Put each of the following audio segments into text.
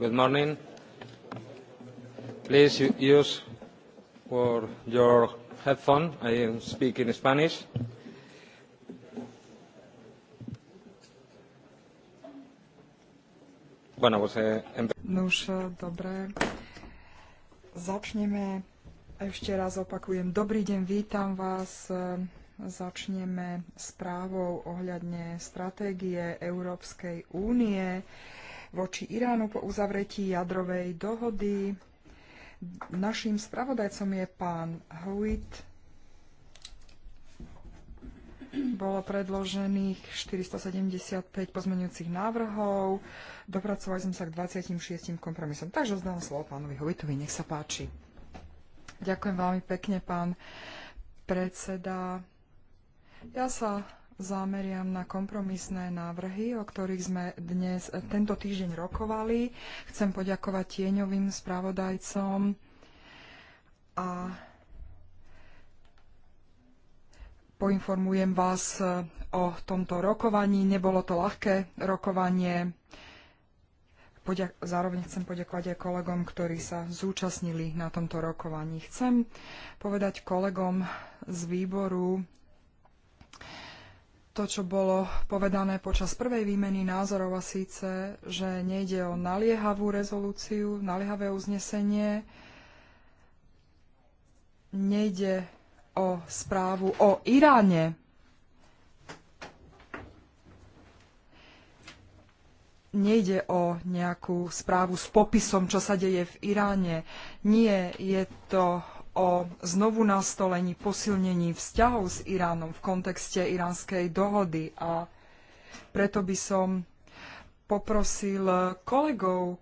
Good morning. Please use your headphone. I am speaking Spanish. Eh, no už, eh, dobre. Začneme. Ešte raz opakujem. Dobrý deň, vítam vás. Eh, začneme správou ohľadne stratégie Európskej únie voči Iránu po uzavretí jadrovej dohody. Naším spravodajcom je pán Huit. Bolo predložených 475 pozmeňujúcich návrhov. Dopracovali sme sa k 26 kompromisom. Takže zdám slovo pánovi Hovitovi. Nech sa páči. Ďakujem veľmi pekne, pán predseda. Ja sa zameriam na kompromisné návrhy, o ktorých sme dnes tento týždeň rokovali. Chcem poďakovať tieňovým spravodajcom a poinformujem vás e, o tomto rokovaní. Nebolo to ľahké rokovanie. zároveň chcem poďakovať aj kolegom, ktorí sa zúčastnili na tomto rokovaní. Chcem povedať kolegom z výboru, to, čo bolo povedané počas prvej výmeny názorov a síce, že nejde o naliehavú rezolúciu, naliehavé uznesenie, nejde o správu o Iráne. Nejde o nejakú správu s popisom, čo sa deje v Iráne. Nie, je to o znovu nastolení, posilnení vzťahov s Iránom v kontexte iránskej dohody a preto by som poprosil kolegov,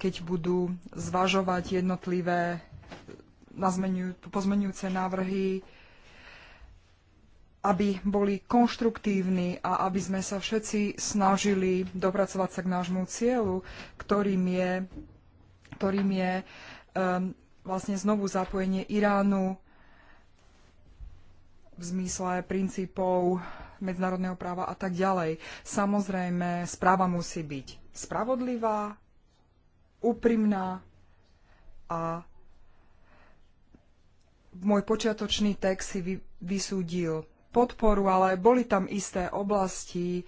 keď budú zvažovať jednotlivé pozmenujúce návrhy, aby boli konštruktívni a aby sme sa všetci snažili dopracovať sa k nášmu cieľu, ktorým je, ktorým je um, vlastne znovu zapojenie Iránu v zmysle princípov medzinárodného práva a tak ďalej. Samozrejme, správa musí byť spravodlivá, úprimná a môj počiatočný text si vy, vysúdil podporu, ale boli tam isté oblasti,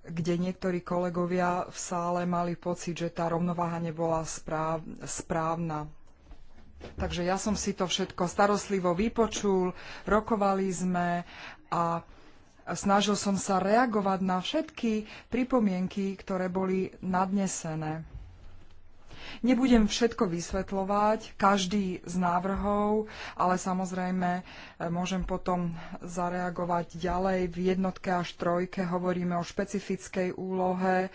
kde niektorí kolegovia v sále mali pocit, že tá rovnováha nebola správ, správna. Takže ja som si to všetko starostlivo vypočul, rokovali sme a snažil som sa reagovať na všetky pripomienky, ktoré boli nadnesené. Nebudem všetko vysvetľovať, každý z návrhov, ale samozrejme e, môžem potom zareagovať ďalej. V jednotke až trojke hovoríme o špecifickej úlohe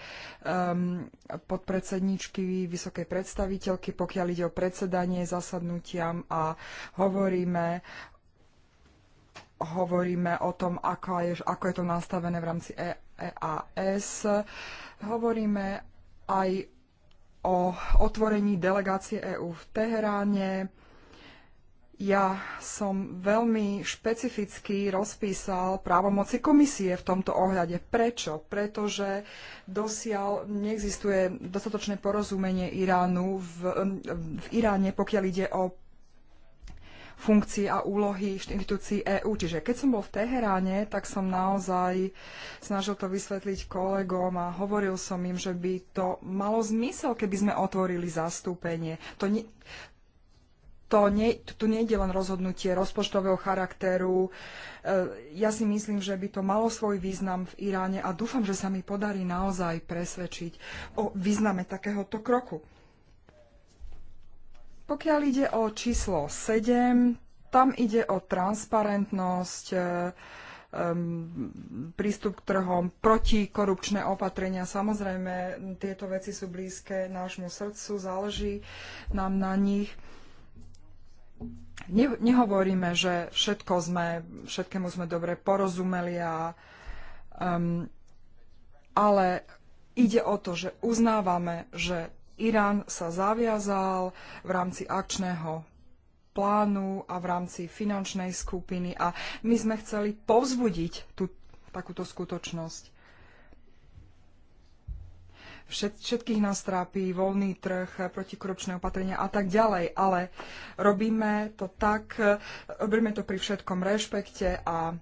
um, podpredsedničky vysokej predstaviteľky, pokiaľ ide o predsedanie zasadnutiam a hovoríme hovoríme o tom, ako je, ako je to nastavené v rámci EAS. Hovoríme aj o otvorení delegácie EÚ v Teheráne. Ja som veľmi špecificky rozpísal právomoci komisie v tomto ohľade. Prečo? Pretože dosiaľ neexistuje dostatočné porozumenie Iránu v, v Iráne, pokiaľ ide o funkcií a úlohy inštitúcií EÚ. Čiže keď som bol v Teheráne, tak som naozaj snažil to vysvetliť kolegom a hovoril som im, že by to malo zmysel, keby sme otvorili zastúpenie. To nie, to nie, tu je len rozhodnutie rozpočtového charakteru. E, ja si myslím, že by to malo svoj význam v Iráne a dúfam, že sa mi podarí naozaj presvedčiť o význame takéhoto kroku. Pokiaľ ide o číslo 7, tam ide o transparentnosť, e, prístup k trhom, protikorupčné opatrenia. Samozrejme, tieto veci sú blízke nášmu srdcu, záleží nám na nich. Ne, nehovoríme, že všetko sme, všetkému sme dobre porozumeli, a, um, ale ide o to, že uznávame, že Irán sa zaviazal v rámci akčného plánu a v rámci finančnej skupiny a my sme chceli povzbudiť tú, takúto skutočnosť. Všet, všetkých nás trápi voľný trh, protikorupčné opatrenia a tak ďalej, ale robíme to tak, robíme to pri všetkom rešpekte a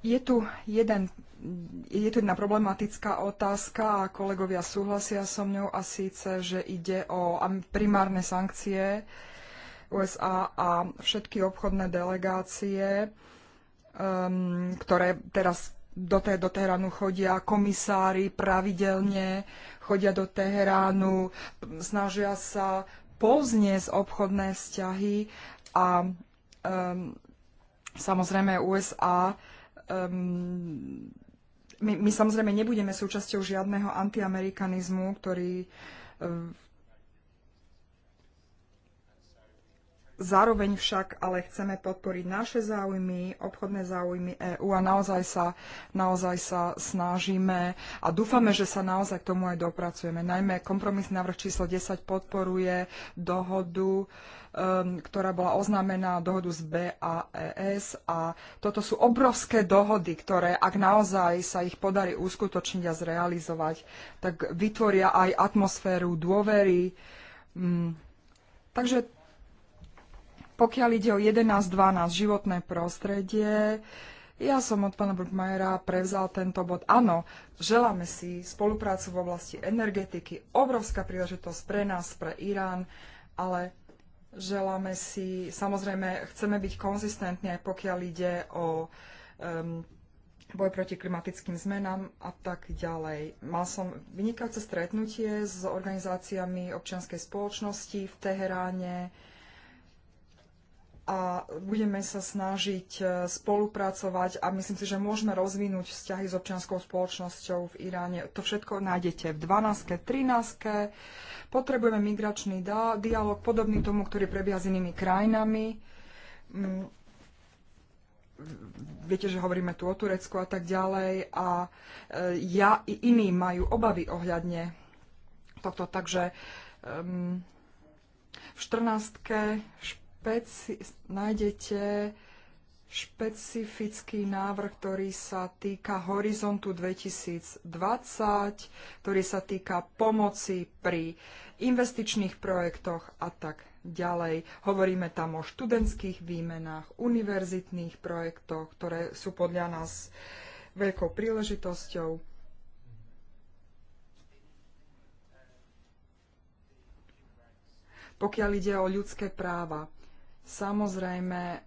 je tu, jeden, je tu jedna problematická otázka a kolegovia súhlasia so mňou a síce, že ide o primárne sankcie USA a všetky obchodné delegácie, um, ktoré teraz do, te, do Teheránu chodia, komisári pravidelne chodia do Teheránu, snažia sa povzniesť obchodné vzťahy a um, samozrejme USA um, my, my samozrejme nebudeme súčasťou žiadneho antiamerikanizmu, ktorý ehm, Zároveň však ale chceme podporiť naše záujmy, obchodné záujmy EÚ a naozaj sa, naozaj sa snažíme a dúfame, že sa naozaj k tomu aj dopracujeme. Najmä kompromis návrh číslo 10 podporuje dohodu, um, ktorá bola oznámená, dohodu z BAES a toto sú obrovské dohody, ktoré ak naozaj sa ich podarí uskutočniť a zrealizovať, tak vytvoria aj atmosféru dôvery. Um, takže pokiaľ ide o 11.12 životné prostredie, ja som od pána Brugmajera prevzal tento bod. Áno, želáme si spoluprácu v oblasti energetiky, obrovská príležitosť pre nás, pre Irán, ale želáme si, samozrejme, chceme byť konzistentní aj pokiaľ ide o um, boj proti klimatickým zmenám a tak ďalej. Mal som vynikajúce stretnutie s organizáciami občianskej spoločnosti v Teheráne, a budeme sa snažiť e, spolupracovať a myslím si, že môžeme rozvinúť vzťahy s občianskou spoločnosťou v Iráne. To všetko nájdete v 12. 13. Potrebujeme migračný dialog podobný tomu, ktorý prebieha s inými krajinami. Mm. Viete, že hovoríme tu o Turecku a tak ďalej. A e, ja i iní majú obavy ohľadne tohto. Takže um, v 14 špeci- nájdete špecifický návrh, ktorý sa týka horizontu 2020, ktorý sa týka pomoci pri investičných projektoch a tak ďalej. Hovoríme tam o študentských výmenách, univerzitných projektoch, ktoré sú podľa nás veľkou príležitosťou. Pokiaľ ide o ľudské práva, Samozrejme,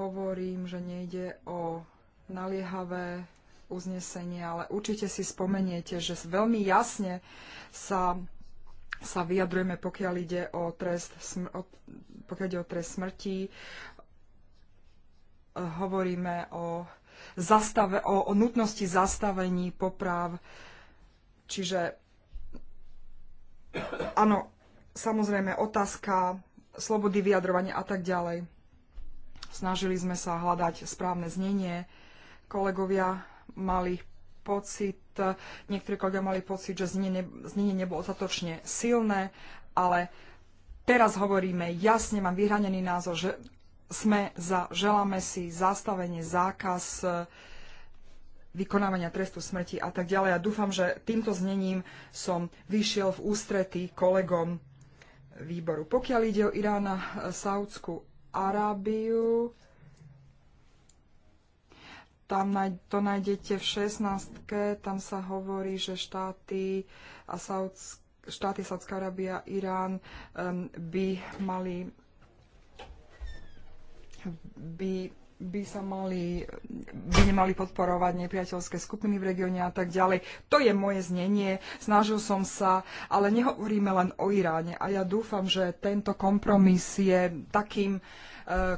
hovorím, že nejde o naliehavé uznesenie, ale určite si spomeniete, že veľmi jasne sa, sa vyjadrujeme, pokiaľ ide o trest, o, pokiaľ ide o trest smrti. Hovoríme o, zastave, o, o nutnosti zastavení poprav, Čiže áno, samozrejme otázka slobody vyjadrovania a tak ďalej. Snažili sme sa hľadať správne znenie. Kolegovia mali pocit, niektorí kolegovia mali pocit, že znenie, znenie nebolo ostatočne silné, ale teraz hovoríme jasne, mám vyhranený názor, že sme za, želáme si zastavenie, zákaz eh, vykonávania trestu smrti a tak ďalej. A dúfam, že týmto znením som vyšiel v ústrety kolegom výboru. Pokiaľ ide o Irán a e, Saudskú Arábiu, tam to nájdete v 16. Tam sa hovorí, že štáty a Saudsk- štáty Saudská Arábia, Irán um, by mali by by sa mali, by nemali podporovať nepriateľské skupiny v regióne a tak ďalej. To je moje znenie, snažil som sa, ale nehovoríme len o Iráne a ja dúfam, že tento kompromis je takým, e,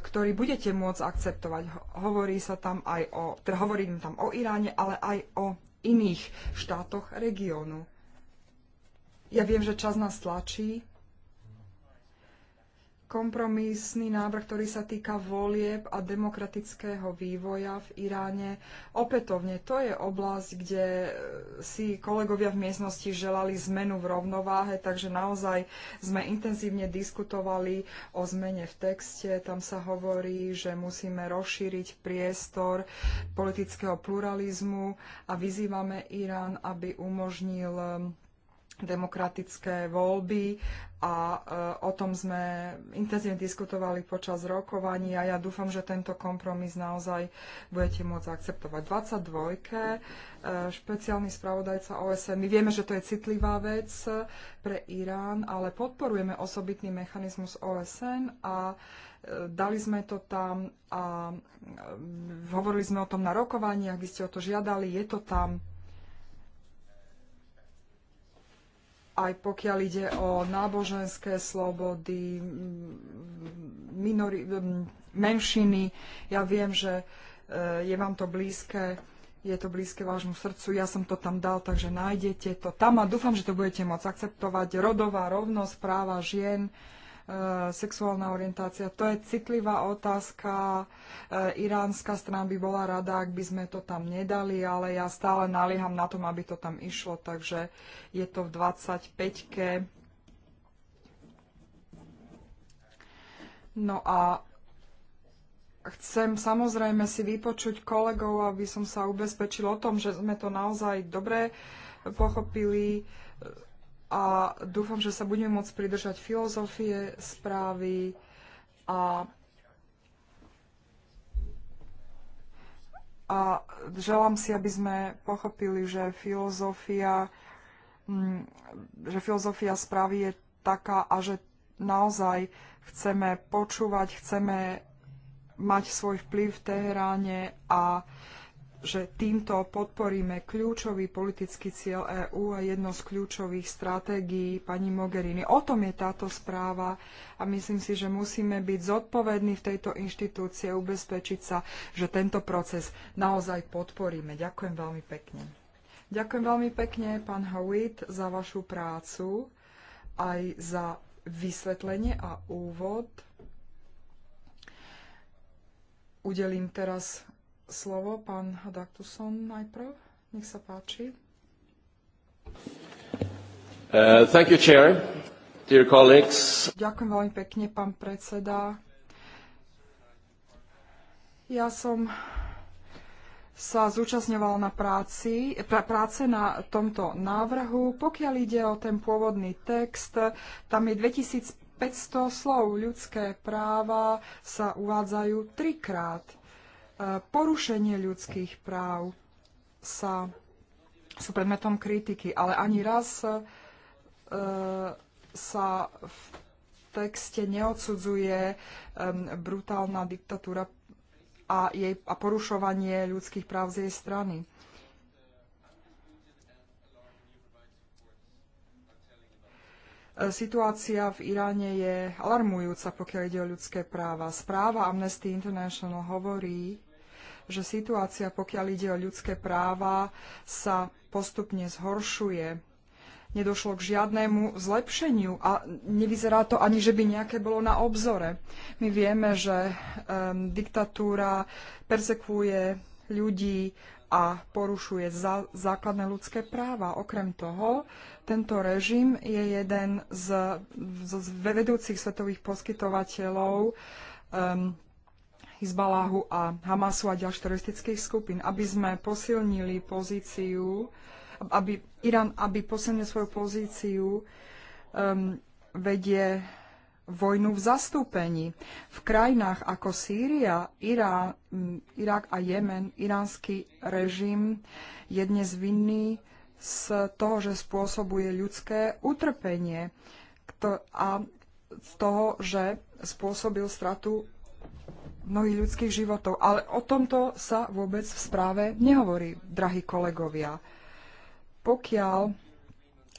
ktorý budete môcť akceptovať. Hovorí sa tam aj o, teda hovorím tam o Iráne, ale aj o iných štátoch regiónu. Ja viem, že čas nás tlačí, kompromisný návrh, ktorý sa týka volieb a demokratického vývoja v Iráne. Opätovne, to je oblasť, kde e, si kolegovia v miestnosti želali zmenu v rovnováhe, takže naozaj sme intenzívne diskutovali o zmene v texte. Tam sa hovorí, že musíme rozšíriť priestor politického pluralizmu a vyzývame Irán, aby umožnil demokratické voľby a e, o tom sme intenzívne diskutovali počas rokovaní a ja dúfam, že tento kompromis naozaj budete môcť akceptovať. 22. E, špeciálny spravodajca OSN. My vieme, že to je citlivá vec pre Irán, ale podporujeme osobitný mechanizmus OSN a e, dali sme to tam a hovorili sme o tom na rokovaniach, vy ste o to žiadali, je to tam aj pokiaľ ide o náboženské slobody, minori, menšiny. Ja viem, že e, je vám to blízke, je to blízke vášmu srdcu, ja som to tam dal, takže nájdete to tam a dúfam, že to budete môcť akceptovať. Rodová rovnosť, práva žien, Eh, sexuálna orientácia. To je citlivá otázka. Eh, iránska strana by bola rada, ak by sme to tam nedali, ale ja stále nalieham na tom, aby to tam išlo, takže je to v 25-ke. No a chcem samozrejme si vypočuť kolegov, aby som sa ubezpečil o tom, že sme to naozaj dobre pochopili a dúfam, že sa budeme môcť pridržať filozofie správy a A želám si, aby sme pochopili, že filozofia, mm, že filozofia správy je taká a že naozaj chceme počúvať, chceme mať svoj vplyv v Teheráne a že týmto podporíme kľúčový politický cieľ EÚ a jedno z kľúčových stratégií pani Mogherini. O tom je táto správa a myslím si, že musíme byť zodpovední v tejto inštitúcie, a ubezpečiť sa, že tento proces naozaj podporíme. Ďakujem veľmi pekne. Ďakujem veľmi pekne, pán Howitt, za vašu prácu, aj za vysvetlenie a úvod. Udelím teraz slovo pán Daktuson najprv. Nech sa páči. Uh, thank you, Chair. Dear colleagues. Ďakujem veľmi pekne, pán predseda. Ja som sa zúčastňoval na práci, pra, práce na tomto návrhu. Pokiaľ ide o ten pôvodný text, tam je 2500 slov. Ľudské práva sa uvádzajú trikrát. E, porušenie ľudských práv sa, sú predmetom kritiky, ale ani raz e, sa v texte neodsudzuje e, brutálna diktatúra a, jej, a porušovanie ľudských práv z jej strany. E, situácia v Iráne je alarmujúca, pokiaľ ide o ľudské práva. Správa Amnesty International hovorí, že situácia, pokiaľ ide o ľudské práva, sa postupne zhoršuje. Nedošlo k žiadnemu zlepšeniu a nevyzerá to ani, že by nejaké bolo na obzore. My vieme, že um, diktatúra persekuje ľudí a porušuje za, základné ľudské práva. Okrem toho, tento režim je jeden z, z vedúcich svetových poskytovateľov um, Hizbaláhu a Hamasu a ďalších teroristických skupín, aby sme posilnili pozíciu, aby Irán, aby posilnil svoju pozíciu, um, vedie vojnu v zastúpení. V krajinách ako Sýria, Irá, Irak a Jemen iránsky režim je dnes vinný z toho, že spôsobuje ľudské utrpenie a z toho, že spôsobil stratu mnohých ľudských životov. Ale o tomto sa vôbec v správe nehovorí, drahí kolegovia. Pokiaľ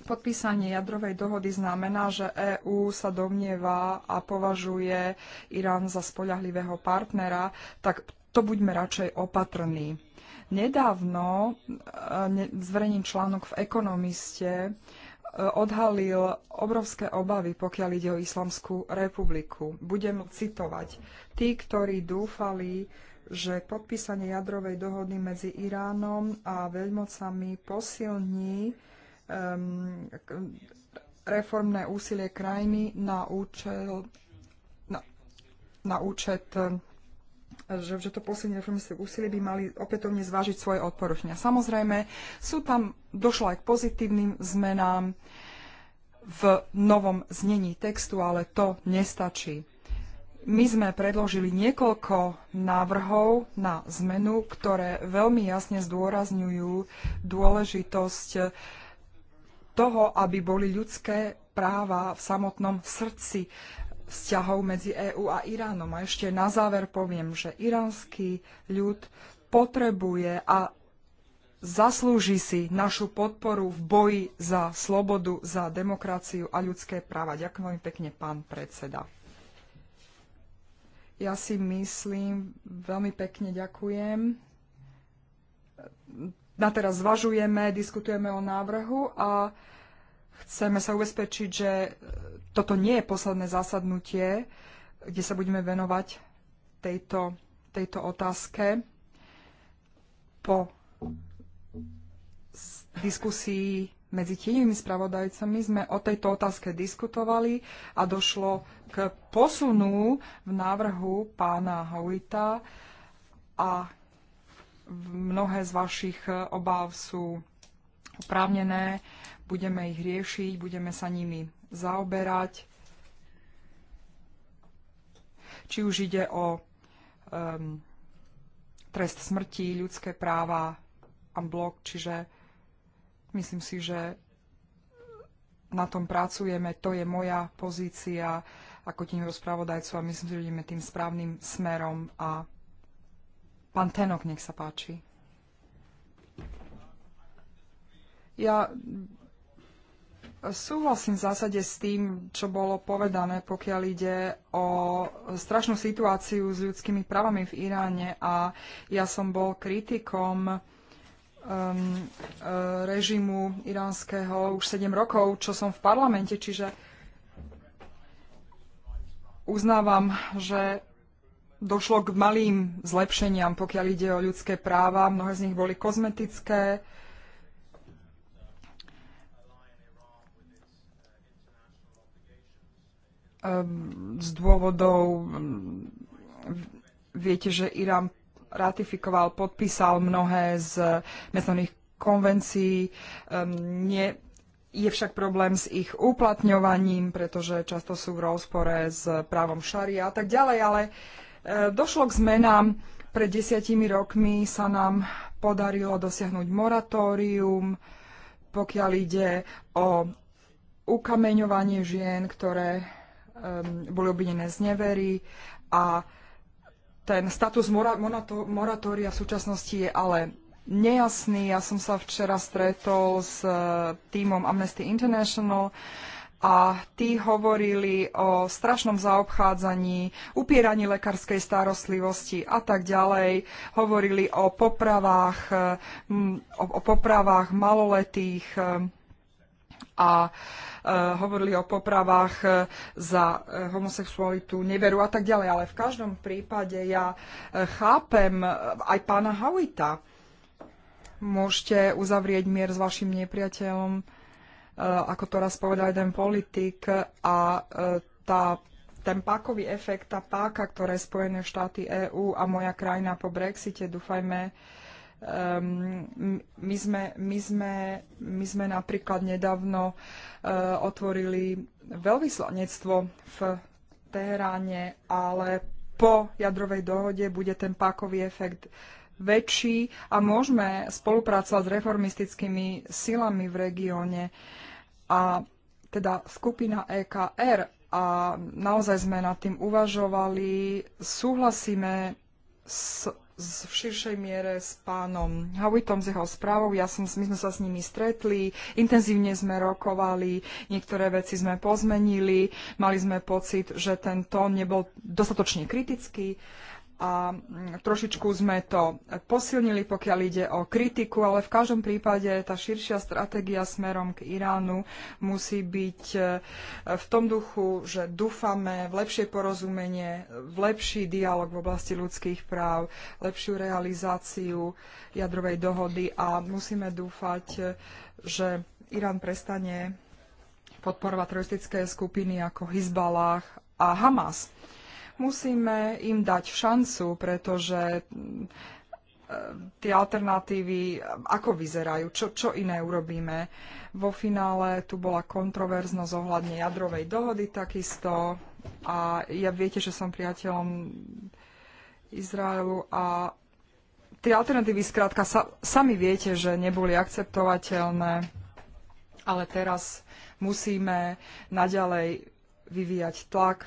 podpísanie jadrovej dohody znamená, že EÚ sa domnieva a považuje Irán za spoľahlivého partnera, tak to buďme radšej opatrní. Nedávno e, zverejním článok v Ekonomiste, odhalil obrovské obavy, pokiaľ ide o Islamskú republiku. Budem citovať. Tí, ktorí dúfali, že podpísanie jadrovej dohody medzi Iránom a veľmocami posilní um, reformné úsilie krajiny na účel na, na účet že, že to posledné reformské úsilie by mali opätovne zvážiť svoje odporúčania. Samozrejme, sú tam, došlo aj k pozitívnym zmenám v novom znení textu, ale to nestačí. My sme predložili niekoľko návrhov na zmenu, ktoré veľmi jasne zdôrazňujú dôležitosť toho, aby boli ľudské práva v samotnom srdci vzťahov medzi EÚ a Iránom. A ešte na záver poviem, že iránsky ľud potrebuje a zaslúži si našu podporu v boji za slobodu, za demokraciu a ľudské práva. Ďakujem veľmi pekne, pán predseda. Ja si myslím, veľmi pekne ďakujem. Na teraz zvažujeme, diskutujeme o návrhu a chceme sa ubezpečiť, že toto nie je posledné zasadnutie, kde sa budeme venovať tejto, tejto otázke. Po diskusii medzi tieňovými spravodajcami sme o tejto otázke diskutovali a došlo k posunu v návrhu pána Howita a mnohé z vašich e, obáv sú oprávnené, budeme ich riešiť, budeme sa nimi zaoberať. Či už ide o um, trest smrti, ľudské práva a blok, čiže myslím si, že na tom pracujeme, to je moja pozícia ako tým spravodajcu a myslím, že ideme tým správnym smerom a pán Tenok, nech sa páči. Ja Súhlasím v zásade s tým, čo bolo povedané, pokiaľ ide o strašnú situáciu s ľudskými právami v Iráne a ja som bol kritikom um, eh, režimu iránskeho už 7 rokov, čo som v parlamente, čiže uznávam, že došlo k malým zlepšeniam, pokiaľ ide o ľudské práva. Mnohé z nich boli kozmetické, Ehm, z dôvodov, ehm, viete, že Irán ratifikoval, podpísal mnohé z medzinárodných konvencií. Ehm, nie, je však problém s ich uplatňovaním, pretože často sú v rozpore s právom šaria a tak ďalej, ale došlo k zmenám. Pred desiatimi rokmi sa nám podarilo dosiahnuť moratórium, pokiaľ ide o ukameňovanie žien, ktoré boli obvinené z nevery a ten status moratória v súčasnosti je ale nejasný. Ja som sa včera stretol s eh, týmom Amnesty International a tí hovorili o strašnom zaobchádzaní, upieraní lekárskej starostlivosti a tak ďalej. Hovorili o popravách, eh, o, o popravách maloletých, a e, hovorili o popravách e, za e, homosexualitu, neveru a tak ďalej. Ale v každom prípade ja e, chápem aj pána Hawita. Môžete uzavrieť mier s vašim nepriateľom, e, ako to raz povedal jeden politik a e, tá ten pákový efekt, tá páka, ktoré Spojené štáty EÚ a moja krajina po Brexite, dúfajme, uh, Um, my, sme, my, sme, my sme napríklad nedávno uh, otvorili veľvyslanectvo v Teheráne, ale po jadrovej dohode bude ten pákový efekt väčší a môžeme spolupracovať s reformistickými silami v regióne. A teda skupina EKR a naozaj sme nad tým uvažovali, súhlasíme s v širšej miere s pánom Hawitom, s jeho správou. Ja som, my sme sa s nimi stretli, intenzívne sme rokovali, niektoré veci sme pozmenili, mali sme pocit, že ten tón nebol dostatočne kritický a mm, trošičku sme to posilnili, pokiaľ ide o kritiku, ale v každom prípade tá širšia stratégia smerom k Iránu musí byť e, v tom duchu, že dúfame v lepšie porozumenie, v lepší dialog v oblasti ľudských práv, lepšiu realizáciu jadrovej dohody a musíme dúfať, e, že Irán prestane podporovať teroristické skupiny ako Hizbalah a Hamas Musíme im dať šancu, pretože mm, e, tie alternatívy, ako vyzerajú, čo, čo iné urobíme. Vo finále tu bola kontroverznosť ohľadne jadrovej dohody takisto a ja viete, že som priateľom Izraelu a tie alternatívy skrátka sa, sami viete, že neboli akceptovateľné, ale teraz musíme naďalej vyvíjať tlak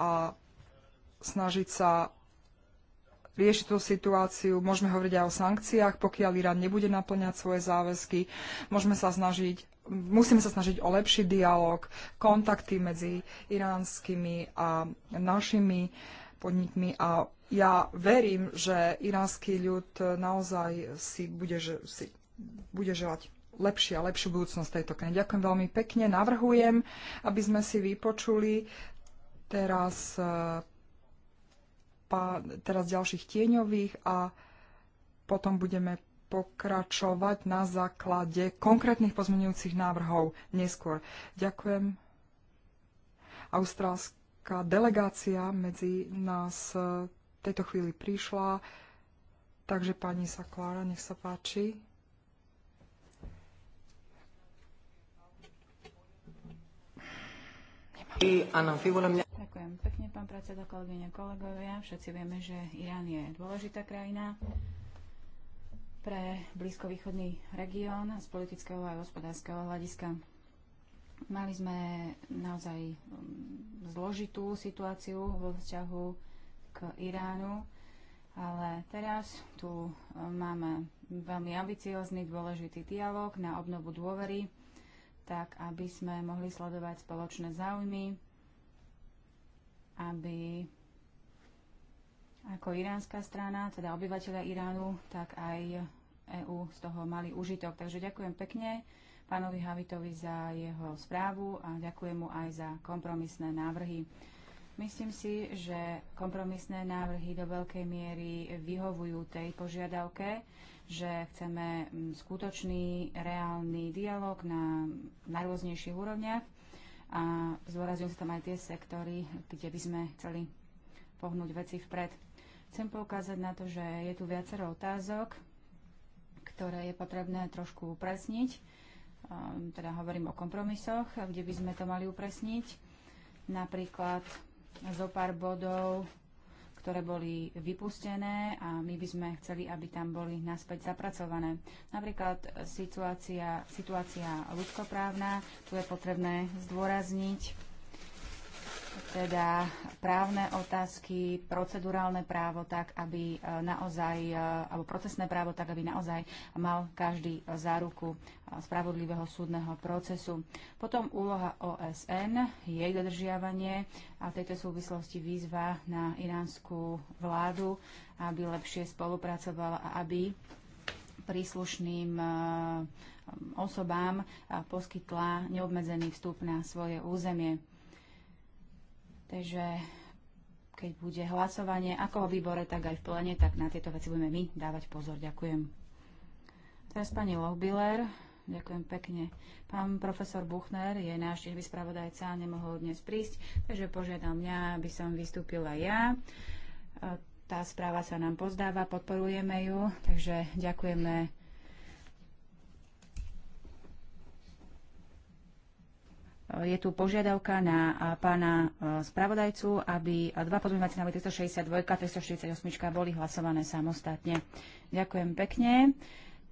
a snažiť sa riešiť tú situáciu. Môžeme hovoriť aj o sankciách, pokiaľ Irán nebude naplňať svoje záväzky. Môžeme sa snažiť musíme sa snažiť o lepší dialog, kontakty medzi iránskymi a našimi podnikmi a ja verím, že iránsky ľud naozaj si bude, si bude želať lepšie a lepšiu budúcnosť tejto krajiny. Ďakujem veľmi pekne. Navrhujem, aby sme si vypočuli teraz eh, a teraz ďalších tieňových a potom budeme pokračovať na základe konkrétnych pozmenujúcich návrhov neskôr. Ďakujem. Austrálska delegácia medzi nás v e, tejto chvíli prišla, takže pani Saklára, nech sa páči. Ďakujem pekne, pán predseda, kolegyne, kolegovia. Všetci vieme, že Irán je dôležitá krajina pre blízkovýchodný región z politického a hospodárskeho hľadiska. Mali sme naozaj mm, zložitú situáciu vo vzťahu k Iránu, ale teraz tu e, máme veľmi ambiciózny, dôležitý dialog na obnovu dôvery tak aby sme mohli sledovať spoločné záujmy, aby ako iránska strana, teda obyvateľia Iránu, tak aj EÚ z toho mali užitok. Takže ďakujem pekne pánovi Havitovi za jeho správu a ďakujem mu aj za kompromisné návrhy. Myslím si, že kompromisné návrhy do veľkej miery vyhovujú tej požiadavke, že chceme mm, skutočný, reálny dialog na najrôznejších úrovniach a zdôrazňujú sa tam aj tie sektory, kde by sme chceli pohnúť veci vpred. Chcem poukázať na to, že je tu viacero otázok, ktoré je potrebné trošku upresniť. Ehm, teda hovorím o kompromisoch, kde by sme to mali upresniť. Napríklad zo pár bodov, ktoré boli vypustené a my by sme chceli, aby tam boli naspäť zapracované. Napríklad situácia, situácia ľudskoprávna, tu je potrebné zdôrazniť, teda právne otázky, procedurálne právo tak, aby e, naozaj, e, alebo procesné právo tak, aby naozaj mal každý e, záruku spravodlivého súdneho procesu. Potom úloha OSN, jej dodržiavanie a v tejto súvislosti výzva na iránskú vládu, aby lepšie spolupracovala a aby príslušným osobám poskytla neobmedzený vstup na svoje územie. Takže keď bude hlasovanie ako o výbore, tak aj v plene, tak na tieto veci budeme my dávať pozor. Ďakujem. Teraz pani Lohbiller. Ďakujem pekne. Pán profesor Buchner je náš tiež a nemohol dnes prísť, takže požiadal mňa, aby som vystúpila ja. E, tá správa sa nám pozdáva, podporujeme ju, takže ďakujeme je tu požiadavka na pána spravodajcu, aby dva pozmeňovacie návrhy 362 a 348 boli hlasované samostatne. Ďakujem pekne.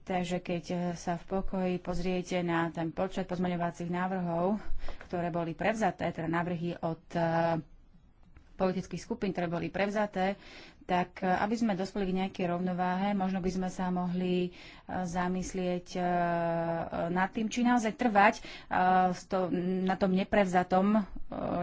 Takže keď e, sa v pokoji pozriete na ten počet pozmeňovacích návrhov, ktoré boli prevzaté, teda návrhy od e, politických skupín, ktoré boli prevzaté, tak e, aby sme dospeli k nejakej rovnováhe, možno by sme sa mohli e, zamyslieť e, nad tým, či naozaj trvať na tom neprevzatom,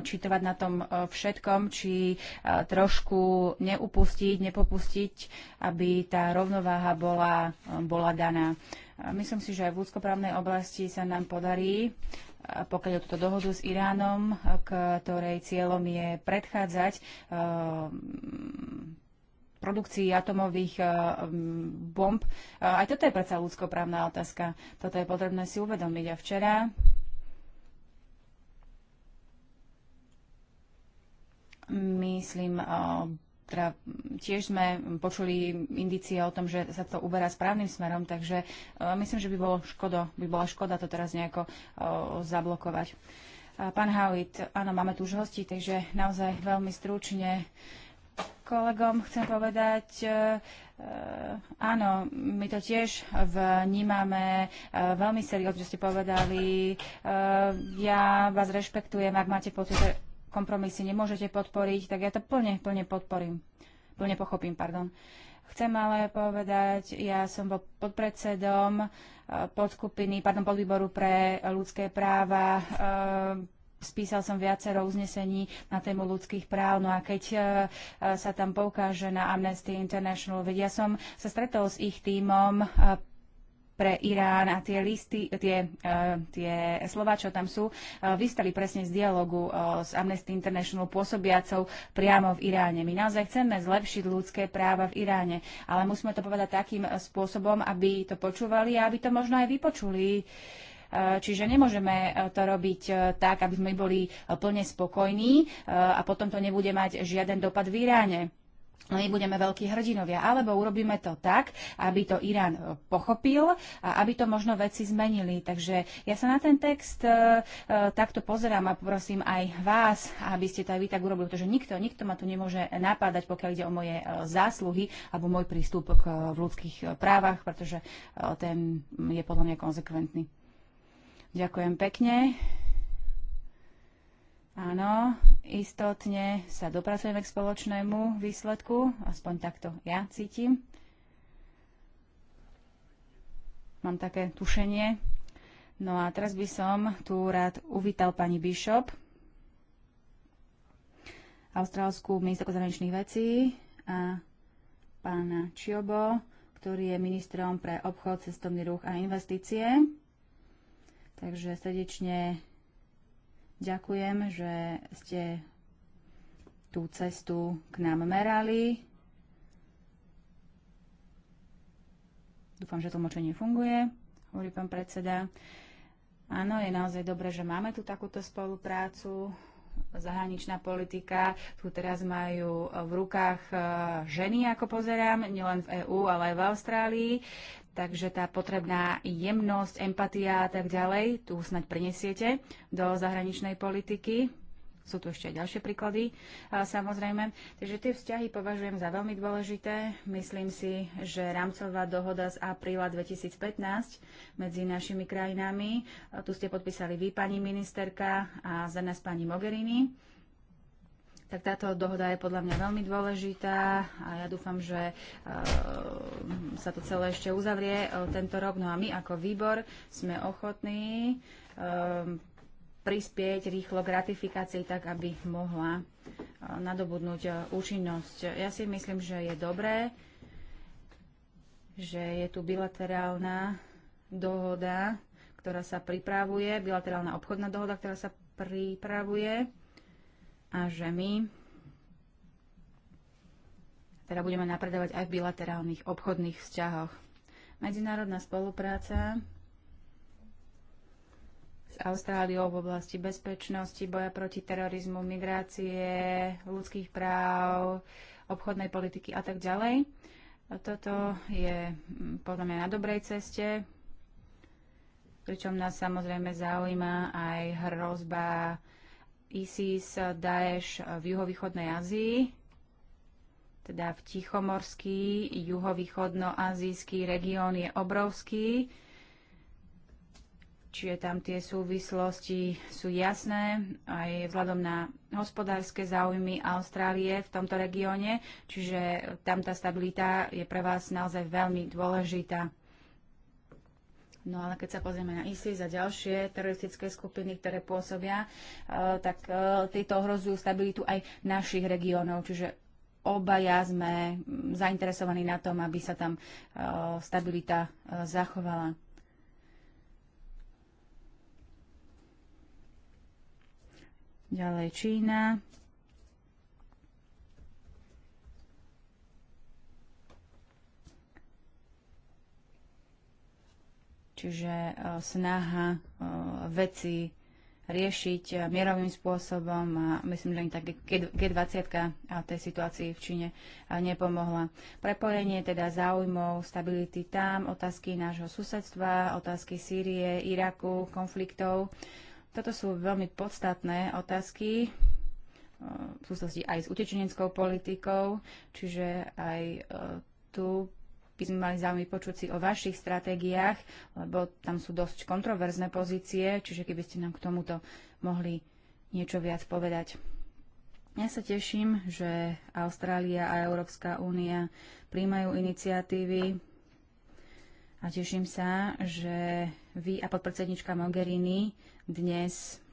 či trvať na tom všetkom, či trošku neupustiť, nepopustiť, aby tá rovnováha bola, bola daná. Myslím si, že aj v ľudskoprávnej oblasti sa nám podarí, eh, pokiaľ o túto dohodu s Iránom, ktorej cieľom je predchádzať eh, produkcii atomových eh, bomb. Aj toto je predsa ľudskoprávna otázka. Toto je potrebné si uvedomiť. A včera myslím, teda tiež sme počuli indície o tom, že sa to uberá správnym smerom, takže e, myslím, že by, bolo škodo, by bola škoda to teraz nejako e, zablokovať. Pán Hauit, áno, máme tu už hosti, takže naozaj veľmi stručne kolegom chcem povedať, e, áno, my to tiež vnímame veľmi seriózne, že ste povedali. Ja vás rešpektujem, ak máte pocit, kompromisy nemôžete podporiť, tak ja to plne, plne podporím. Plne pochopím, pardon. Chcem ale povedať, ja som bol podpredsedom eh, podskupiny, pardon, podvýboru pre ľudské práva. Eh, spísal som viacero uznesení na tému ľudských práv. No a keď eh, sa tam poukáže na Amnesty International, veď ja som sa stretol s ich týmom pre Irán a tie listy, tie, e, tie slova, čo tam sú, e, vystali presne z dialogu e, s Amnesty International pôsobiacou priamo v Iráne. My naozaj chceme zlepšiť ľudské práva v Iráne, ale musíme to povedať takým spôsobom, aby to počúvali a aby to možno aj vypočuli. Čiže nemôžeme to robiť tak, aby sme boli plne spokojní a potom to nebude mať žiaden dopad v Iráne my budeme veľkí hrdinovia, alebo urobíme to tak, aby to Irán e, pochopil a aby to možno veci zmenili. Takže ja sa na ten text e, e takto pozerám a prosím aj vás, aby ste to aj vy tak urobili, pretože nikto, nikto ma tu nemôže napádať, pokiaľ ide o moje e, zásluhy alebo môj prístup k, v ľudských právach, pretože ten je podľa mňa konzekventný. Ďakujem pekne. Áno, istotne sa dopracujeme k spoločnému výsledku, aspoň takto ja cítim. Mám také tušenie. No a teraz by som tu rád uvítal pani Bishop, austrálskú ministerku zahraničných vecí a pána Čiobo, ktorý je ministrom pre obchod, cestovný ruch a investície. Takže srdečne Ďakujem, že ste tú cestu k nám merali. Dúfam, že tlmočenie funguje, hovorí pán predseda. Áno, je naozaj dobré, že máme tu takúto spoluprácu. Zahraničná politika, tu teraz majú v rukách eh, ženy, ako pozerám, nielen v EÚ, ale aj v Austrálii. Takže tá potrebná jemnosť, empatia a tak ďalej, tu snaď prinesiete do zahraničnej politiky. Sú tu ešte aj ďalšie príklady, samozrejme. Takže tie vzťahy považujem za veľmi dôležité. Myslím si, že rámcová dohoda z apríla 2015 medzi našimi krajinami, tu ste podpísali vy, pani ministerka, a za nás pani Mogherini tak táto dohoda je podľa mňa veľmi dôležitá a ja dúfam, že e, sa to celé ešte uzavrie e, tento rok. No a my ako výbor sme ochotní e, prispieť rýchlo k ratifikácii tak, aby mohla nadobudnúť účinnosť. Ja si myslím, že je dobré, že je tu bilaterálna dohoda, ktorá sa pripravuje, bilaterálna obchodná dohoda, ktorá sa pripravuje a že my teda budeme napredovať aj v bilaterálnych obchodných vzťahoch. Medzinárodná spolupráca s Austráliou v oblasti bezpečnosti, boja proti terorizmu, migrácie, ľudských práv, obchodnej politiky a tak ďalej. Toto je mm, podľa mňa na dobrej ceste, pričom nás samozrejme zaujíma aj hrozba ISIS, eh, Daesh eh, v juhovýchodnej Ázii, teda v Tichomorský, juhovýchodnoazijský región je obrovský, čiže tam tie súvislosti sú jasné, aj vzhľadom na hospodárske záujmy Austrálie v tomto regióne, čiže tam tá stabilita je pre vás naozaj veľmi dôležitá. No ale keď sa pozrieme na ISIS a ďalšie teroristické skupiny, ktoré pôsobia, eh, tak eh, tieto ohrozujú stabilitu aj našich regiónov. Čiže obaja sme mm, zainteresovaní na tom, aby sa tam eh, stabilita zachovala. Ďalej Čína. Čiže e, snaha e, veci riešiť e, mierovým spôsobom a myslím, že ani tak G20 tej situácii v Číne nepomohla. Prepojenie teda záujmov, stability tam, otázky nášho susedstva, otázky Sýrie, Iraku, konfliktov. Toto sú veľmi podstatné otázky v súvislosti aj s utečeneckou politikou, čiže aj tu by sme mali záujem počuť si o vašich stratégiách, lebo tam sú dosť kontroverzné pozície, čiže keby ste nám k tomuto mohli niečo viac povedať. Ja sa teším, že Austrália a Európska únia príjmajú iniciatívy a teším sa, že vy a podpredsednička Mogherini dnes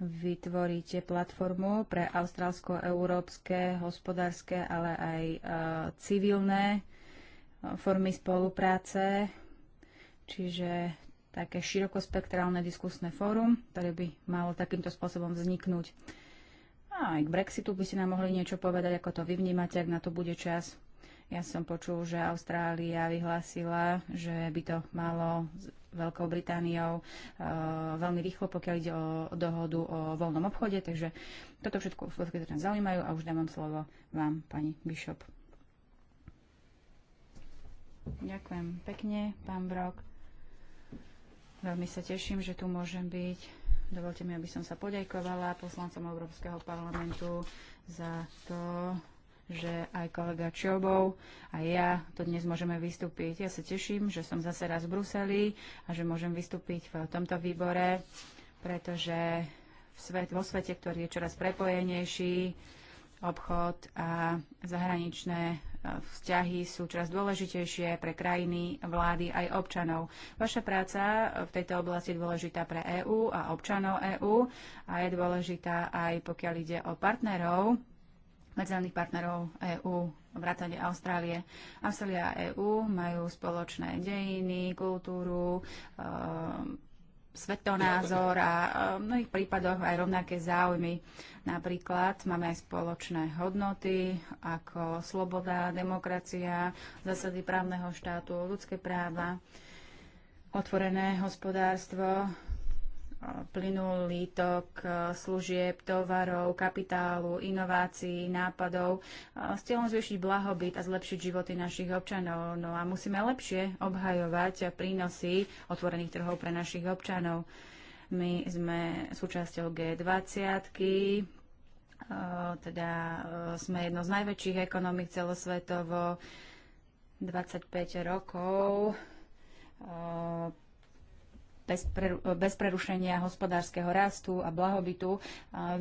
vytvoríte platformu pre austrálsko-európske, hospodárske, ale aj e, civilné e, formy spolupráce, čiže také širokospektrálne diskusné fórum, ktoré by malo takýmto spôsobom vzniknúť. A aj k Brexitu by ste nám mohli niečo povedať, ako to vy vnímate, ak na to bude čas. Ja som počul, že Austrália vyhlásila, že by to malo Veľkou Britániou eh, veľmi rýchlo, pokiaľ ide o dohodu o voľnom obchode. Takže toto všetko úsledky, ktoré nás zaujímajú a už dávam slovo vám, pani Bishop. Ďakujem pekne, pán Brok. Veľmi sa teším, že tu môžem byť. Dovolte mi, aby som sa poďakovala poslancom Európskeho parlamentu za to, že aj kolega Čobov a ja tu dnes môžeme vystúpiť. Ja sa teším, že som zase raz v Bruseli a že môžem vystúpiť v tomto výbore, pretože v svet, vo svete, ktorý je čoraz prepojenejší, obchod a zahraničné e, vzťahy sú čoraz dôležitejšie pre krajiny, vlády aj občanov. Vaša práca v tejto oblasti je dôležitá pre EÚ a občanov EÚ a je dôležitá aj pokiaľ ide o partnerov medzinárodných partnerov EÚ, vrátane Austrálie. Austrália a EÚ majú spoločné dejiny, kultúru, e svetonázor a eh, v mnohých prípadoch aj rovnaké záujmy. Napríklad máme aj spoločné hodnoty ako sloboda, demokracia, zásady právneho štátu, ľudské práva, otvorené hospodárstvo, plynulý tok e, služieb, tovarov, kapitálu, inovácií, nápadov e, s cieľom zvýšiť blahobyt a zlepšiť životy našich občanov. No a musíme lepšie obhajovať prínosy otvorených trhov pre našich občanov. My sme súčasťou G20, e, teda sme jedno z najväčších ekonomik celosvetovo 25 rokov bez, pre, bez prerušenia hospodárskeho rastu a blahobytu,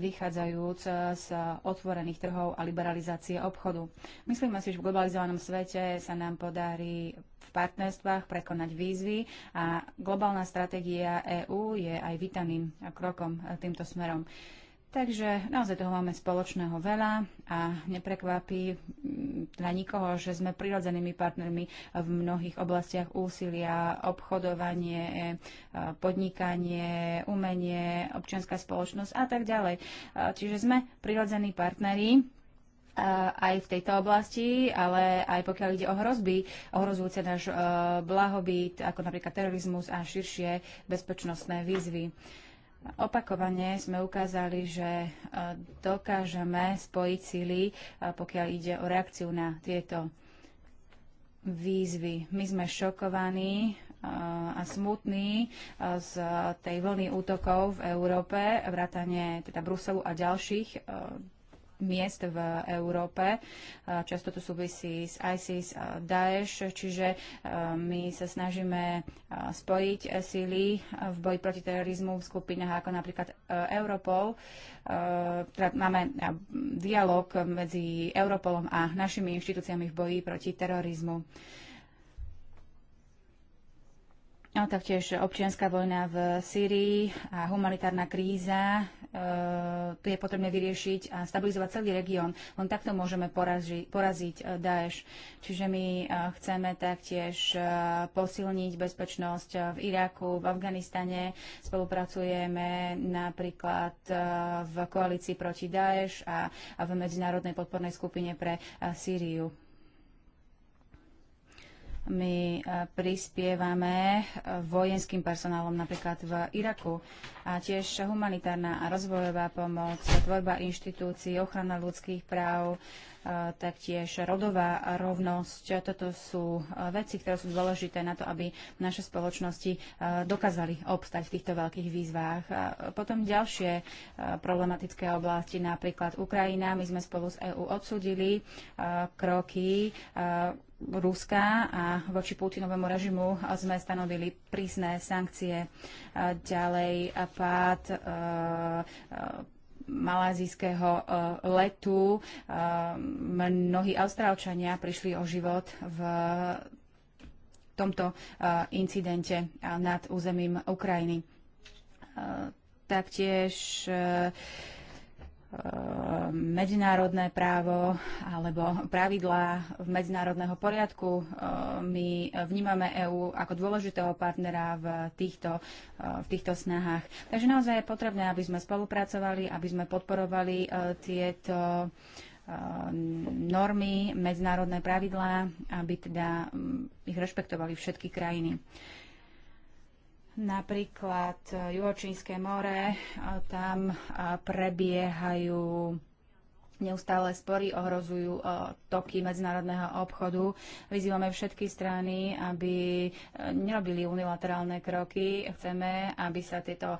vychádzajúc e, z otvorených trhov a liberalizácie obchodu. Myslíme si, že v globalizovanom svete sa nám podarí v partnerstvách prekonať výzvy a globálna stratégia EÚ je aj vitaným krokom e, týmto smerom. Takže naozaj toho máme spoločného veľa a neprekvapí na mm, teda nikoho, že sme prirodzenými partnermi v mnohých oblastiach úsilia, obchodovanie, e, podnikanie, umenie, občianská spoločnosť a tak ďalej. Čiže sme prirodzení partneri e, aj v tejto oblasti, ale aj pokiaľ ide o hrozby, ohrozujúce náš e, blahobyt, ako napríklad terorizmus a širšie bezpečnostné výzvy. Opakovane sme ukázali, že e, dokážeme spojiť síly, e, pokiaľ ide o reakciu na tieto výzvy. My sme šokovaní e, a smutní z tej vlny útokov v Európe, vrátane teda Bruselu a ďalších miest v Európe. Často to súvisí s ISIS, Daesh, čiže my sa snažíme spojiť síly v boji proti terorizmu v skupinách ako napríklad e, Europol. E, teda máme dialog medzi Europolom a našimi inštitúciami v boji proti terorizmu taktiež občianská vojna v Sýrii a humanitárna kríza. E, tu je potrebné vyriešiť a stabilizovať celý región. Len takto môžeme porazi, poraziť e, Daesh. Čiže my e, chceme taktiež e, posilniť bezpečnosť v Iraku, v Afganistane. Spolupracujeme napríklad v koalícii proti Daesh a v medzinárodnej podpornej skupine pre Sýriu. My e, prispievame e, vojenským personálom napríklad v Iraku a tiež humanitárna a rozvojová pomoc, tvorba inštitúcií, ochrana ľudských práv, e, taktiež rodová rovnosť. Toto sú veci, ktoré sú dôležité na to, aby naše spoločnosti dokázali obstať v týchto veľkých výzvách. A potom ďalšie problematické oblasti, napríklad Ukrajina. My sme spolu s EÚ odsudili kroky Ruska a voči Putinovému režimu sme stanovili prísne sankcie. Ďalej pád e, e, malázijského e, letu. Mnohí Austrálčania prišli o život v tomto incidente nad územím Ukrajiny. Taktiež E, medzinárodné právo alebo pravidlá v medzinárodného poriadku. E, my vnímame EÚ ako dôležitého partnera v týchto, e, v týchto snahách. Takže naozaj je potrebné, aby sme spolupracovali, aby sme podporovali tieto normy, medzinárodné pravidlá, aby teda ich rešpektovali všetky krajiny. Napríklad eh, Juhočínske more, eh, tam eh, prebiehajú Neustále spory ohrozujú e, toky medzinárodného obchodu. Vyzývame všetky strany, aby e, nerobili unilaterálne kroky. Chceme, aby sa tieto e,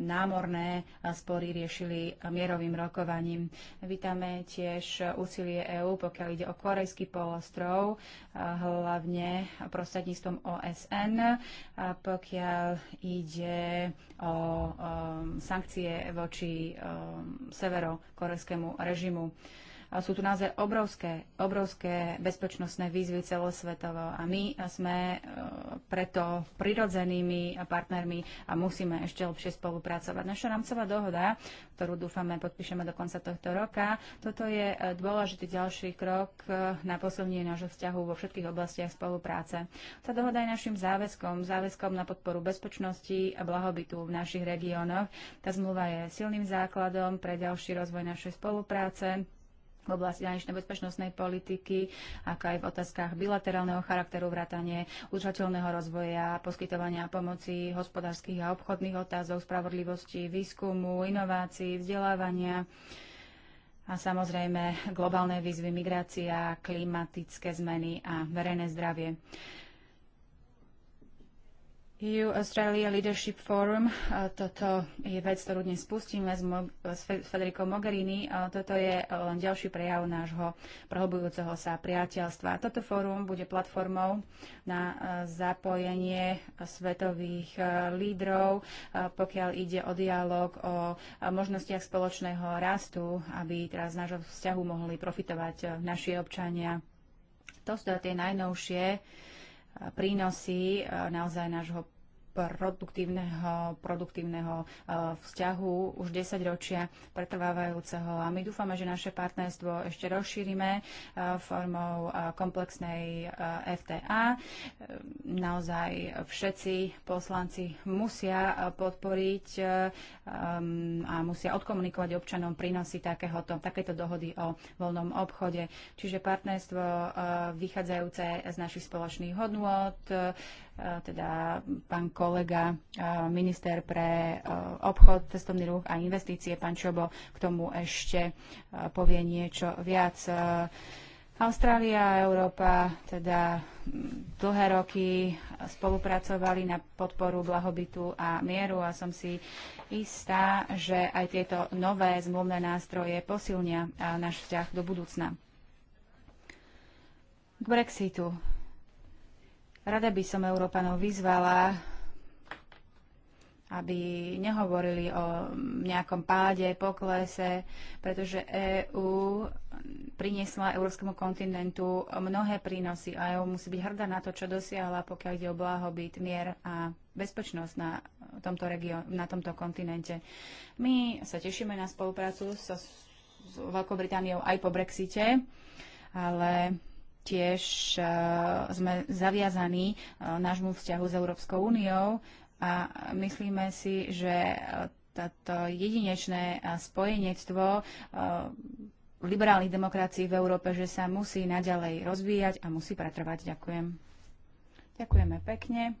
námorné spory riešili mierovým rokovaním. Vítame tiež úsilie EÚ, pokiaľ ide o korejský polostrov, hlavne prostredníctvom OSN, a pokiaľ ide o sankcie voči severokorejskému režimu režimu. A sú tu naozaj obrovské, obrovské bezpečnostné výzvy celosvetovo a my sme e, preto prirodzenými partnermi a musíme ešte lepšie spolupracovať. Naša rámcová dohoda, ktorú dúfame podpíšeme do konca tohto roka, toto je e, dôležitý ďalší krok e, na posilnenie nášho vzťahu vo všetkých oblastiach spolupráce. Tá dohoda je našim záväzkom, záväzkom na podporu bezpečnosti a blahobytu v našich regiónoch. Tá zmluva je silným základom pre ďalší rozvoj našej spolupráce v oblasti zahraničnej bezpečnostnej politiky, ako aj v otázkach bilaterálneho charakteru vrátanie udržateľného rozvoja, poskytovania pomoci hospodárskych a obchodných otázok, spravodlivosti, výskumu, inovácií, vzdelávania a samozrejme globálne výzvy migrácia, klimatické zmeny a verejné zdravie. EU Australia Leadership Forum, toto je vec, ktorú dnes spustíme s, Mo- s Federikou Mogherini. Toto je len ďalší prejav nášho prohlbujúceho sa priateľstva. Toto fórum bude platformou na e, zapojenie svetových e, lídrov, e, pokiaľ ide o dialog o možnostiach spoločného rastu, aby teraz z nášho vzťahu mohli profitovať naši občania. To sú teda tie najnovšie prínosy naozaj nášho produktívneho, produktívneho e, vzťahu už 10 ročia pretrvávajúceho a my dúfame, že naše partnerstvo ešte rozšírime e, formou e, komplexnej FTA. Naozaj všetci poslanci musia podporiť a musia odkomunikovať občanom prínosy takéhoto, takéto dohody o voľnom obchode. Čiže partnerstvo vychádzajúce z našich spoločných hodnôt, Eh, teda pán kolega, eh, minister pre eh, obchod, cestovný ruch a investície, pán Čobo, k tomu ešte povie niečo viac. Austrália a Európa teda mm, dlhé roky spolupracovali na podporu blahobytu a mieru a som si istá, že aj tieto nové zmluvné nástroje posilnia náš vzťah do budúcna. K Brexitu Rada by som Európanov vyzvala, aby nehovorili o nejakom páde, poklese, pretože EÚ priniesla európskemu kontinentu mnohé prínosy a EÚ musí byť hrdá na to, čo dosiahla, pokiaľ ide o blahobyt, mier a bezpečnosť na tomto, region, na tomto kontinente. My sa tešíme na spoluprácu so, s Veľkou Britániou aj po Brexite, ale Tiež eh, sme zaviazaní eh, nášmu vzťahu s Európskou úniou a myslíme si, že eh, toto jedinečné spojenectvo liberálnych demokracií v Európe, že sa musí naďalej rozvíjať a musí pretrvať. Ďakujem. Ďakujeme pekne.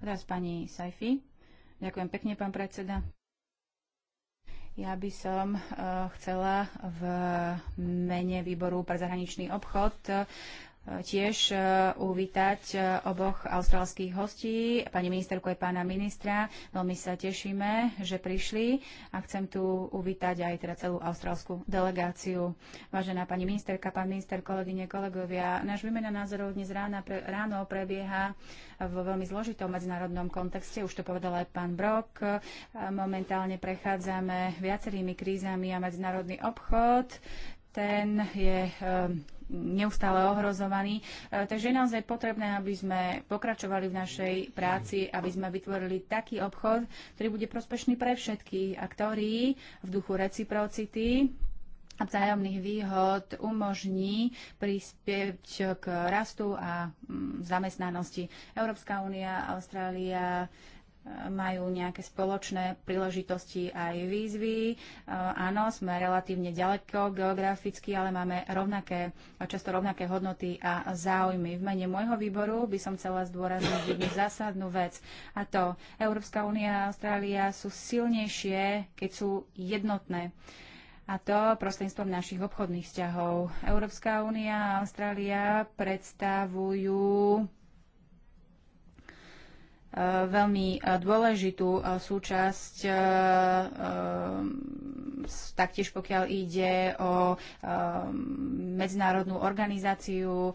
Teraz pani Saifi. Ďakujem pekne, pán predseda. Ja by som eh, chcela v mene výboru pre zahraničný obchod eh, tiež e, uvítať e, oboch austrálskych hostí, pani ministerku aj pána ministra. Veľmi sa tešíme, že prišli a chcem tu uvítať aj teda celú austrálskú delegáciu. Vážená pani ministerka, pán minister, kolegyne, kolegovia, náš výmena názorov dnes rána, pre, ráno prebieha v veľmi zložitom medzinárodnom kontexte, už to povedal aj pán Brok. E, momentálne prechádzame viacerými krízami a medzinárodný obchod, ten je neustále ohrozovaní. E, takže je naozaj potrebné, aby sme pokračovali v našej práci, aby sme vytvorili taký obchod, ktorý bude prospešný pre všetkých a ktorý v duchu reciprocity a vzájomných výhod umožní prispieť k rastu a mm, zamestnanosti. Európska únia, Austrália, majú nejaké spoločné príležitosti aj výzvy. Eh, áno, sme relatívne ďaleko geograficky, ale máme rovnaké, často rovnaké hodnoty a záujmy. V mene môjho výboru by som chcela zdôrazniť jednu zásadnú vec. A to Európska únia a Austrália sú silnejšie, keď sú jednotné. A to prostredníctvom našich obchodných vzťahov. Európska únia a Austrália predstavujú veľmi eh, dôležitú eh, súčasť eh, taktiež pokiaľ ide o um, medzinárodnú organizáciu um,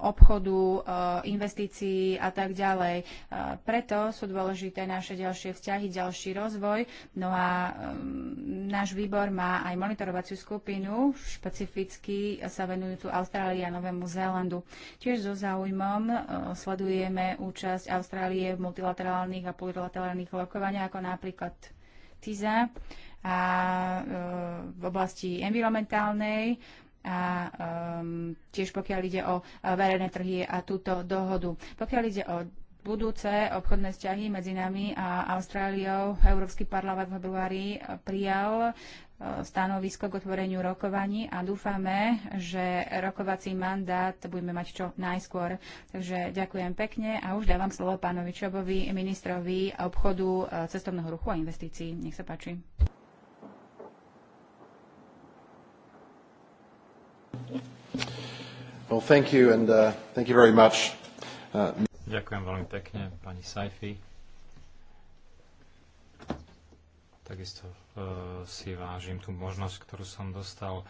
obchodu, uh, investícií a tak ďalej. Uh, preto sú dôležité naše ďalšie vzťahy, ďalší rozvoj. No a um, náš výbor má aj monitorovaciu skupinu, špecificky sa venujúcu Austrálii a Novému Zélandu. Tiež so záujmom uh, sledujeme účasť Austrálie v multilaterálnych a plurilaterálnych lokovaniach, ako napríklad TISA a e, v oblasti environmentálnej a um, tiež pokiaľ ide o verejné trhy a túto dohodu. Pokiaľ ide o budúce obchodné vzťahy medzi nami a Austráliou, Európsky parlament v februári prijal e, stanovisko k otvoreniu rokovaní a dúfame, že rokovací mandát budeme mať čo najskôr. Takže ďakujem pekne a už dávam slovo pánovi Čobovi, ministrovi obchodu, e, cestovného ruchu a investícií. Nech sa páči. Well, thank you and uh, thank you very much. Uh, Ďakujem veľmi pekne, pani Saifi. Takisto uh, si vážim tú možnosť, ktorú som dostal.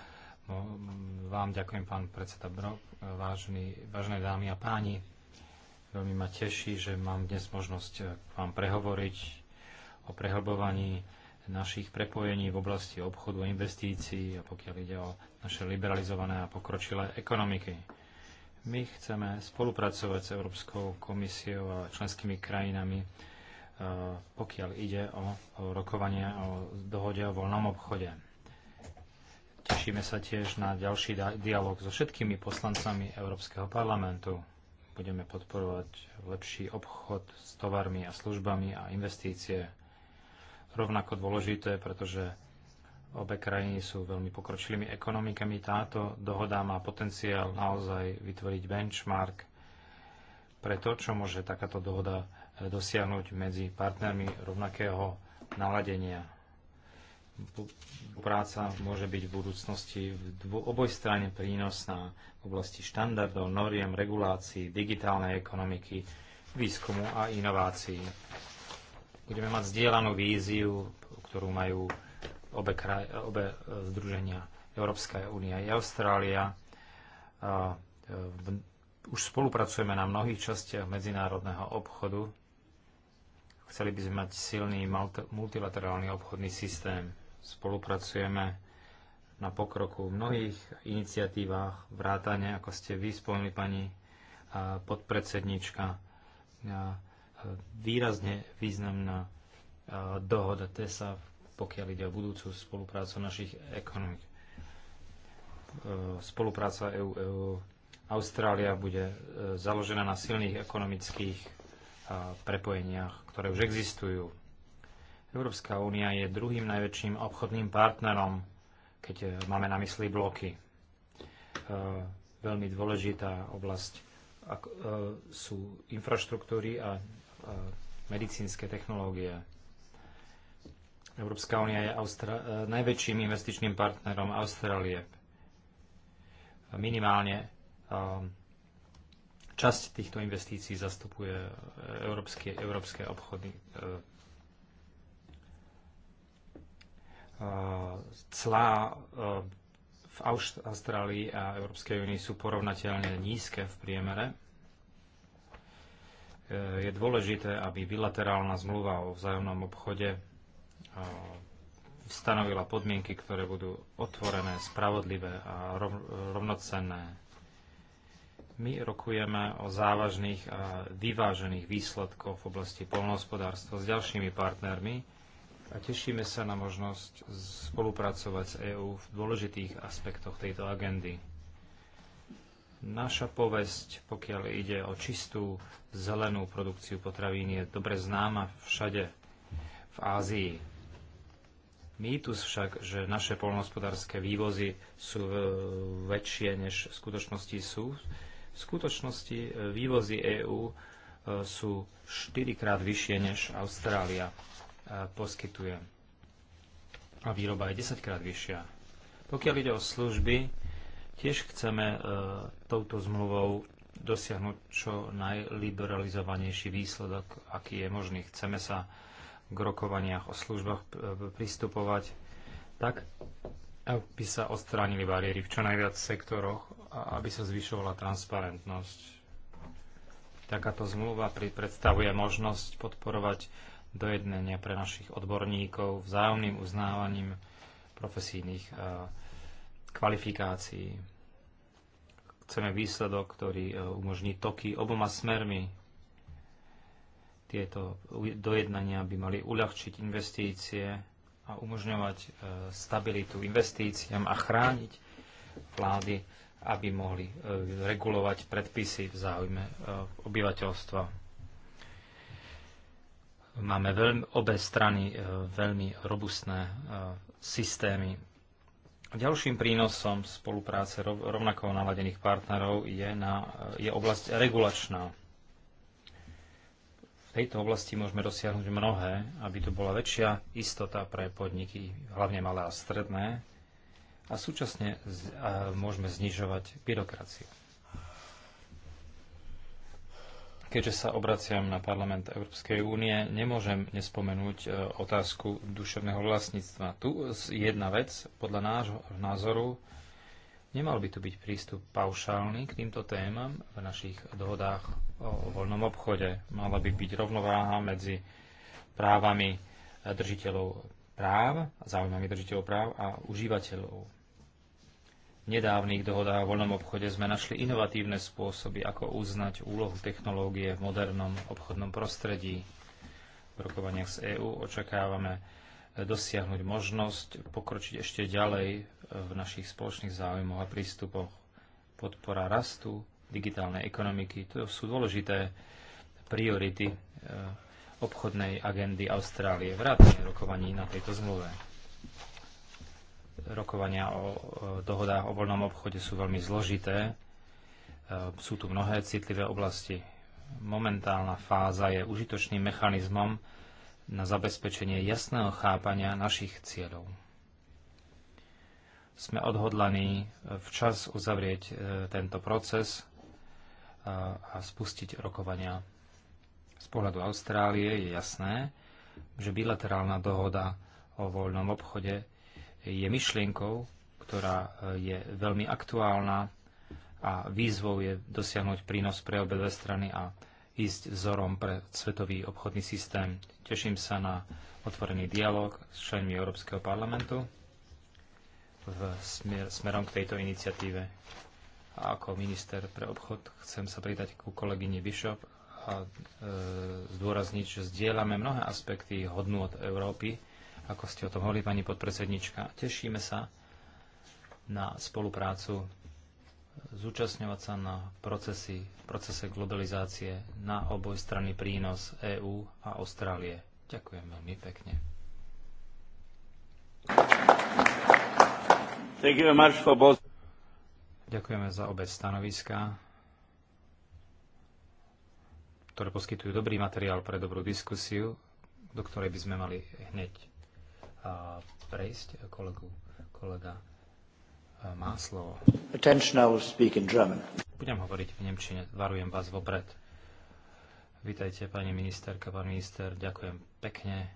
No, vám ďakujem, pán predseda Brok, vážny, vážne dámy a páni. Veľmi ma teší, že mám dnes možnosť uh, vám prehovoriť o prehlbovaní našich prepojení v oblasti obchodu, investícií a pokiaľ ide o naše liberalizované a pokročilé ekonomiky. My chceme spolupracovať s Európskou komisiou a členskými krajinami, e, pokiaľ ide o rokovanie o dohode o voľnom obchode. Tešíme sa tiež na ďalší dialog so všetkými poslancami Európskeho parlamentu. Budeme podporovať lepší obchod s tovarmi a službami a investície rovnako dôležité, pretože obe krajiny sú veľmi pokročilými ekonomikami. Táto dohoda má potenciál naozaj vytvoriť benchmark pre to, čo môže takáto dohoda dosiahnuť medzi partnermi rovnakého naladenia. Práca môže byť v budúcnosti v oboj strane prínosná v oblasti štandardov, noriem, regulácií, digitálnej ekonomiky, výskumu a inovácií budeme mať zdieľanú víziu, ktorú majú obe, kraj, obe e, združenia Európska únia i Austrália. E, už spolupracujeme na mnohých častiach medzinárodného obchodu. Chceli by sme mať silný multilaterálny obchodný systém. Spolupracujeme na pokroku v mnohých iniciatívach, vrátane, ako ste vy spomínali, pani podpredsednička, výrazne významná e, dohoda TESA, pokiaľ ide o budúcu spoluprácu našich ekonomik. E, spolupráca EU-EU e Austrália bude založená na silných ekonomických prepojeniach, ktoré už existujú. Európska únia je druhým najväčším obchodným partnerom, keď máme na mysli bloky. Veľmi dôležitá oblasť sú infraštruktúry a medicínske technológie. Európska únia je Austra- e, najväčším investičným partnerom Austrálie. Minimálne e, časť týchto investícií zastupuje európske, európske obchody. E, clá v Austrálii a Európskej únii sú porovnateľne nízke v priemere E, je dôležité, aby bilaterálna zmluva o vzájomnom obchode e, stanovila podmienky, ktoré budú otvorené, spravodlivé a rovnocenné. My rokujeme o závažných a vyvážených výsledkoch v oblasti polnohospodárstva s ďalšími partnermi a tešíme sa na možnosť spolupracovať s EÚ v dôležitých aspektoch tejto agendy. Naša povesť, pokiaľ ide o čistú zelenú produkciu potravín, je dobre známa všade v Ázii. Mýtus však, že naše polnohospodárske vývozy sú e, väčšie, než v skutočnosti sú. V skutočnosti e, vývozy EÚ e, sú 4 krát vyššie, než Austrália poskytuje. A výroba je 10 krát vyššia. Pokiaľ ide o služby, Tiež chceme e, touto zmluvou dosiahnuť čo najliberalizovanejší výsledok, aký je možný. Chceme sa k rokovaniach o službách e, pristupovať tak, aby sa odstránili bariéry v čo najviac sektoroch a aby sa zvyšovala transparentnosť. Takáto zmluva predstavuje možnosť podporovať dojednania pre našich odborníkov vzájomným uznávaním profesijných uh, kvalifikácií. Chceme výsledok, ktorý e, umožní toky oboma smermi. Tieto dojednania by mali uľahčiť investície a umožňovať e, stabilitu investíciám a chrániť vlády, aby mohli e, regulovať predpisy v záujme obyvateľstva máme veľmi, obe strany veľmi robustné systémy Ďalším prínosom spolupráce rovnako naladených partnerov je, na, je oblasť regulačná. V tejto oblasti môžeme dosiahnuť mnohé, aby tu bola väčšia istota pre podniky, hlavne malé a stredné, a súčasne z, a môžeme znižovať byrokraciu. keďže sa obraciam na parlament Európskej únie, nemôžem nespomenúť e, otázku duševného vlastníctva. Tu jedna vec, podľa nášho názoru, nemal by tu byť prístup paušálny k týmto témam v našich dohodách o voľnom obchode. Mala by byť rovnováha medzi právami držiteľov práv, záujmami držiteľov práv a užívateľov nedávnych dohodách o voľnom obchode sme našli inovatívne spôsoby, ako uznať úlohu technológie v modernom obchodnom prostredí. V rokovaniach z EÚ očakávame dosiahnuť možnosť pokročiť ešte ďalej v našich spoločných záujmoch a prístupoch. Podpora rastu, digitálnej ekonomiky, to sú dôležité priority eh, obchodnej agendy Austrálie, vrátane rokovaní na tejto zmluve. Rokovania o dohodách o voľnom obchode sú veľmi zložité. E, sú tu mnohé citlivé oblasti. Momentálna fáza je užitočným mechanizmom na zabezpečenie jasného chápania našich cieľov. Sme odhodlaní e, včas uzavrieť e, tento proces a spustiť rokovania. Z pohľadu Austrálie je jasné, že bilaterálna dohoda o voľnom obchode je myšlienkou, ktorá e, je veľmi aktuálna a výzvou je dosiahnuť prínos pre obe dve strany a ísť vzorom pre svetový obchodný systém. Teším sa na otvorený dialog s členmi Európskeho parlamentu v smer, smerom k tejto iniciatíve. A ako minister pre obchod chcem sa pridať ku kolegyni Bishop a e, zdôrazniť, že zdieľame mnohé aspekty od Európy, ako ste o tom hovorili, pani podpredsednička. Tešíme sa na spoluprácu, zúčastňovať sa na procesy, procese globalizácie na oboj strany prínos EÚ a Austrálie. Ďakujem veľmi pekne. Ďakujeme za obe stanoviska ktoré poskytujú dobrý materiál pre dobrú diskusiu, do ktorej by sme mali hneď prejsť kolegu, kolega e, má slovo. Budem hovoriť v Nemčine, varujem vás vopred. Vítajte, pani ministerka, pán minister, ďakujem pekne.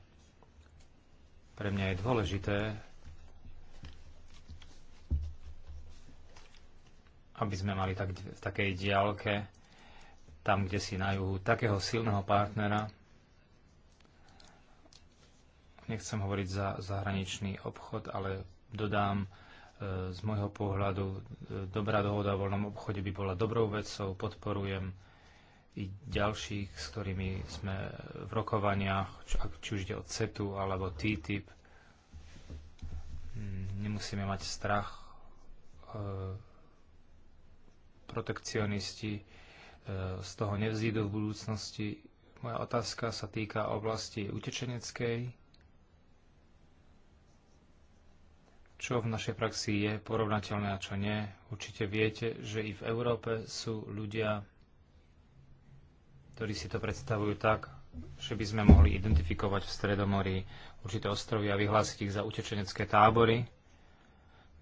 Pre mňa je dôležité, aby sme mali tak, v takej diálke, tam, kde si na juhu, takého silného partnera, Nechcem hovoriť za zahraničný obchod, ale dodám, e, z môjho pohľadu e, dobrá dohoda o voľnom obchode by bola dobrou vecou, podporujem i ďalších, s ktorými sme v rokovaniach, či už ide o CETU alebo TTIP. Mm, nemusíme mať strach. E, protekcionisti z toho nevzídu v budúcnosti. Moja otázka sa týka oblasti utečeneckej čo v našej praxi je porovnateľné a čo nie. Určite viete, že i v Európe sú ľudia, ktorí si to predstavujú tak, že by sme mohli identifikovať v Stredomorí určité ostrovy a vyhlásiť ich za utečenecké tábory.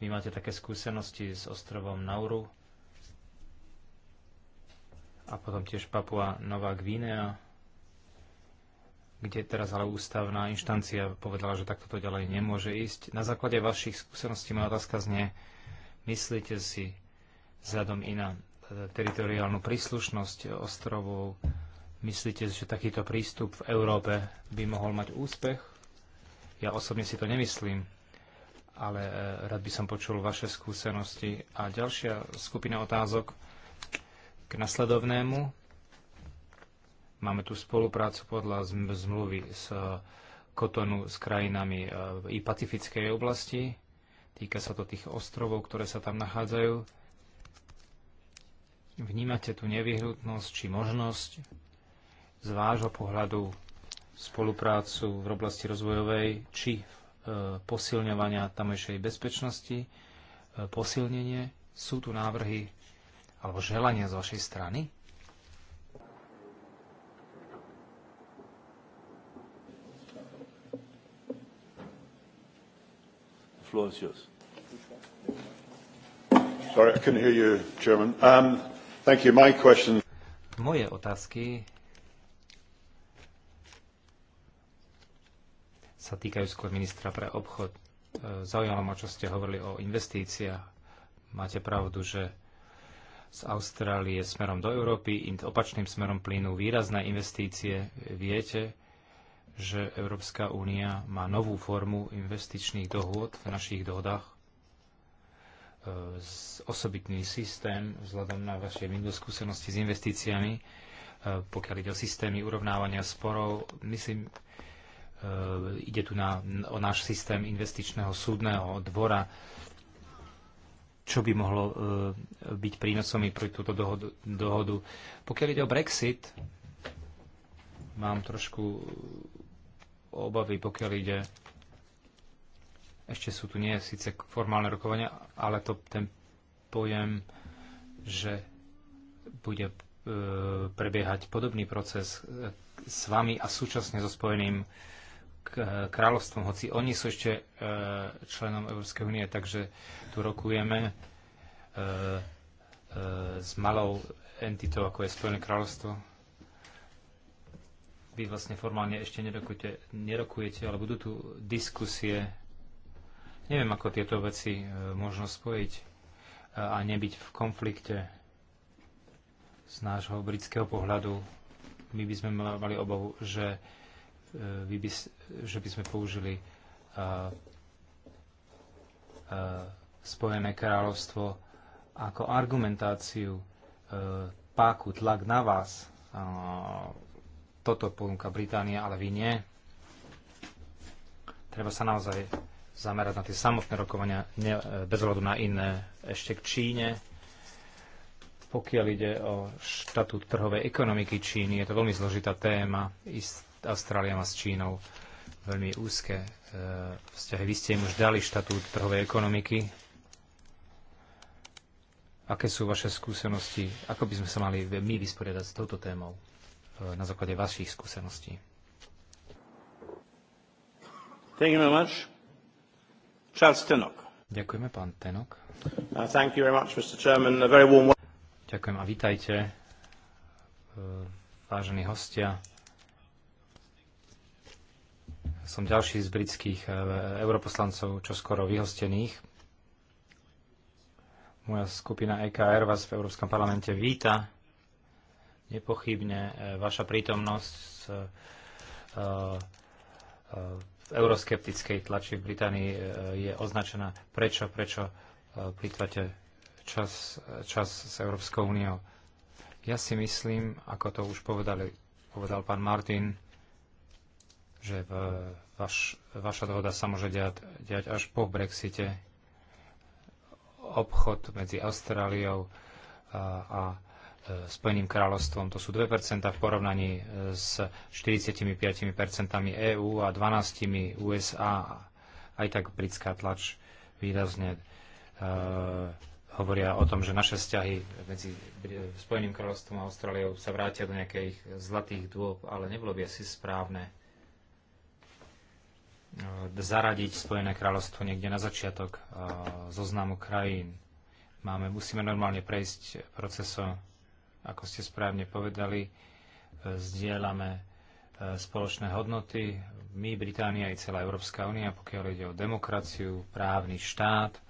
Vy máte také skúsenosti s ostrovom Nauru a potom tiež Papua Nová Gvinea kde teraz ale ústavná inštancia povedala, že takto to ďalej nemôže ísť. Na základe vašich skúseností moja otázka znie, myslíte si vzhľadom i na e, teritoriálnu príslušnosť ostrovov, myslíte, že takýto prístup v Európe by mohol mať úspech? Ja osobne si to nemyslím ale e, rád by som počul vaše skúsenosti. A ďalšia skupina otázok k nasledovnému. Máme tu spoluprácu podľa zmluvy s eh, Kotonu s krajinami eh, i pacifickej oblasti. Týka sa to tých ostrovov, ktoré sa tam nachádzajú. Vnímate tu nevyhnutnosť či možnosť z vášho pohľadu spoluprácu v oblasti rozvojovej či eh, posilňovania tamejšej bezpečnosti, posilnenie. Sú tu návrhy alebo želania z vašej strany? floor is yours. Sorry, I couldn't hear you, Chairman. Um, thank you. My question... Moje otázky sa týkajú skôr ministra pre obchod. E, Zaujímalo, ma, čo ste hovorili o investíciách. Máte pravdu, že z Austrálie smerom do Európy, opačným smerom plynú výrazné investície. Viete, že Európska únia má novú formu investičných dohôd v našich dohodách, e, osobitný systém vzhľadom na vaše minulé skúsenosti s investíciami, e, pokiaľ ide o systémy urovnávania sporov. Myslím, e, ide tu na, o náš systém investičného súdneho dvora, čo by mohlo byť prínosom pre túto dohodu, dohodu. Pokiaľ ide o Brexit, mám trošku obavy, pokiaľ ide ešte sú tu nie síce formálne rokovania, ale to ten pojem, že bude e, prebiehať podobný proces e, s vami a súčasne so Spojeným e, kráľovstvom, hoci oni sú ešte e, členom Európskej únie, takže tu rokujeme e, e s malou entitou, ako je Spojené kráľovstvo vy vlastne formálne ešte nerokujete, nerokujete ale budú tu diskusie. Neviem, ako tieto veci e, možno spojiť e, a nebyť v konflikte z nášho britského pohľadu. My by sme mali obavu, že, e, vy by, že by sme použili uh, uh, Spojené kráľovstvo ako argumentáciu uh, páku, tlak na vás, toto ponúka Británia, ale vy nie. Treba sa naozaj zamerať na tie samotné rokovania ne, bez hľadu na iné. Ešte k Číne. Pokiaľ ide o štatút trhovej ekonomiky Číny, je to veľmi zložitá téma. Austrália má s Čínou veľmi úzke e, vzťahy. Vy ste im už dali štatút trhovej ekonomiky. Aké sú vaše skúsenosti? Ako by sme sa mali my vysporiadať s touto témou? Eh, na základe vašich skúseností. Thank you very much. Charles Tenok. Ďakujeme, pán Tenok. Uh, thank you very much, Mr. Chairman. A very warm... Ďakujem a vítajte, eh, vážení hostia. Som ďalší z britských eh, europoslancov, čo skoro vyhostených. Moja skupina EKR vás v Európskom parlamente víta Nepochybne e, vaša prítomnosť e, e, v euroskeptickej tlači v Británii je označená. Prečo, prečo plýtvate čas, čas s Európskou úniou? Ja si myslím, ako to už povedali, povedal pán Martin, že vaš, vaša dohoda sa môže diať, diať až po Brexite. Obchod medzi Austráliou a, a Spojeným kráľovstvom. To sú 2% v porovnaní e, s 45% EÚ a 12% USA. Aj tak britská tlač výrazne e, hovoria o tom, že naše vzťahy medzi Spojeným kráľovstvom a Austráliou sa vrátia do nejakých zlatých dôb, ale nebolo by asi správne e, zaradiť Spojené kráľovstvo niekde na začiatok zoznamu krajín. Máme, musíme normálne prejsť procesom ako ste správne povedali, e, zdieľame e, spoločné hodnoty. My, Británia i celá Európska únia, pokiaľ ide o demokraciu, právny štát, e,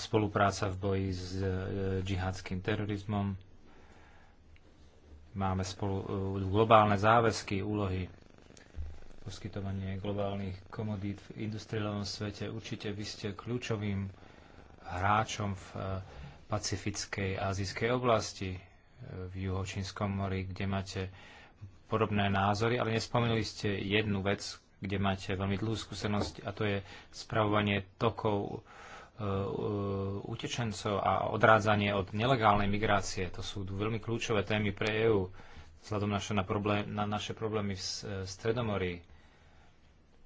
spolupráca v boji s džihadským terorizmom. Máme spolu globálne záväzky, úlohy, poskytovanie globálnych komodít v industriálnom svete. Určite vy ste kľúčovým hráčom v pacifickej azijskej oblasti v Juhočínskom mori, kde máte podobné názory, ale nespomenuli ste jednu vec, kde máte veľmi dlhú skúsenosť a to je spravovanie tokov e, e, utečencov a odrádzanie od nelegálnej migrácie. To sú veľmi kľúčové témy pre EÚ vzhľadom na, problém, na naše problémy v e, Stredomorí.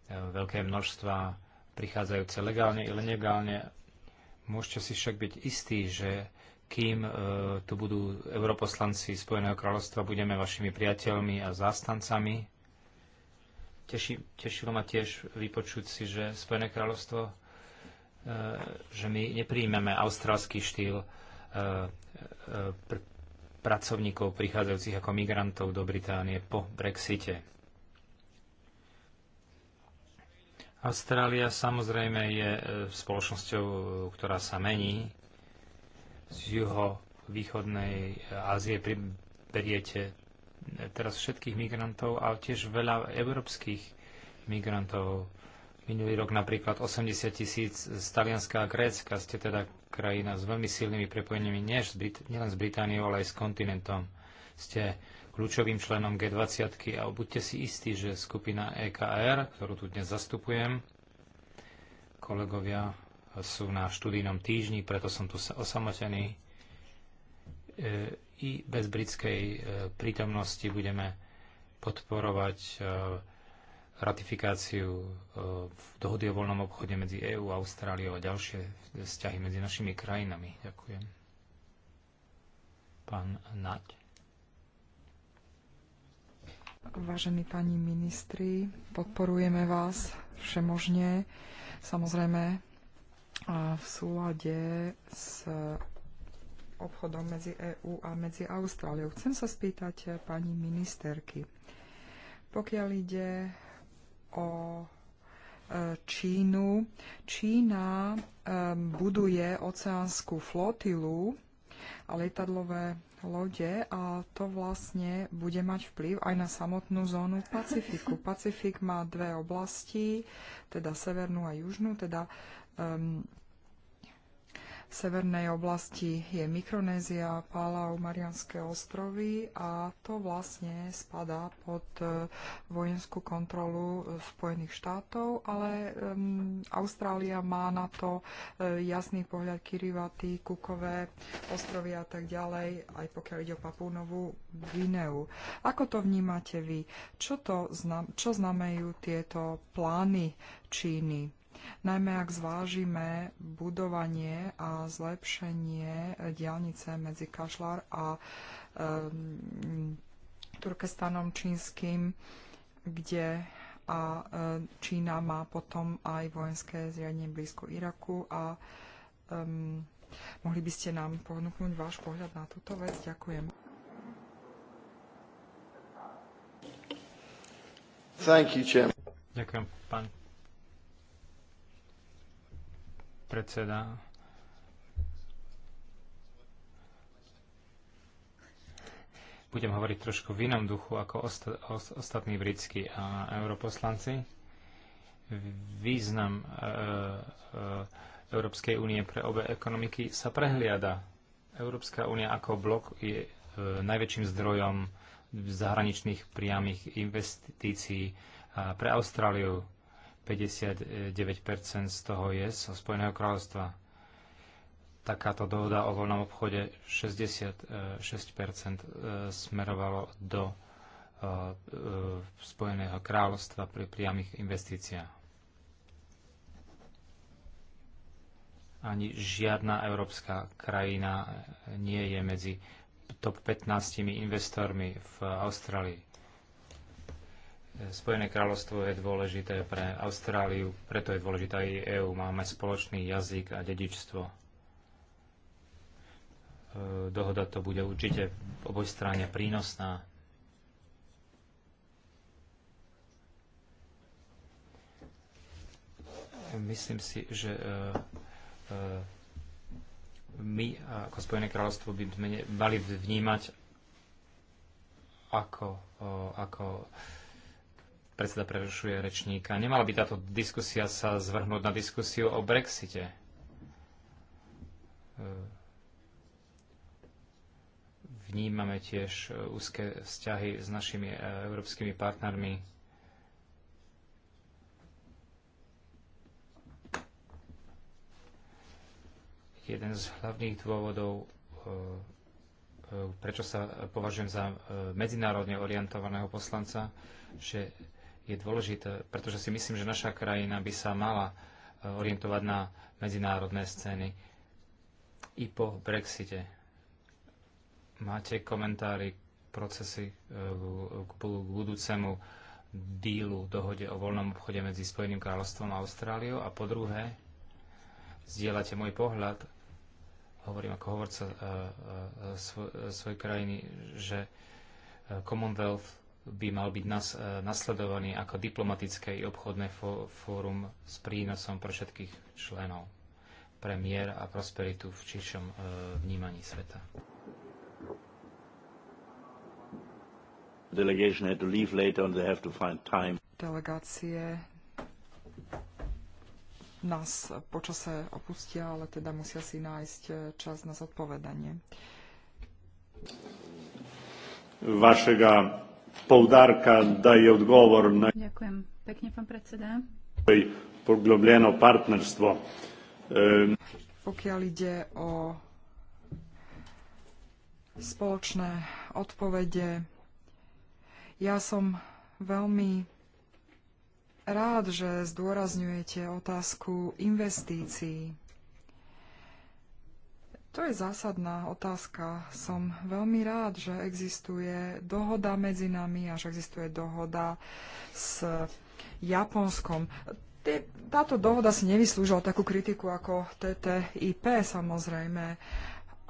Veľké množstva prichádzajúce legálne i legálne. Môžete si však byť istí, že kým e, tu budú europoslanci Spojeného kráľovstva, budeme vašimi priateľmi a zástancami. Teší, tešilo ma tiež vypočuť si, že Spojené kráľovstvo, e, že my nepríjmeme austrálsky štýl e, pracovníkov prichádzajúcich ako migrantov do Británie po Brexite. Austrália samozrejme je spoločnosťou, ktorá sa mení z juho-východnej Ázie beriete teraz všetkých migrantov, ale tiež veľa európskych migrantov. Minulý rok napríklad 80 tisíc z Talianska a Grécka ste teda krajina s veľmi silnými prepojeniami nielen s Britániou, ale aj s kontinentom. Ste kľúčovým členom G20 a buďte si istí, že skupina EKR, ktorú tu dnes zastupujem, kolegovia sú na študijnom týždni, preto som tu osamotený. E, I bez britskej e, prítomnosti budeme podporovať e, ratifikáciu dohody o voľnom obchode medzi EÚ, Austráliou a ďalšie vzťahy medzi našimi krajinami. Ďakujem. Pán Naď. Vážení pani ministri, podporujeme vás všemožne. Samozrejme, v súlade s obchodom medzi EÚ a medzi Austráliou. Chcem sa spýtať pani ministerky, pokiaľ ide o e, Čínu. Čína e, buduje oceánsku flotilu lietadlové lode a to vlastne bude mať vplyv aj na samotnú zónu Pacifiku. Pacifik má dve oblasti, teda severnú a južnú, teda um, severnej oblasti je Mikronézia, Palau, Marianské ostrovy a to vlastne spadá pod e, vojenskú kontrolu e, Spojených štátov, ale um, Austrália má na to e, jasný pohľad Kiribati, Kukové ostrovy a tak ďalej, aj pokiaľ ide o Papúnovú Gvineu. Ako to vnímate vy? Čo, to znam, čo znamenajú tieto plány Číny? najmä ak zvážime budovanie a zlepšenie diálnice medzi Kašlar a um, Turkestanom čínskym, kde a Čína má potom aj vojenské zriadenie blízko Iraku a um, mohli by ste nám ponúknuť váš pohľad na túto vec. Ďakujem. Thank you, Jim. Ďakujem, pán predseda. Budem hovoriť trošku v inom duchu ako osta- ostatní britskí a europoslanci. Význam e, e, Európskej únie pre obe ekonomiky sa prehliada. Európska únia ako blok je e, najväčším zdrojom zahraničných priamých investícií pre Austráliu 59% z toho je zo Spojeného kráľovstva. Takáto dohoda o voľnom obchode 66% e, smerovalo do e, e, Spojeného kráľovstva pri priamých investíciách. Ani žiadna európska krajina nie je medzi top 15 investormi v Austrálii. Spojené kráľovstvo je dôležité pre Austráliu, preto je dôležitá aj EÚ. Máme spoločný jazyk a dedičstvo. E, dohoda to bude určite oboj strane prínosná. Myslím si, že e, e, my ako Spojené kráľovstvo by sme mali vnímať ako, ako Predseda prerušuje rečníka. Nemala by táto diskusia sa zvrhnúť na diskusiu o Brexite. E, vnímame tiež e, úzke vzťahy s našimi e, európskymi partnermi. Jeden z hlavných dôvodov prečo sa považujem za medzinárodne orientovaného poslanca, že je dôležité, pretože si myslím, že naša krajina by sa mala e, orientovať na medzinárodné scény i po Brexite. Máte komentári procesy e, k budúcemu dílu, dohode o voľnom obchode medzi Spojeným kráľovstvom a Austráliou a po druhé, zdieľate môj pohľad, hovorím ako hovorca e, svojej krajiny, že Commonwealth by mal byť nas, e, nasledovaný ako diplomatické i obchodné fórum s prínosom pre všetkých členov pre mier a prosperitu v širšom e, vnímaní sveta. Delegácie nás počase opustia, ale teda musia si nájsť e, čas na zodpovedanie. Vašega poudarka da je odgovor na... Ďakujem pekne, pán predseda. ...poglobljeno partnerstvo. Pokiaľ ide o spoločné odpovede, ja som veľmi rád, že zdôrazňujete otázku investícií to je zásadná otázka. Som veľmi rád, že existuje dohoda medzi nami a že existuje dohoda s Japonskom. Táto dohoda si nevyslúžila takú kritiku ako TTIP samozrejme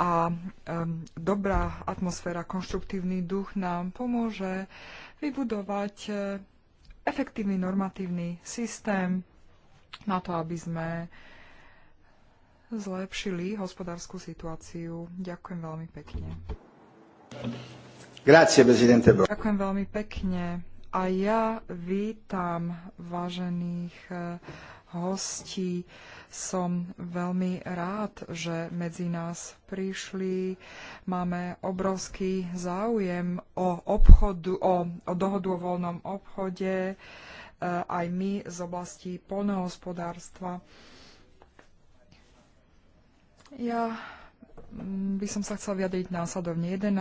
a um, dobrá atmosféra, konštruktívny duch nám pomôže vybudovať uh, efektívny normatívny systém na to, aby sme uh, zlepšili hospodárskú situáciu. Ďakujem veľmi pekne. Grazie, prezidente. Ďakujem veľmi pekne. A ja vítam vážených eh, hostí. Som veľmi rád, že medzi nás prišli. Máme obrovský záujem o, obchodu, o, o dohodu o voľnom obchode, eh, aj my z oblasti polnohospodárstva. Ja mm, by som sa chcel vyjadriť následovne. 11.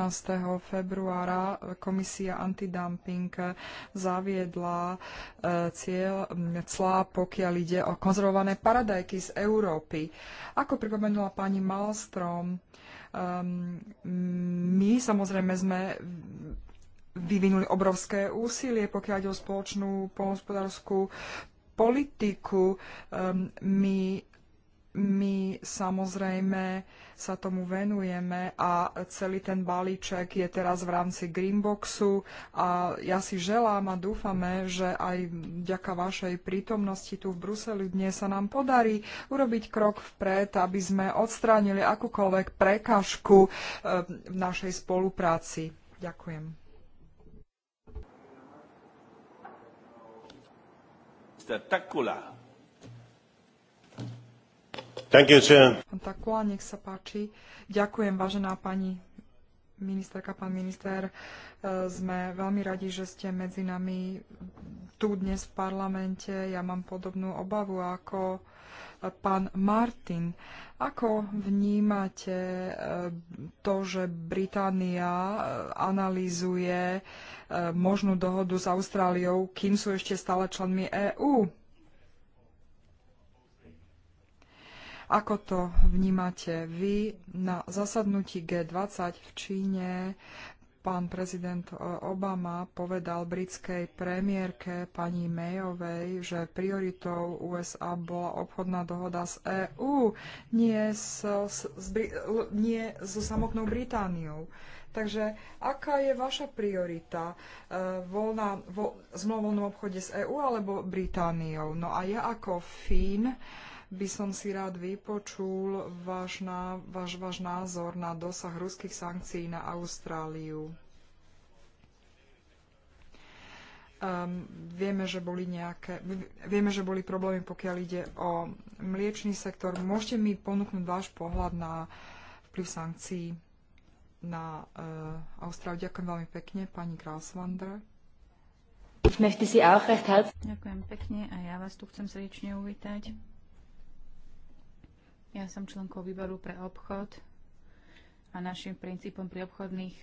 februára komisia antidumping zaviedla e, cieľ mm, cla, pokiaľ ide o konzervované paradajky z Európy. Ako pripomenula pani Malstrom, ehm, my samozrejme sme vyvinuli obrovské úsilie, pokiaľ ide o spoločnú polnospodárskú politiku. Ehm, my my samozrejme sa tomu venujeme a celý ten balíček je teraz v rámci Greenboxu a ja si želám a dúfame, že aj vďaka vašej prítomnosti tu v Bruseli dnes sa nám podarí urobiť krok vpred, aby sme odstránili akúkoľvek prekažku e, v našej spolupráci. Ďakujem. Thank you, nech sa páči. Ďakujem, vážená pani ministerka, pán minister. E, sme veľmi radi, že ste medzi nami tu dnes v parlamente. Ja mám podobnú obavu ako e, pán Martin. Ako vnímate e, to, že Británia analýzuje možnú dohodu s Austráliou, kým sú ešte stále členmi EÚ? Ako to vnímate vy na zasadnutí G20 v Číne? Pán prezident e, Obama povedal britskej premiérke pani Mayovej, že prioritou USA bola obchodná dohoda s EÚ, nie, so, s, nie so samotnou Britániou. Takže aká je vaša priorita? E, voľná, vo, zmluva voľnom obchode s EÚ alebo Britániou? No a ja ako Fín by som si rád vypočul váš, na, váš, váš názor na dosah ruských sankcií na Austráliu. Um, vieme, že boli nejaké, vieme, že boli problémy, pokiaľ ide o mliečný sektor. Môžete mi ponúknuť váš pohľad na vplyv sankcií na uh, Austráliu. Ďakujem veľmi pekne, pani Graswander. Ďakujem pekne a ja vás tu chcem srdečne uvítať. Ja som členkou výboru pre obchod a našim princípom pri obchodných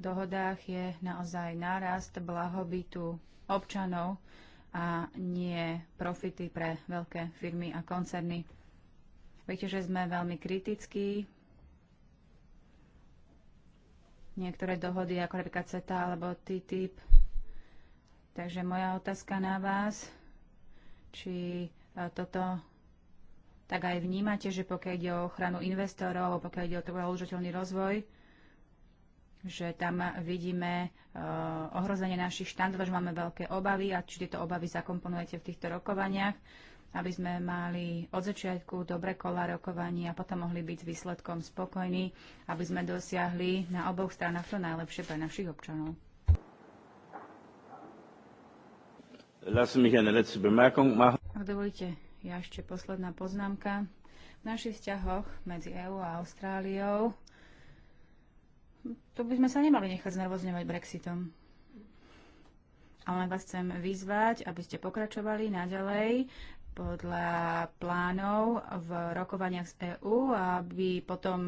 dohodách je naozaj nárast blahobytu občanov a nie profity pre veľké firmy a koncerny. Viete, že sme veľmi kritickí. Niektoré dohody, ako napríklad CETA alebo TTIP. Takže moja otázka na vás, či e, toto tak aj vnímate, že pokiaľ ide o ochranu investorov, alebo pokiaľ ide o trvalo rozvoj, že tam vidíme e, ohrozenie našich štandardov, že máme veľké obavy a či tieto obavy zakomponujete v týchto rokovaniach, aby sme mali od začiatku dobre kola rokovania a potom mohli byť s výsledkom spokojní, aby sme dosiahli na oboch stranách to najlepšie pre našich občanov. Ak dovolíte, ja ešte posledná poznámka. V našich vzťahoch medzi EÚ a Austráliou tu by sme sa nemali nechať znervozňovať Brexitom. Ale vás chcem vyzvať, aby ste pokračovali naďalej podľa plánov v rokovaniach z EÚ, aby potom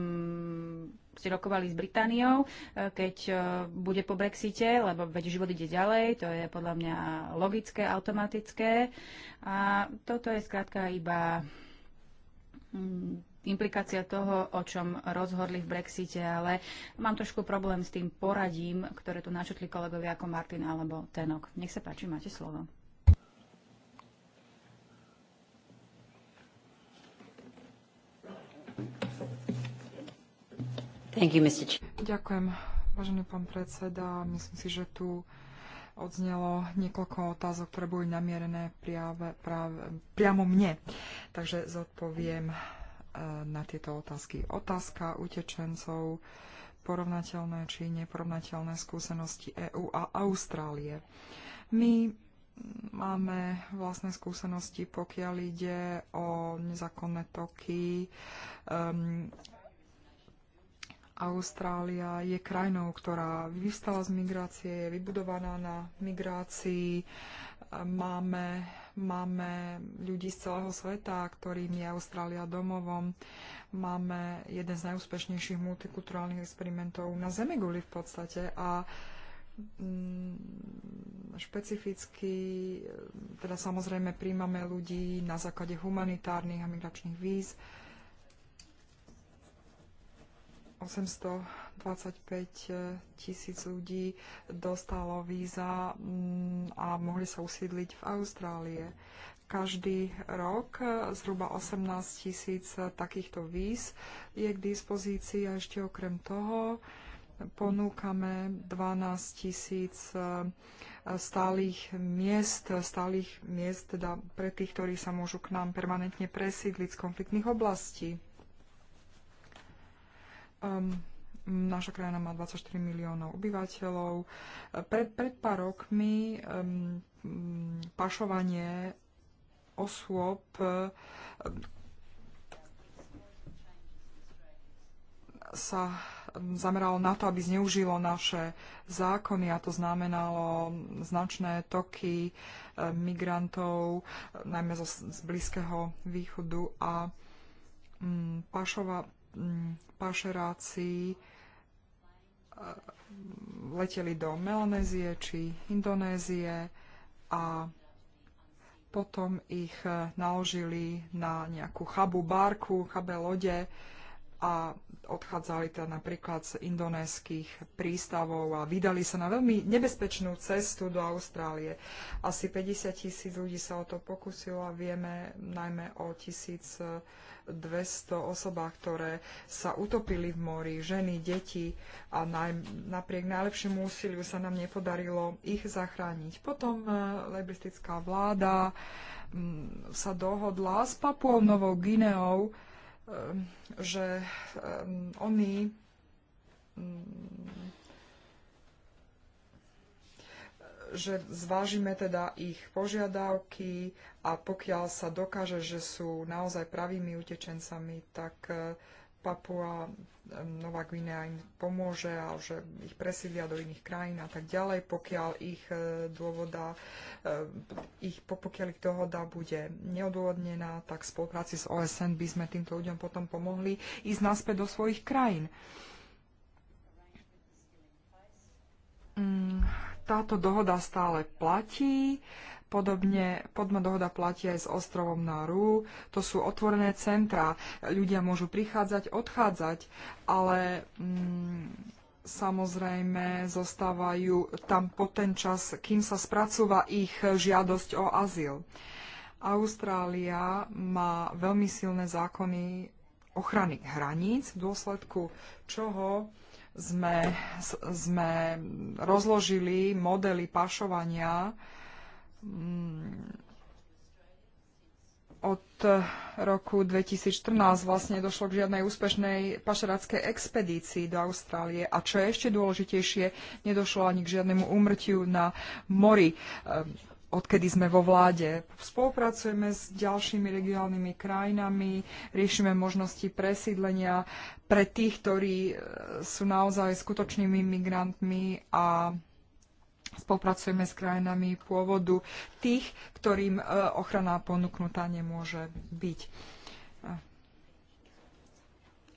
si rokovali s Britániou, e, keď e, bude po Brexite, lebo veď život ide ďalej, to je podľa mňa logické, automatické. A toto je skrátka iba mm, implikácia toho, o čom rozhodli v Brexite, ale mám trošku problém s tým poradím, ktoré tu načutli kolegovia ako Martin alebo Tenok. Nech sa páči, máte slovo. Ďakujem, vážený pán predseda. Myslím si, že tu odznelo niekoľko otázok, ktoré boli namierené priave, práve, priamo mne. Takže zodpoviem eh, na tieto otázky. Otázka utečencov, porovnateľné či neporovnateľné skúsenosti EÚ a Austrálie. My máme vlastné skúsenosti, pokiaľ ide o nezákonné toky um, Austrália je krajinou, ktorá vystala z migrácie, je vybudovaná na migrácii. Máme, máme ľudí z celého sveta, ktorým je Austrália domovom. Máme jeden z najúspešnejších multikulturálnych experimentov na Zemeguli v podstate a mm, špecificky, teda samozrejme príjmame ľudí na základe humanitárnych a migračných víz. 825 tisíc ľudí dostalo víza mm, a mohli sa usídliť v Austrálie. Každý rok zhruba 18 tisíc takýchto víz je k dispozícii a ešte okrem toho ponúkame 12 tisíc e, stálych miest, stálych miest teda pre tých, ktorí sa môžu k nám permanentne presídliť z konfliktných oblastí. Um, naša krajina má 24 miliónov obyvateľov. Pred, pred pár rokmi um, pašovanie osôb um, sa zameralo na to, aby zneužilo naše zákony a to znamenalo značné toky migrantov, najmä z, z Blízkeho východu a mm, pašova, Mm, pašeráci eh, leteli do Melanézie či Indonézie a potom ich eh, naložili na nejakú chabu barku, chabe lode a odchádzali teda napríklad z indonéskych prístavov a vydali sa na veľmi nebezpečnú cestu do Austrálie. Asi 50 tisíc ľudí sa o to pokusilo a vieme najmä o tisíc eh, 200 osobách, ktoré sa utopili v mori, ženy, deti a naj, napriek najlepšiemu úsiliu sa nám nepodarilo ich zachrániť. Potom eh, lebristická vláda mm, sa dohodla s Papuou Novou Gineou, eh, že um, oni um, že zvážime teda ich požiadavky a pokiaľ sa dokáže, že sú naozaj pravými utečencami, tak e, Papua e, Nová Gvinea im pomôže a že ich presídlia do iných krajín a tak ďalej, pokiaľ ich e, dôvoda, ich, pokiaľ ich dohoda bude neodôvodnená, tak v spolupráci s OSN by sme týmto ľuďom potom pomohli ísť naspäť do svojich krajín. táto dohoda stále platí. Podobne, podma dohoda platí aj s ostrovom Naru. To sú otvorené centra. Ľudia môžu prichádzať, odchádzať, ale mm, samozrejme zostávajú tam po ten čas, kým sa spracúva ich žiadosť o azyl. Austrália má veľmi silné zákony ochrany hraníc, v dôsledku čoho sme, sme rozložili modely pašovania mm, od roku 2014 vlastne došlo k žiadnej úspešnej pašeráckej expedícii do Austrálie a čo je ešte dôležitejšie, nedošlo ani k žiadnemu úmrtiu na mori. Ehm, odkedy sme vo vláde. Spolupracujeme s ďalšími regionálnymi krajinami, riešime možnosti presídlenia pre tých, ktorí e, sú naozaj skutočnými migrantmi a spolupracujeme s krajinami pôvodu tých, ktorým e, ochrana ponúknutá nemôže byť. E,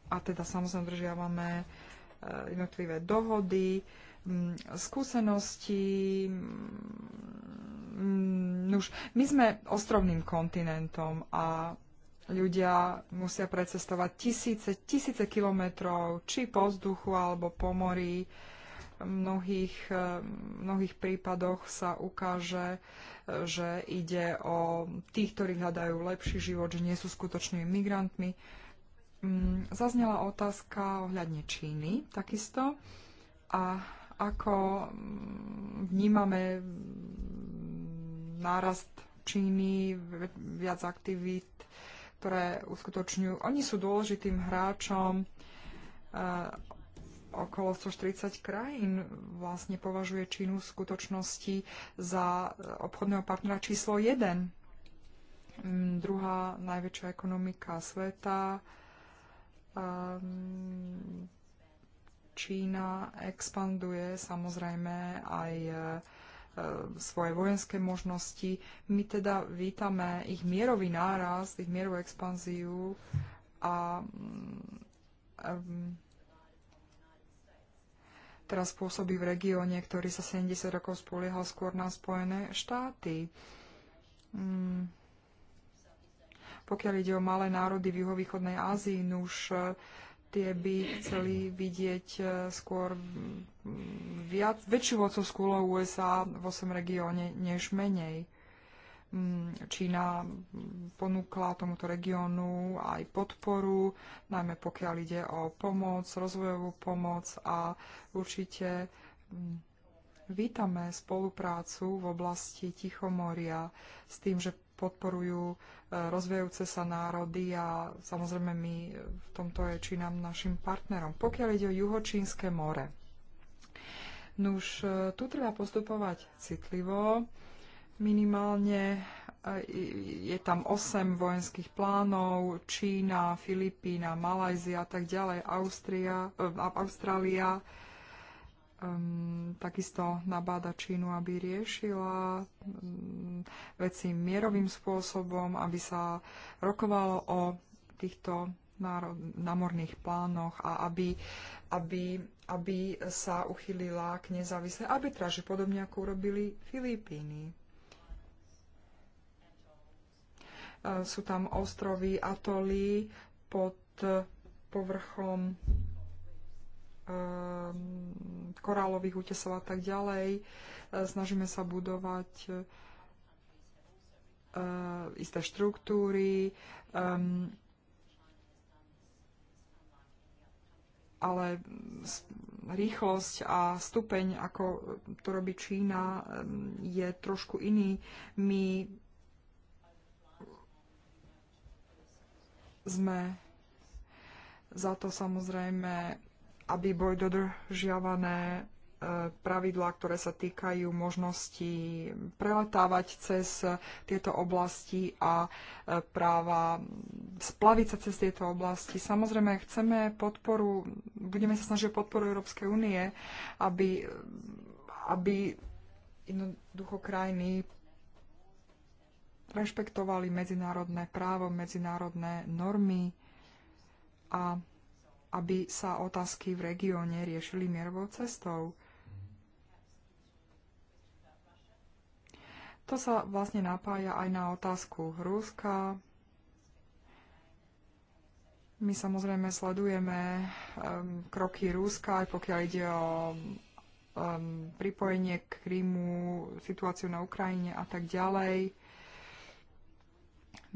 a teda samozrejme držiavame jednotlivé dohody, Mm, skúsenosti. Mm, nuž, my sme ostrovným kontinentom a ľudia musia precestovať tisíce, tisíce kilometrov, či po vzduchu alebo po mori. V mnohých, eh, mnohých prípadoch sa ukáže, eh, že ide o tých, ktorí hľadajú lepší život, že nie sú skutočnými migrantmi. Mm, zaznela otázka ohľadne Číny takisto. A ako vnímame nárast Číny, viac aktivít, ktoré uskutočňujú. Oni sú dôležitým hráčom. E, okolo 140 krajín vlastne považuje Čínu v skutočnosti za e, obchodného partnera číslo 1. Mm, druhá najväčšia ekonomika sveta. Ehm, Čína expanduje samozrejme aj e, e, svoje vojenské možnosti. My teda vítame ich mierový náraz, ich mierovú expanziu a mm, e, teraz pôsobí v regióne, ktorý sa 70 rokov spoliehal skôr na Spojené štáty. Mm. pokiaľ ide o malé národy v juhovýchodnej Ázii, už tie by chceli vidieť e, skôr mm, viac, väčšiu vocovskú úlohu USA v 8 regióne než menej. Mm, Čína ponúkla tomuto regiónu aj podporu, najmä pokiaľ ide o pomoc, rozvojovú pomoc a určite mm, vítame spoluprácu v oblasti Tichomoria s tým, že podporujú e, rozvíjajúce sa národy a samozrejme my v tomto je Čínam našim partnerom. Pokiaľ ide o Juhočínske more, Nuž, e, tu treba postupovať citlivo. Minimálne e, je tam 8 vojenských plánov, Čína, Filipína, Malajzia a tak ďalej, Austria, Austrália um, takisto nabáda Čínu, aby riešila um, veci mierovým spôsobom, aby sa rokovalo o týchto národ, námorných plánoch a aby, aby, aby sa uchylila k nezávislej arbitráži, podobne ako urobili Filipíny. Ehm, sú tam ostrovy, atoly pod povrchom Um, korálových útesov a tak ďalej. E, snažíme sa budovať e, isté štruktúry, um, ale rýchlosť a stupeň, ako to robí Čína, um, je trošku iný. My sme za to samozrejme aby boli dodržiavané e, pravidlá, ktoré sa týkajú možnosti preletávať cez tieto oblasti a e, práva splaviť sa cez tieto oblasti. Samozrejme, chceme podporu, budeme sa snažiť o podporu Európskej únie, aby, aby jednoducho krajiny rešpektovali medzinárodné právo, medzinárodné normy a aby sa otázky v regióne riešili mierovou cestou. To sa vlastne napája aj na otázku Ruska. My samozrejme sledujeme um, kroky Ruska, aj pokiaľ ide o um, pripojenie k Krymu, situáciu na Ukrajine a tak ďalej.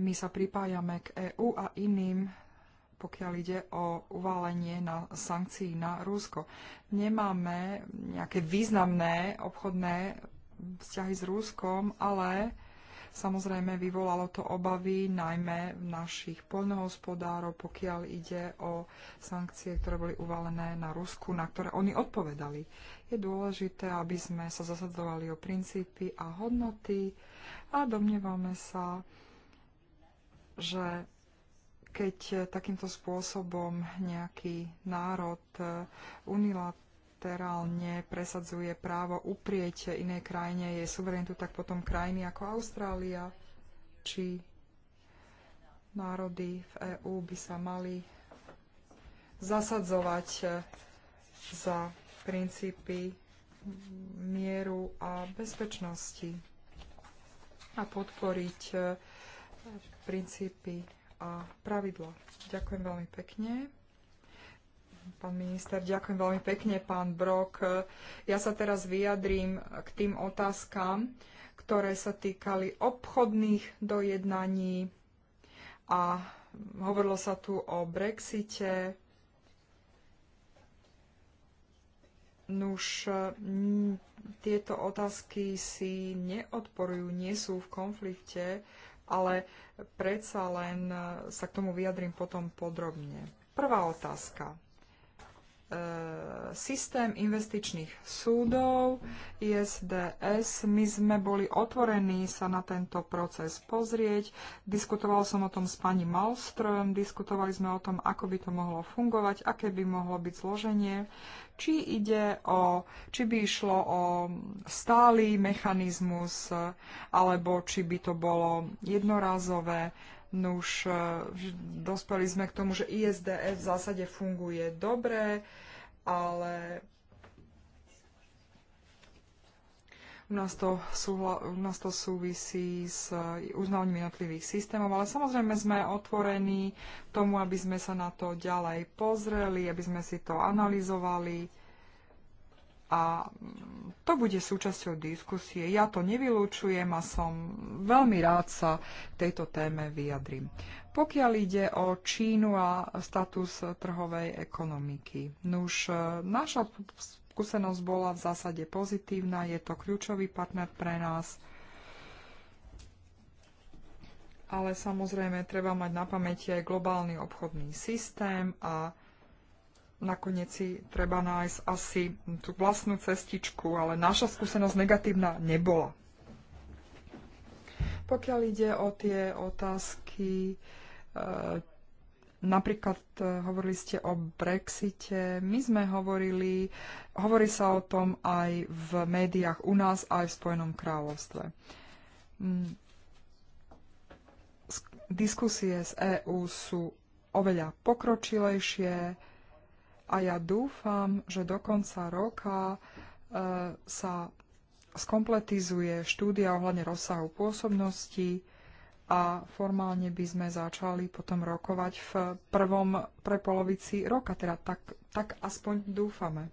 My sa pripájame k EÚ a iným pokiaľ ide o uvalenie na sankcií na Rusko. Nemáme nejaké významné obchodné vzťahy s Ruskom, ale samozrejme vyvolalo to obavy najmä našich poľnohospodárov, pokiaľ ide o sankcie, ktoré boli uvalené na Rusku, na ktoré oni odpovedali. Je dôležité, aby sme sa zasadzovali o princípy a hodnoty a domnievame sa, že keď e, takýmto spôsobom nejaký národ e, unilaterálne presadzuje právo uprieť inej krajine jej suverenitu, tak potom krajiny ako Austrália či národy v EÚ by sa mali zasadzovať e, za princípy mieru a bezpečnosti a podporiť princípy a pravidla. Ďakujem veľmi pekne. Pán minister, ďakujem veľmi pekne, pán Brok. Ja sa teraz vyjadrím k tým otázkam, ktoré sa týkali obchodných dojednaní a hovorilo sa tu o Brexite. Nuž, tieto otázky si neodporujú, nie sú v konflikte, ale predsa len e, sa k tomu vyjadrím potom podrobne. Prvá otázka. E, systém investičných súdov, ISDS. My sme boli otvorení sa na tento proces pozrieť. Diskutoval som o tom s pani Malström, diskutovali sme o tom, ako by to mohlo fungovať, aké by mohlo byť zloženie, či, ide o, či by išlo o stály mechanizmus, alebo či by to bolo jednorazové No už e, dospeli sme k tomu, že ISDF v zásade funguje dobre, ale u nás to, súhla, u nás to súvisí s e, uznávaním jednotlivých systémov, ale samozrejme sme otvorení tomu, aby sme sa na to ďalej pozreli, aby sme si to analyzovali a to bude súčasťou diskusie. Ja to nevylúčujem a som veľmi rád sa tejto téme vyjadrím. Pokiaľ ide o Čínu a status trhovej ekonomiky, nuž e, naša skúsenosť bola v zásade pozitívna, je to kľúčový partner pre nás, ale samozrejme treba mať na pamäti aj globálny obchodný systém a nakoniec si treba nájsť asi tú vlastnú cestičku, ale naša skúsenosť negatívna nebola. Pokiaľ ide o tie otázky, eh, Napríklad eh, hovorili ste o Brexite, my sme hovorili, hovorí sa o tom aj v médiách u nás, aj v Spojenom kráľovstve. Mm. Diskusie z EÚ sú oveľa pokročilejšie, a ja dúfam, že do konca roka e, sa skompletizuje štúdia ohľadne rozsahu pôsobnosti a formálne by sme začali potom rokovať v prvom pre polovici roka, teda tak, tak aspoň dúfame.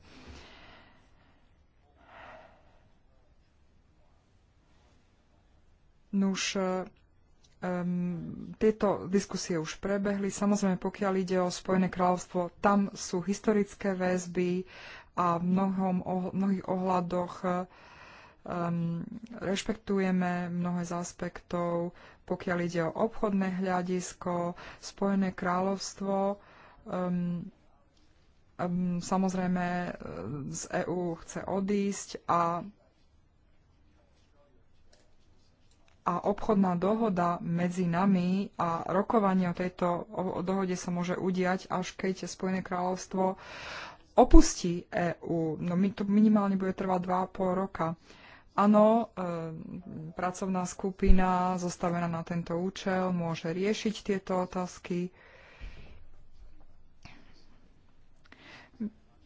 Nuž, e, Um, tieto diskusie už prebehli. Samozrejme, pokiaľ ide o Spojené kráľovstvo, tam sú historické väzby a v mnohom, oh, mnohých ohľadoch um, rešpektujeme mnohé z aspektov. Pokiaľ ide o obchodné hľadisko, Spojené kráľovstvo um, um, samozrejme z EÚ chce odísť a a obchodná dohoda medzi nami a rokovanie o tejto o, dohode sa môže udiať, až keď Spojené kráľovstvo opustí EÚ. No, to minimálne bude trvať 2,5 roka. Áno, e, pracovná skupina zostavená na tento účel môže riešiť tieto otázky.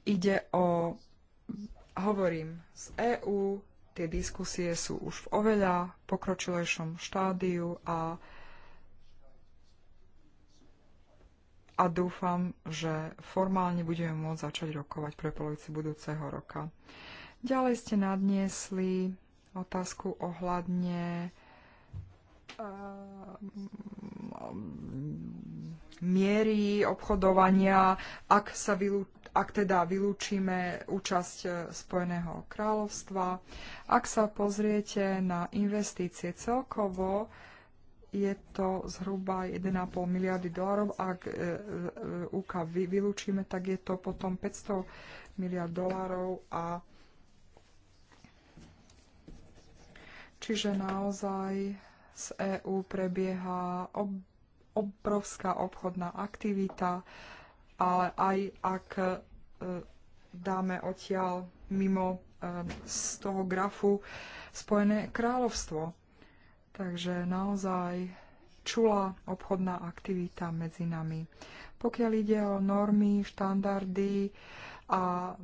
Ide o, hovorím, z EÚ tie diskusie sú už v oveľa pokročilejšom štádiu a, a dúfam, že formálne budeme môcť začať rokovať pre polovici budúceho roka. Ďalej ste nadniesli otázku ohľadne ehm, miery obchodovania, ak sa vylúči ak teda vylúčime účasť e, Spojeného kráľovstva. Ak sa pozriete na investície celkovo, je to zhruba 1,5 miliardy dolárov. Ak e, e, UK vylúčime, tak je to potom 500 miliard dolárov a Čiže naozaj z EÚ prebieha obrovská obchodná aktivita ale aj ak e, dáme odtiaľ mimo e, z toho grafu Spojené kráľovstvo. Takže naozaj čula obchodná aktivita medzi nami. Pokiaľ ide o normy, štandardy a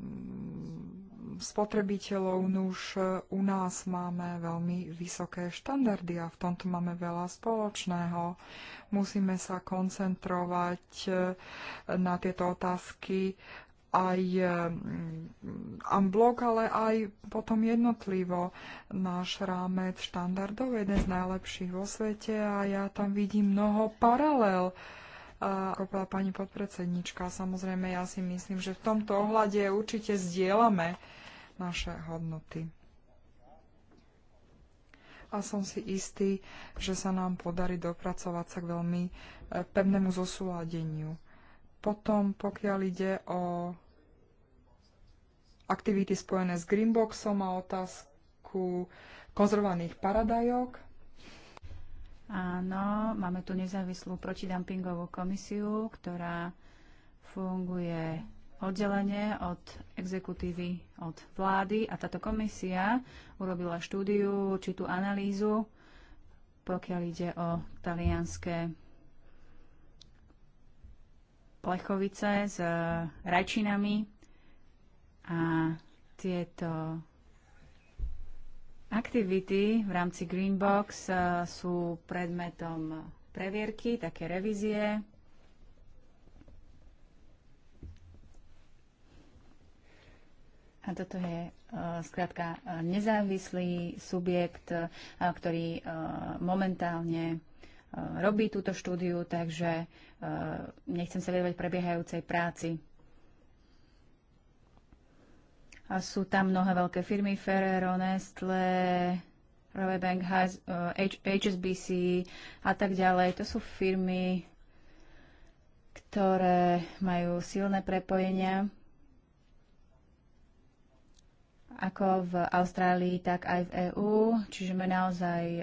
spotrebiteľov, nuž no e, u nás máme veľmi vysoké štandardy a v tomto máme veľa spoločného. Musíme sa koncentrovať e, na tieto otázky aj unblock, e, ale aj potom jednotlivo náš rámec štandardov, jeden z najlepších vo svete a ja tam vidím mnoho paralel. A, ako povedala pani podpredsednička, samozrejme ja si myslím, že v tomto ohľade určite zdieľame naše hodnoty. A som si istý, že sa nám podarí dopracovať sa k veľmi e, pevnému zosúladeniu. Potom, pokiaľ ide o aktivity spojené s Greenboxom a otázku konzervovaných paradajok, Áno, máme tu nezávislú protidumpingovú komisiu, ktorá funguje oddelenie od exekutívy, od vlády a táto komisia urobila štúdiu, či tú analýzu, pokiaľ ide o talianské plechovice s e, rajčinami a tieto aktivity v rámci Greenbox e, sú predmetom previerky, také revízie A toto je e, skrátka e, nezávislý subjekt, e, ktorý momentálne robí túto štúdiu, takže nechcem sa vedovať prebiehajúcej práci. A sú tam mnohé veľké firmy, Ferrero, Nestle, Royal Bank, HSBC a tak ďalej. To sú firmy, ktoré majú silné prepojenia ako v Austrálii, tak aj v EÚ. Čiže máme naozaj e,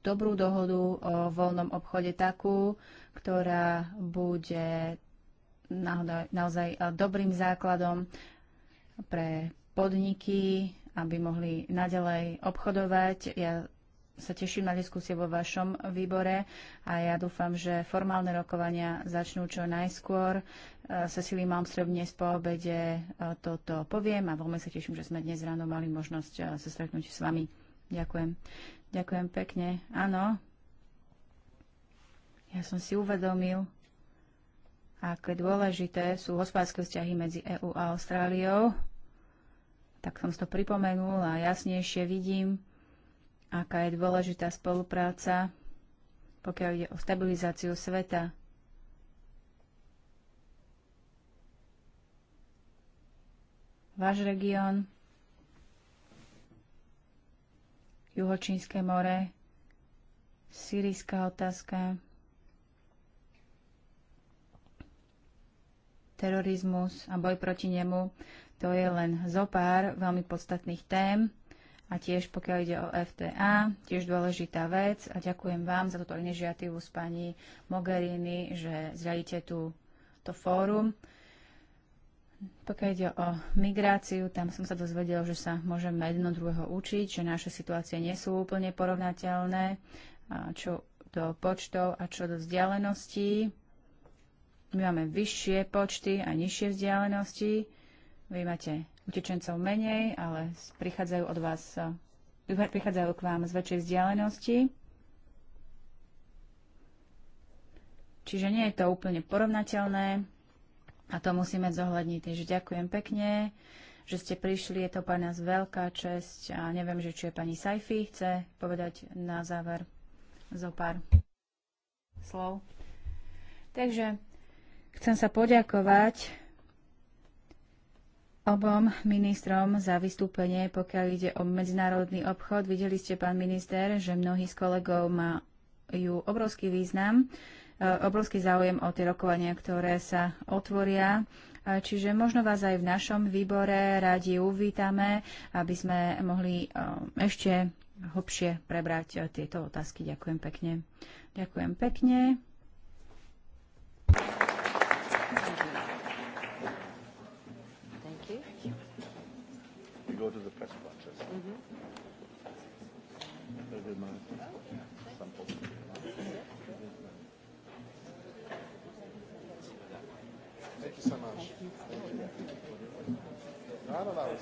dobrú dohodu o voľnom obchode takú, ktorá bude naozaj e, dobrým základom pre podniky, aby mohli naďalej obchodovať. Ja sa teším na diskusie vo vašom výbore a ja dúfam, že formálne rokovania začnú čo najskôr. E, Cecily Malmström dnes po obede e, toto poviem a veľmi sa teším, že sme dnes ráno mali možnosť e, sa stretnúť s vami. Ďakujem. Ďakujem pekne. Áno, ja som si uvedomil, aké dôležité sú hospodárske vzťahy medzi EÚ a Austráliou. Tak som si to pripomenul a jasnejšie vidím, aká je dôležitá spolupráca, pokiaľ ide o stabilizáciu sveta. Váš región, Juhočínske more, Syrijská otázka, terorizmus a boj proti nemu, to je len zo pár veľmi podstatných tém, a tiež pokiaľ ide o FTA, tiež dôležitá vec a ďakujem vám za túto iniciatívu s pani Mogherini, že zriadíte tu to fórum. Pokiaľ ide o migráciu, tam som sa dozvedel, že sa môžeme jedno druhého učiť, že naše situácie nie sú úplne porovnateľné, čo do počtov a čo do vzdialeností. My máme vyššie počty a nižšie vzdialenosti. Vy máte utečencov menej, ale prichádzajú od vás, eh, prichádzajú k vám z väčšej vzdialenosti. Čiže nie je to úplne porovnateľné a to musíme zohľadniť. Takže ďakujem pekne, že ste prišli. Je to pre nás veľká česť a neviem, že či je pani Saifi chce povedať na záver zo pár slov. Takže chcem sa poďakovať obom ministrom za vystúpenie, pokiaľ ide o medzinárodný obchod. Videli ste, pán minister, že mnohí z kolegov majú obrovský význam, e, obrovský záujem o tie rokovania, ktoré sa otvoria. E, čiže možno vás aj v našom výbore radi uvítame, aby sme mohli e, ešte hlbšie prebrať tieto otázky. Ďakujem pekne. Ďakujem pekne. go to the press conference. Mm-hmm. Thank you so much. Thank you. No, no, no.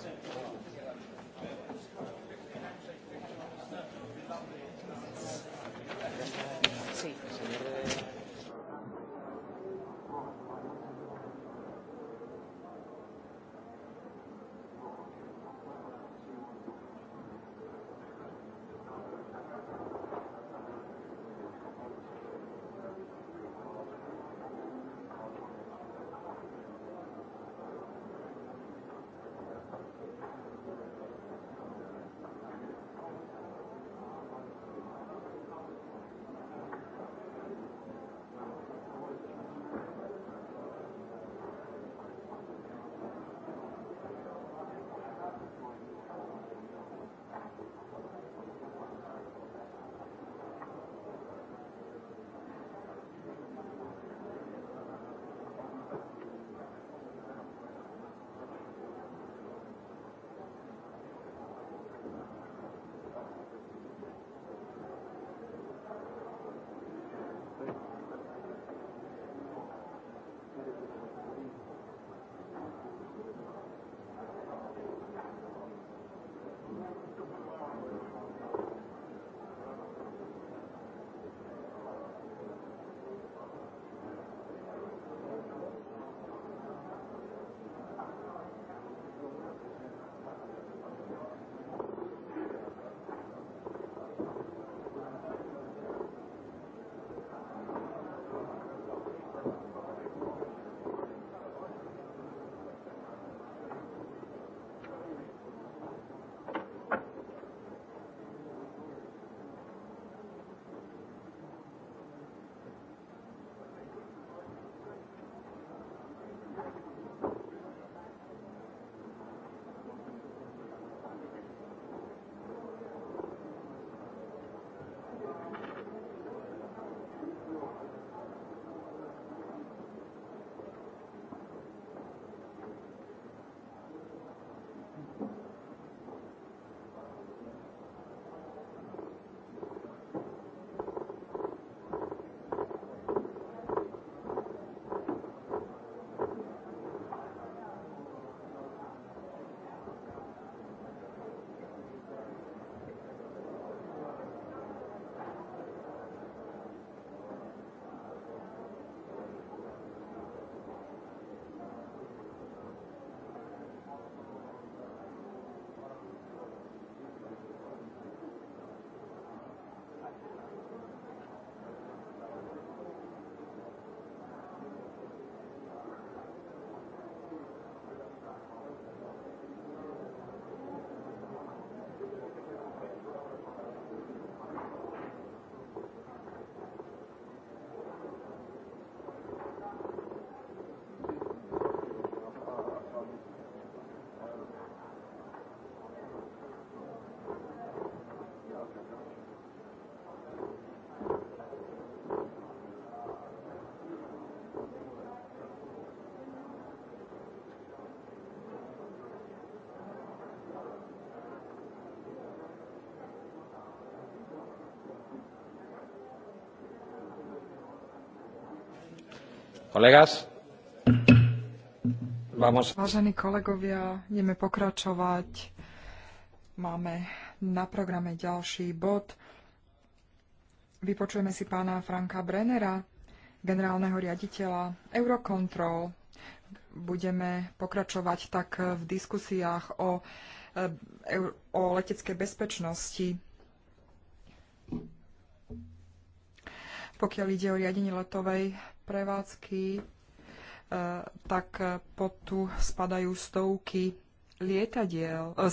Vážení kolegovia, ideme pokračovať. Máme na programe ďalší bod. Vypočujeme si pána Franka Brennera, generálneho riaditeľa Eurocontrol. Budeme pokračovať tak v diskusiách o, eh, o leteckej bezpečnosti pokiaľ ide o riadenie letovej prevádzky, e, tak pod tu spadajú stovky lietadiel, e,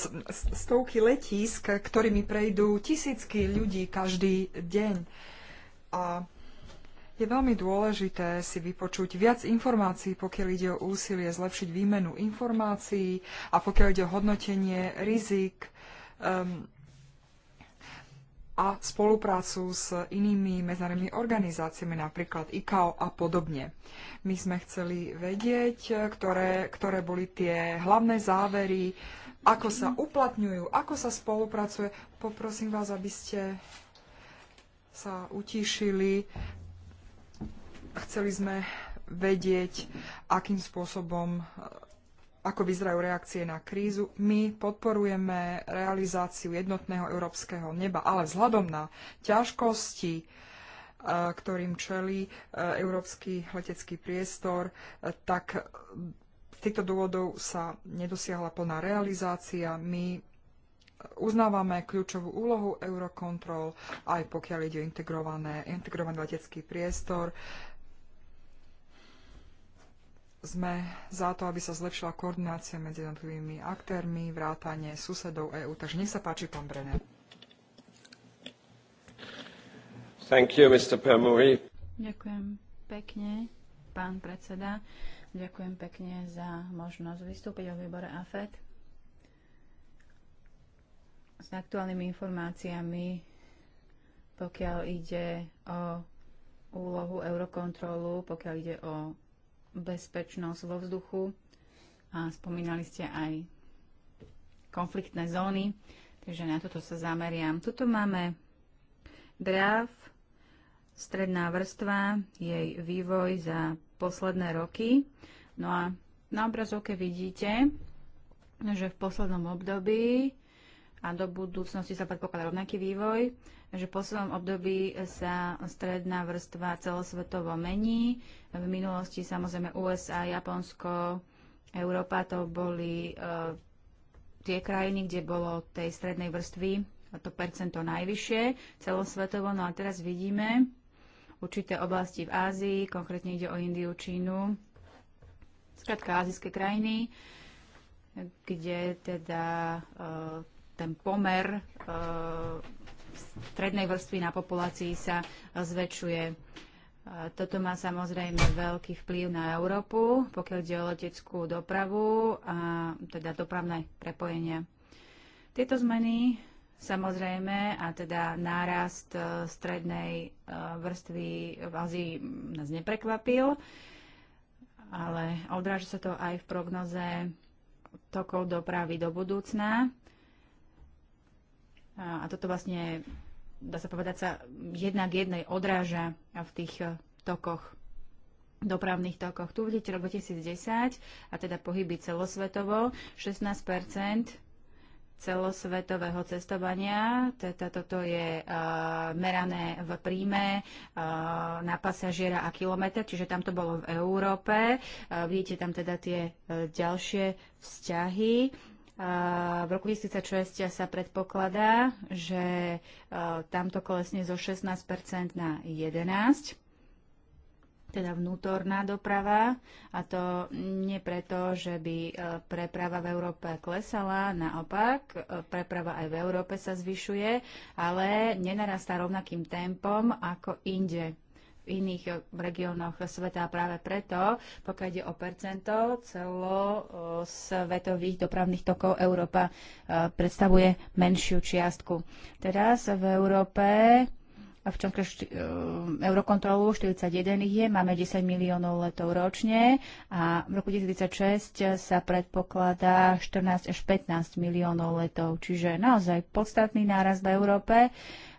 stovky letísk, ktorými prejdú tisícky ľudí každý deň. A je veľmi dôležité si vypočuť viac informácií, pokiaľ ide o úsilie zlepšiť výmenu informácií a pokiaľ ide o hodnotenie rizik. Um, a spoluprácu s inými medzinárodnými organizáciami, napríklad ICAO a podobne. My sme chceli vedieť, ktoré, ktoré boli tie hlavné závery, ako sa uplatňujú, ako sa spolupracuje. Poprosím vás, aby ste sa utíšili. Chceli sme vedieť, akým spôsobom ako vyzerajú reakcie na krízu. My podporujeme realizáciu jednotného európskeho neba, ale vzhľadom na ťažkosti, e, ktorým čelí e, európsky letecký priestor, e, tak z týchto dôvodov sa nedosiahla plná realizácia. My uznávame kľúčovú úlohu Eurocontrol, aj pokiaľ ide o integrovaný letecký priestor sme za to, aby sa zlepšila koordinácia medzi jednotlivými aktérmi, vrátanie susedov EÚ. Takže nech sa páči, pán Brenner. Thank you, Mr. Ďakujem pekne, pán predseda. Ďakujem pekne za možnosť vystúpiť o výbore AFED. S aktuálnymi informáciami, pokiaľ ide o úlohu eurokontrolu, pokiaľ ide o bezpečnosť vo vzduchu a spomínali ste aj konfliktné zóny, takže na toto sa zameriam. Tuto máme graf, stredná vrstva, jej vývoj za posledné roky. No a na obrazovke vidíte, že v poslednom období a do budúcnosti sa predpokladá rovnaký vývoj, že po svojom období sa stredná vrstva celosvetovo mení. V minulosti samozrejme USA, Japonsko, Európa to boli e, tie krajiny, kde bolo tej strednej vrstvy to percento najvyššie celosvetovo. No a teraz vidíme určité oblasti v Ázii, konkrétne ide o Indiu, Čínu, skrátka azijské krajiny, kde teda e, ten pomer e, strednej vrstvy na populácii sa zväčšuje. Toto má samozrejme veľký vplyv na Európu, pokiaľ ide o leteckú dopravu a teda dopravné prepojenia. Tieto zmeny samozrejme a teda nárast e, strednej e, vrstvy v Ázii nás neprekvapil, ale odráža sa to aj v prognoze tokov dopravy do budúcna a toto vlastne, dá sa povedať, sa jedna k jednej odráža v tých e, tokoch dopravných tokoch. Tu vidíte rok 2010, a teda pohyby celosvetovo, 16 celosvetového cestovania. Teda toto je uh, merané v príjme uh, e, na pasažiera a kilometr, čiže tam to bolo v Európe. Uh, vidíte tam teda tie uh, ďalšie vzťahy. V roku 2006 sa predpokladá, že e, tamto kolesne zo 16 na 11 teda vnútorná doprava a to nie preto, že by e, preprava v Európe klesala, naopak e, preprava aj v Európe sa zvyšuje, ale nenarastá rovnakým tempom ako inde iných eh, regiónoch sveta. A práve preto, pokiaľ ide o percento celosvetových dopravných tokov, Európa eh, predstavuje menšiu čiastku. Teraz v Európe eh, v čom št- Eurokontrolu 41 je, máme 10 miliónov letov ročne a v roku 2036 sa predpokladá 14 až 15 miliónov letov, čiže naozaj podstatný náraz v Európe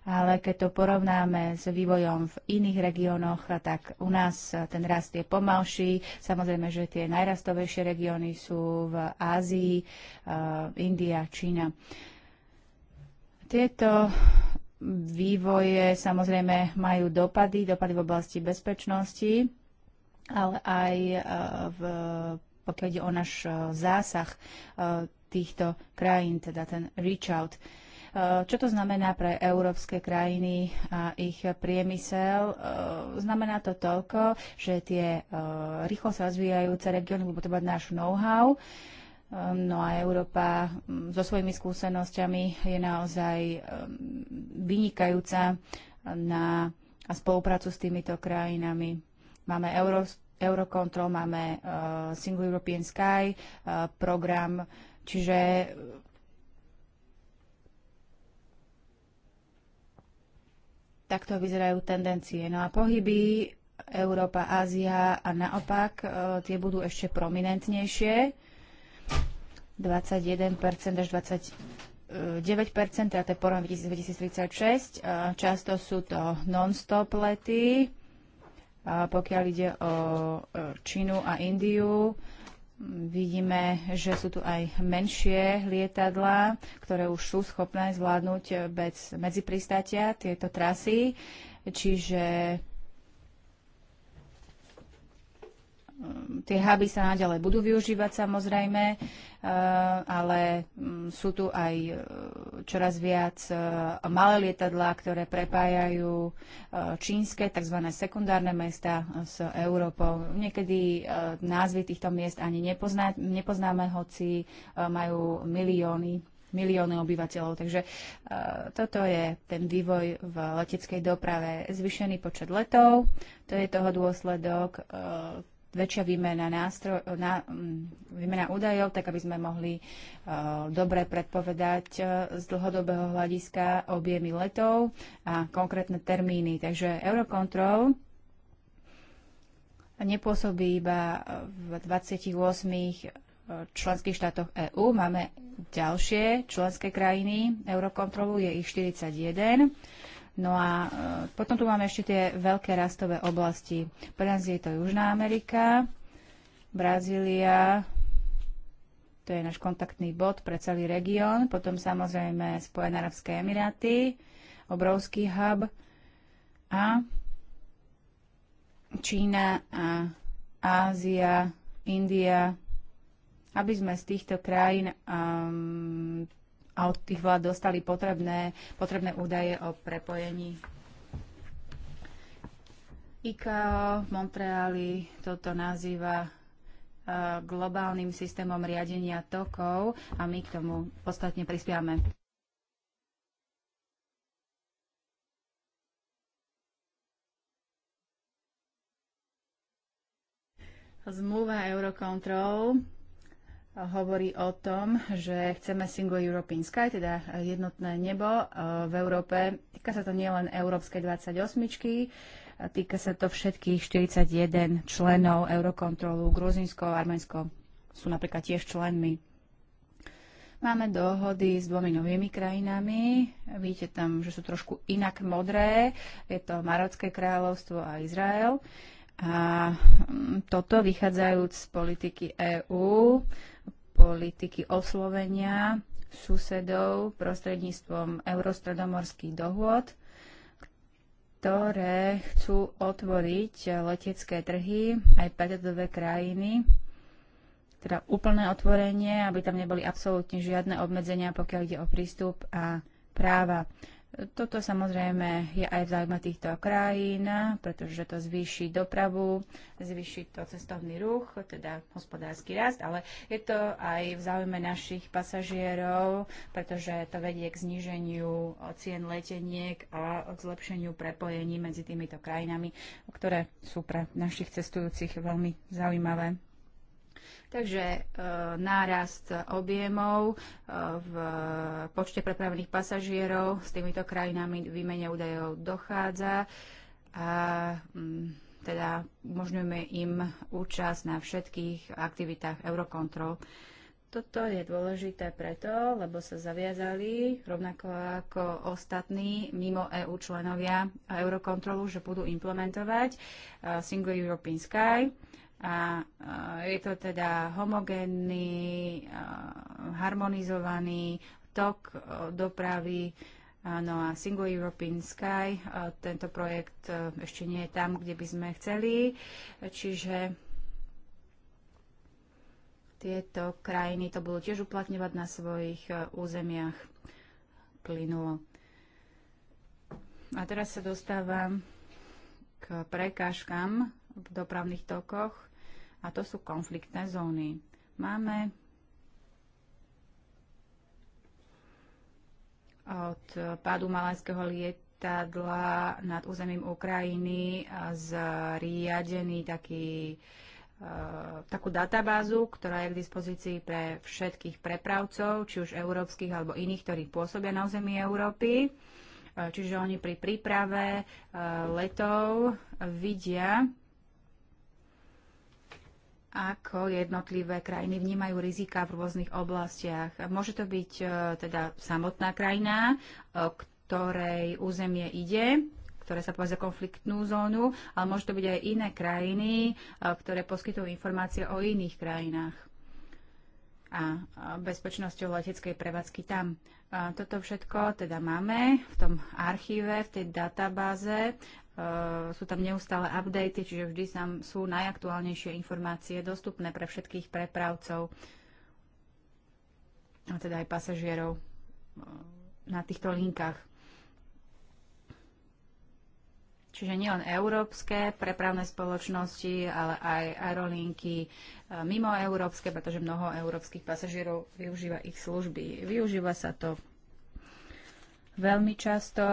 ale keď to porovnáme s vývojom v iných regiónoch, tak u nás ten rast je pomalší. Samozrejme, že tie najrastovejšie regióny sú v Ázii, eh, India, Čína. Tieto vývoje samozrejme majú dopady, dopady v oblasti bezpečnosti, ale aj eh, v, pokiaľ ide o náš eh, zásah týchto krajín, teda ten reach out. Uh, čo to znamená pre európske krajiny a ich priemysel? E, znamená to toľko, že tie e, rýchlo sa rozvíjajúce regióny budú potrebovať náš know-how, ehm, No a Európa so svojimi skúsenosťami je naozaj ehm, vynikajúca na spoluprácu s týmito krajinami. Máme Euro, Eurocontrol, máme e, Single European Sky program, čiže Takto vyzerajú tendencie. No a pohyby Európa, Ázia a naopak, e, tie budú ešte prominentnejšie. 21% až 29%, e, teda to je porovnanie 2036. E, často sú to non-stop lety. Pokiaľ ide o Čínu a Indiu, Vidíme, že sú tu aj menšie lietadlá, ktoré už sú schopné zvládnuť bez medzipristátia tieto trasy. Čiže tie huby sa naďalej budú využívať samozrejme, eh, ale mm, sú tu aj eh, čoraz viac eh, malé lietadlá, ktoré prepájajú čínske, tzv. sekundárne mesta s Európou. Niekedy názvy týchto miest ani nepozná, nepoznáme, hoci majú milióny milióny obyvateľov. Takže uh, toto je ten vývoj v leteckej doprave. Zvyšený počet letov, to je toho dôsledok. Uh, väčšia výmena, nástro, na, mm, výmena údajov, tak aby sme mohli uh, dobre predpovedať uh, z dlhodobého hľadiska objemy letov a konkrétne termíny. Takže Eurocontrol nepôsobí iba v 28 e, členských štátoch EÚ. Máme ďalšie členské krajiny. Eurokontrolu je ich 41. No a e, potom tu máme ešte tie veľké rastové oblasti. Pre nás je to Južná Amerika, Brazília, to je náš kontaktný bod pre celý región, potom samozrejme Spojené arabské emiráty, obrovský hub a Čína a Ázia, India, aby sme z týchto krajín um, a od tých vlád dostali potrebné, potrebné údaje o prepojení. ICAO v Montreali toto nazýva e, globálnym systémom riadenia tokov a my k tomu podstatne prispiame. Zmluva Eurocontrol hovorí o tom, že chceme Single European Sky, teda jednotné nebo eh, v Európe. Týka sa to nielen Európskej 28, týka sa to všetkých 41 členov Eurokontrolu. Gruzinsko, Arménsko sú napríklad tiež členmi. Máme dohody s dvomi novými krajinami. Vidíte tam, že sú trošku inak modré. Je to Marocké kráľovstvo a Izrael. Uh, a mm, toto vychádzajúc z politiky EÚ, politiky oslovenia susedov prostredníctvom eurostredomorských dohôd, ktoré chcú otvoriť letecké trhy aj predvedové krajiny, teda úplné otvorenie, aby tam neboli absolútne žiadne obmedzenia, pokiaľ ide o prístup a práva. Toto samozrejme je aj v záujme týchto krajín, pretože to zvýši dopravu, zvýši to cestovný ruch, teda hospodársky rast, ale je to aj v záujme našich pasažierov, pretože to vedie k zníženiu cien leteniek a k zlepšeniu prepojení medzi týmito krajinami, ktoré sú pre našich cestujúcich veľmi zaujímavé. Takže e, nárast objemov e, v počte prepravených pasažierov s týmito krajinami výmene údajov dochádza a mm, teda umožňujeme im účasť na všetkých aktivitách Eurocontrol. Toto je dôležité preto, lebo sa zaviazali rovnako ako ostatní mimo EU členovia Eurokontrolu, že budú implementovať e, Single European Sky a je to teda homogénny, harmonizovaný tok dopravy. No a Single European Sky, tento projekt ešte nie je tam, kde by sme chceli, čiže tieto krajiny to budú tiež uplatňovať na svojich územiach plynulo. A teraz sa dostávam k prekážkam, v dopravných tokoch a to sú konfliktné zóny. Máme od pádu malajského lietadla nad územím Ukrajiny zriadený taký e, takú databázu, ktorá je k dispozícii pre všetkých prepravcov, či už európskych alebo iných, ktorí pôsobia na území Európy. E, čiže oni pri príprave e, letov vidia, ako jednotlivé krajiny vnímajú rizika v rôznych oblastiach. Môže to byť e, teda samotná krajina, e, ktorej územie ide, ktoré sa považujú za konfliktnú zónu, ale môže to byť aj iné krajiny, e, ktoré poskytujú informácie o iných krajinách a bezpečnosťou leteckej prevádzky tam. Toto všetko teda máme v tom archíve, v tej databáze Ehm, sú tam neustále updaty, čiže vždy tam sú najaktuálnejšie informácie dostupné pre všetkých prepravcov, a teda aj pasažierov ehm, na týchto linkách. Čiže nielen európske prepravné spoločnosti, ale aj aerolinky ehm, mimo európske, pretože mnoho európskych pasažierov využíva ich služby. Využíva sa to veľmi často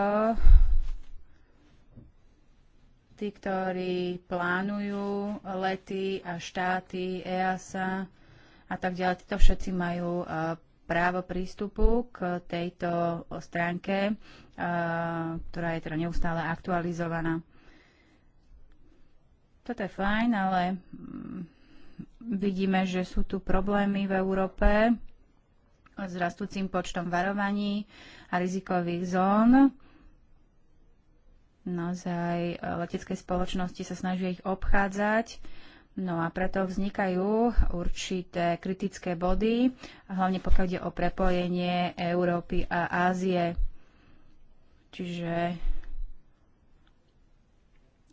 tí, ktorí plánujú lety a štáty, EASA a tak ďalej, títo všetci majú e, právo prístupu k tejto stránke, e, ktorá je teda neustále aktualizovaná. Toto je fajn, ale mm, vidíme, že sú tu problémy v Európe s rastúcim počtom varovaní a rizikových zón. Naozaj e, letecké spoločnosti sa snažia ich obchádzať. No a preto vznikajú určité kritické body, hlavne pokiaľ ide o prepojenie Európy a Ázie. Čiže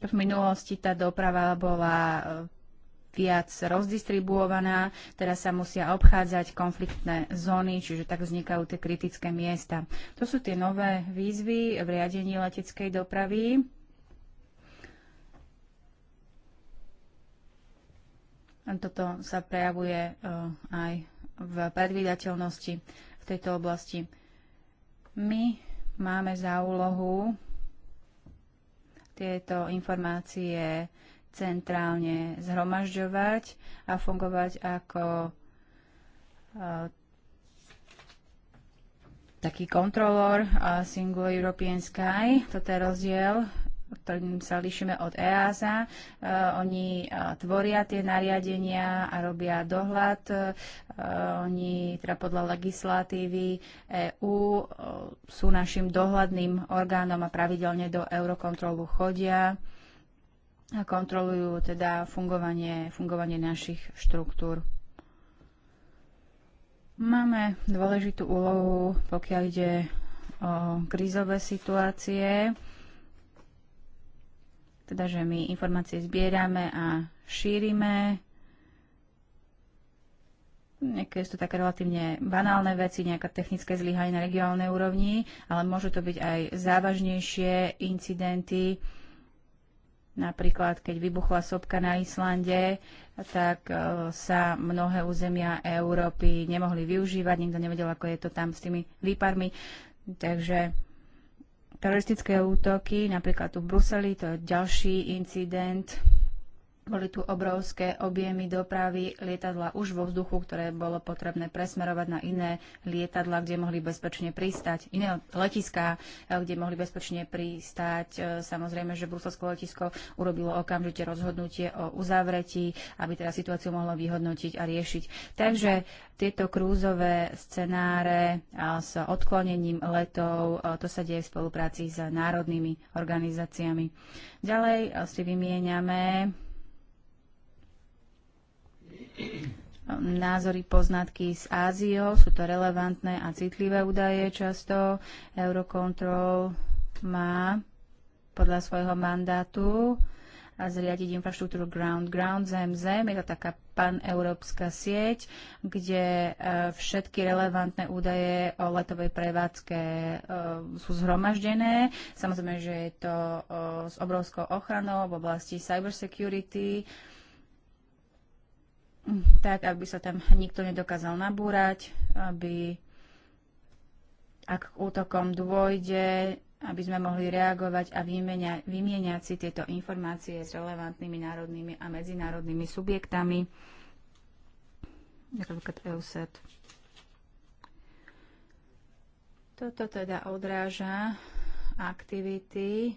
v minulosti tá doprava bola e, viac rozdistribuovaná, teraz sa musia obchádzať konfliktné zóny, čiže tak vznikajú tie kritické miesta. To sú tie nové výzvy v riadení leteckej dopravy. Toto sa prejavuje e, aj v predvídateľnosti v tejto oblasti. My máme za úlohu tieto informácie centrálne zhromažďovať a fungovať ako e, taký kontrolór e, Single European Sky. Toto je rozdiel, ktorým sa líšime od EASA. E, oni tvoria tie nariadenia a robia dohľad. Oni teda podľa legislatívy EÚ sú našim dohľadným orgánom a pravidelne do Eurokontrolu chodia a kontrolujú teda fungovanie, fungovanie našich štruktúr. Máme dôležitú úlohu, pokiaľ ide o krízové situácie, teda že my informácie zbierame a šírime. Niekedy sú to také relatívne banálne veci, nejaká technické zlyhanie na regionálnej úrovni, ale môžu to byť aj závažnejšie incidenty, Napríklad, keď vybuchla sopka na Islande, tak e, sa mnohé územia Európy nemohli využívať, nikto nevedel, ako je to tam s tými výparmi. Takže teroristické útoky, napríklad tu v Bruseli, to je ďalší incident, boli tu obrovské objemy dopravy lietadla už vo vzduchu, ktoré bolo potrebné presmerovať na iné lietadla, kde mohli bezpečne pristať, iné letiská, eh, kde mohli bezpečne pristať. Eh, samozrejme, že Bruselské letisko urobilo okamžite rozhodnutie o uzavretí, aby teda situáciu mohlo vyhodnotiť a riešiť. Takže tieto krúzové scenáre eh, s odklonením letov, to sa deje v spolupráci s národnými organizáciami. Ďalej si vymieňame názory, poznatky z Áziou. Sú to relevantné a citlivé údaje často. Eurocontrol má podľa svojho mandátu a zriadiť infraštruktúru Ground. Ground zem zem je to taká paneurópska sieť, kde e, všetky relevantné údaje o letovej prevádzke e, sú zhromaždené. Samozrejme, že je to e, s obrovskou ochranou v oblasti cybersecurity. security tak, aby sa tam nikto nedokázal nabúrať, aby ak k útokom dôjde, aby sme mohli reagovať a vymenia, vymieňať si tieto informácie s relevantnými národnými a medzinárodnými subjektami, napríklad EUSET. Toto teda odráža aktivity,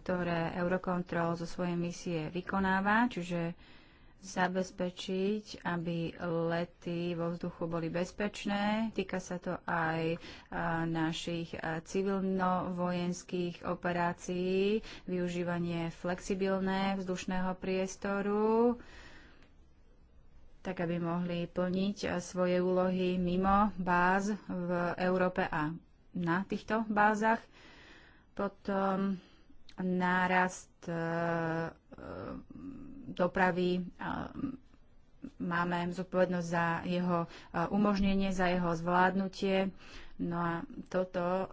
ktoré Eurocontrol zo svojej misie vykonáva, čiže zabezpečiť, aby lety vo vzduchu boli bezpečné. Týka sa to aj našich civilno-vojenských operácií, využívanie flexibilné vzdušného priestoru tak aby mohli plniť svoje úlohy mimo báz v Európe a na týchto bázach. Potom nárast dopravy máme zodpovednosť za jeho umožnenie, za jeho zvládnutie. No a toto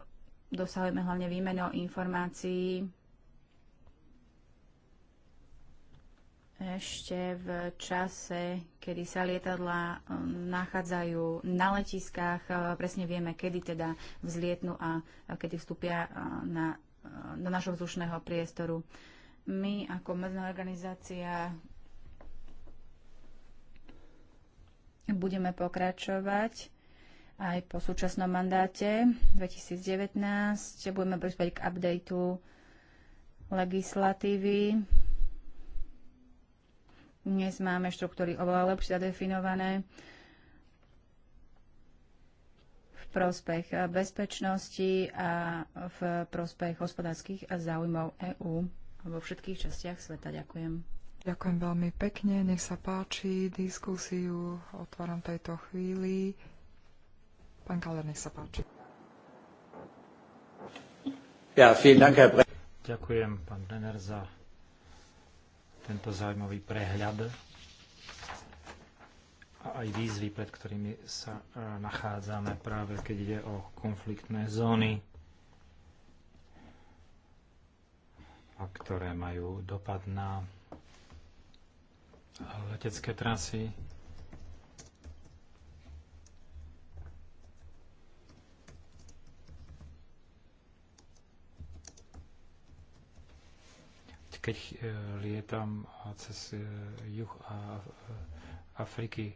dosahujeme hlavne výmenou informácií ešte v čase, kedy sa lietadla nachádzajú na letiskách. Presne vieme, kedy teda vzlietnú a kedy vstúpia na, do našho vzdušného priestoru. My ako medzná organizácia budeme pokračovať aj po súčasnom mandáte 2019. Budeme prispieť k updateu legislatívy. Dnes máme štruktúry oveľa lepšie zadefinované prospech bezpečnosti a v prospech hospodárskych záujmov EÚ vo všetkých častiach sveta. Ďakujem. Ďakujem veľmi pekne. Nech sa páči diskusiu. Otváram tejto chvíli. Pán Kaler, nech sa páči. Ja, Dank, Ďakujem, pán Brenner, za tento zaujímavý prehľad a aj výzvy, pred ktorými sa eh, nachádzame práve keď ide o konfliktné zóny a ktoré majú dopad na letecké trasy. Keď e, lietam cez e, juh Afriky, e,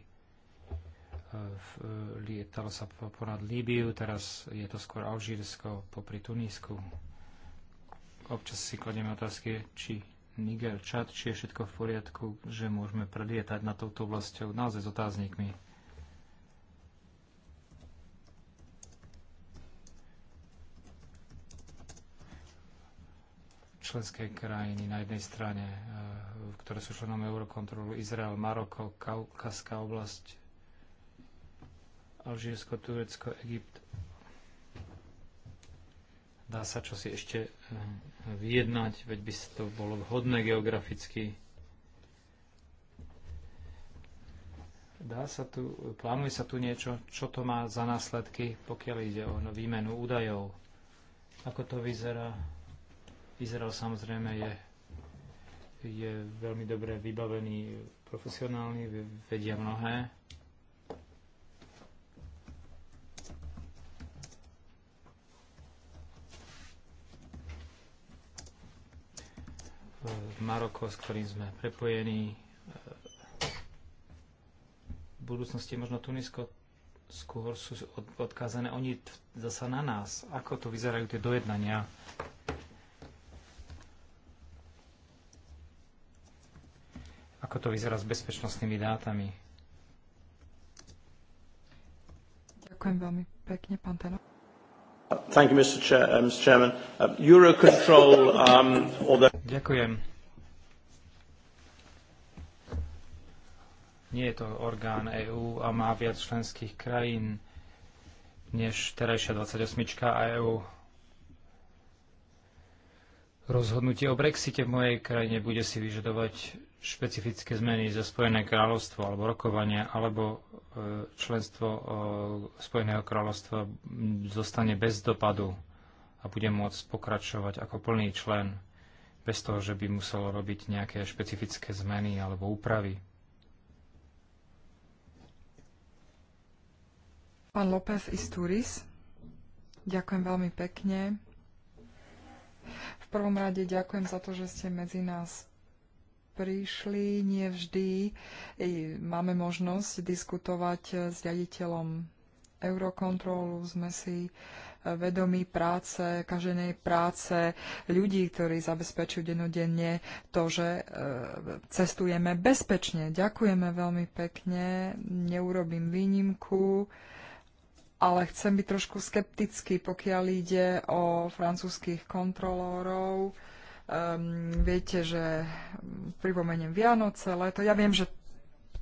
lietalo sa ponad Líbiu, teraz je to skôr Alžírsko popri Tunísku občas si kladiem otázky, či Niger, Čad, či je všetko v poriadku, že môžeme predietať na touto oblasťou naozaj s otáznikmi. členské krajiny na jednej strane, eh, ktoré sú členom Eurokontrolu, Izrael, Maroko, Kaukaská oblasť, Alžírsko, Turecko, Egypt dá sa čo si ešte eh, vyjednať, veď by to bolo vhodné geograficky. Dá sa tu, plánuje sa tu niečo, čo to má za následky, pokiaľ ide o výmenu údajov. Ako to vyzerá? Izrael samozrejme je, je veľmi dobre vybavený profesionálny, vedia mnohé. v Maroko, s ktorým sme prepojení. V budúcnosti možno Tunisko skôr sú odkázané oni zasa na nás. Ako to vyzerajú tie dojednania? Ako to vyzerá s bezpečnostnými dátami? Ďakujem veľmi pekne, pán Teno. Thank you, Mr. Chair, uh, Mr. Chairman. Uh, Eurocontrol, um, although... Ďakujem. Nie je to orgán EÚ a má viac členských krajín než terajšia 28 a EÚ. Rozhodnutie o Brexite v mojej krajine bude si vyžadovať špecifické zmeny za Spojené kráľovstvo alebo rokovania, alebo e, členstvo e, Spojeného kráľovstva zostane bez dopadu a bude môcť pokračovať ako plný člen bez toho, že by muselo robiť nejaké špecifické zmeny alebo úpravy. Pán López Isturis, ďakujem veľmi pekne. V prvom rade ďakujem za to, že ste medzi nás prišli. Nie vždy e, máme možnosť diskutovať s riaditeľom Eurokontrolu. Sme si vedomí práce, každenej práce ľudí, ktorí zabezpečujú denodenne to, že e, cestujeme bezpečne. Ďakujeme veľmi pekne, neurobím výnimku ale chcem byť trošku skeptický, pokiaľ ide o francúzských kontrolórov. Um, viete, že pripomeniem Vianoce, leto. Ja viem, že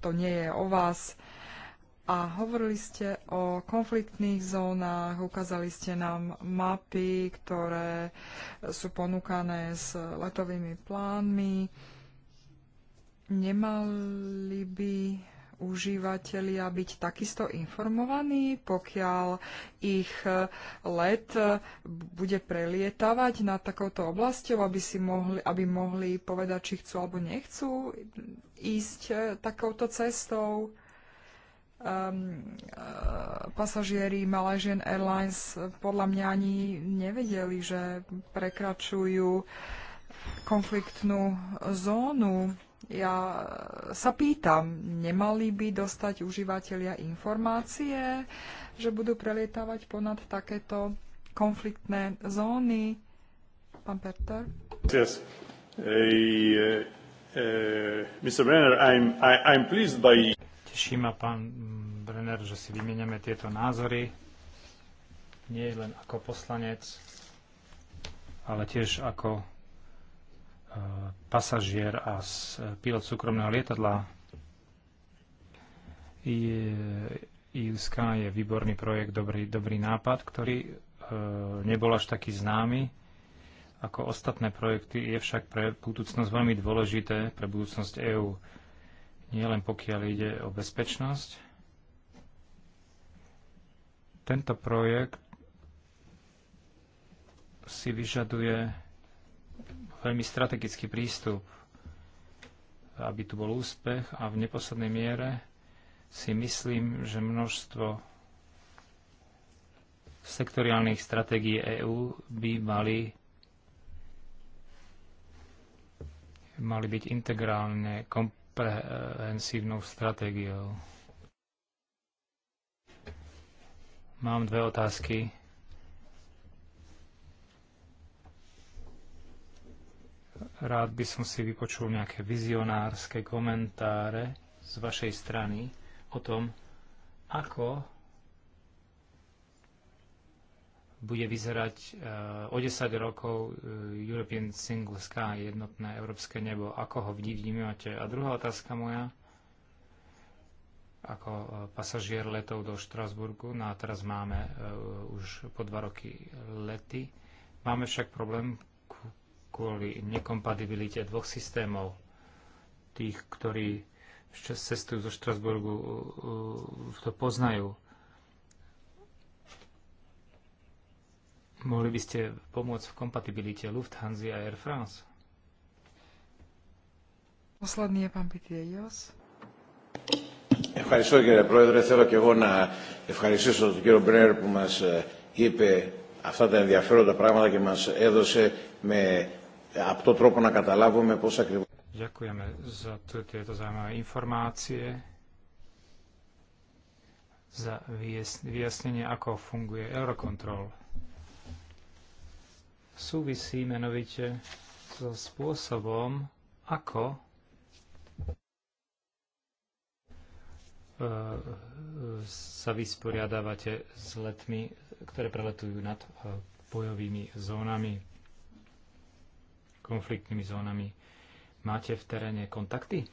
to nie je o vás, a hovorili ste o konfliktných zónach, ukázali ste nám mapy, ktoré sú ponúkané s letovými plánmi. Nemali by užívateľia byť takisto informovaní, pokiaľ ich let bude prelietavať nad takouto oblasťou, aby, si mohli, aby mohli povedať, či chcú alebo nechcú ísť takouto cestou? um, pasažieri Malaysian Airlines podľa mňa ani nevedeli, že prekračujú konfliktnú zónu. Ja sa pýtam, nemali by dostať užívateľia informácie, že budú prelietávať ponad takéto konfliktné zóny? Pán Perter? Yes. Uh, uh, Mr. Brenner, I'm, I, I'm pleased by Teší ma, pán Brenner, že si vymeniame tieto názory. Nie len ako poslanec, ale tiež ako e, pasažier a e, pilot súkromného lietadla. IUSK e, je výborný projekt, dobrý, dobrý nápad, ktorý nebol až taký známy ako ostatné projekty, je však pre budúcnosť veľmi dôležité, pre budúcnosť EÚ nielen pokiaľ ide o bezpečnosť. Tento projekt si vyžaduje veľmi strategický prístup, aby tu bol úspech a v neposlednej miere si myslím, že množstvo sektoriálnych stratégií EÚ by mali, mali byť integrálne komp- prehensívnou stratégiou. Mám dve otázky. Rád by som si vypočul nejaké vizionárske komentáre z vašej strany o tom, ako bude vyzerať e, o 10 rokov e, European Single Sky, jednotné európske nebo, ako ho vnímate. A druhá otázka moja, ako e, pasažier letov do Štrasburgu, no a teraz máme už po dva roky lety. Máme však problém kvôli nekompatibilite dvoch systémov, tých, ktorí cestujú zo Štrasburgu, to poznajú Mohli by ste pomôcť v kompatibilite Lufthansa a Air France? Posledný je pán Pitiejos. Ευχαριστώ κύριε Πρόεδρε. Θέλω και εγώ να ευχαριστήσω τον κύριο Μπρένερ που μας είπε αυτά τα ενδιαφέροντα πράγματα και μας έδωσε με αυτό τρόπο να καταλάβουμε πώς ακριβώς... Ευχαριστούμε Ďakujeme za tieto zaujímavé informácie, za vyjasnenie, ako funguje Eurocontrol súvisí menovite so spôsobom, ako e, sa vysporiadávate s letmi, ktoré preletujú nad e, bojovými zónami, konfliktnými zónami. Máte v teréne kontakty?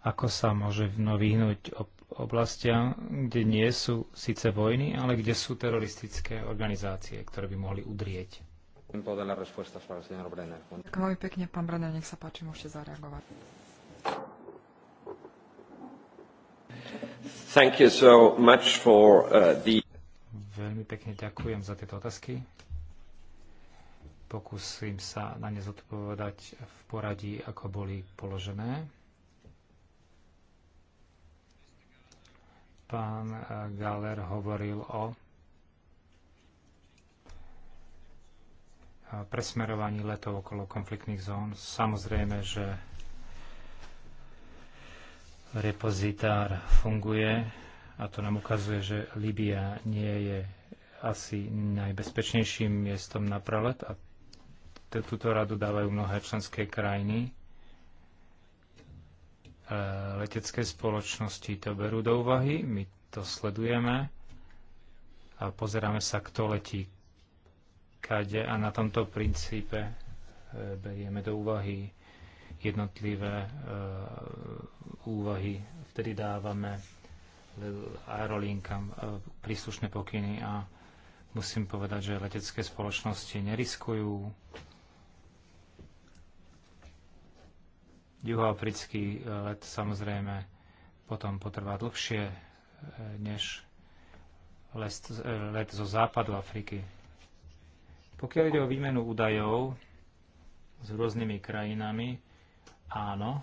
ako sa môže no, vyhnúť oblastiam, kde nie sú síce vojny, ale kde sú teroristické organizácie, ktoré by mohli udrieť. Ďakujem veľmi pekne, pán Brenner, nech sa páči, môžete zareagovať. Thank you so much for, uh, the... Veľmi pekne ďakujem za tieto otázky. Pokúsim sa na ne zodpovedať v poradí, ako boli položené. Pán eh, Galer hovoril o eh, presmerovaní letov okolo konfliktných zón. Samozrejme, že repozitár funguje a to nám ukazuje, že Libia nie je asi najbezpečnejším miestom na prelet a túto radu dávajú mnohé členské krajiny. E, letecké spoločnosti to berú do úvahy, my to sledujeme a pozeráme sa, kto letí kade a na tomto princípe e, berieme do úvahy jednotlivé e, úvahy. Vtedy dávame aerolinkám príslušné pokyny a musím povedať, že letecké spoločnosti neriskujú Juhoafrický eh, let samozrejme potom potrvá dlhšie eh, než eh, let zo západu Afriky. Pokiaľ ide o výmenu údajov s rôznymi krajinami, áno,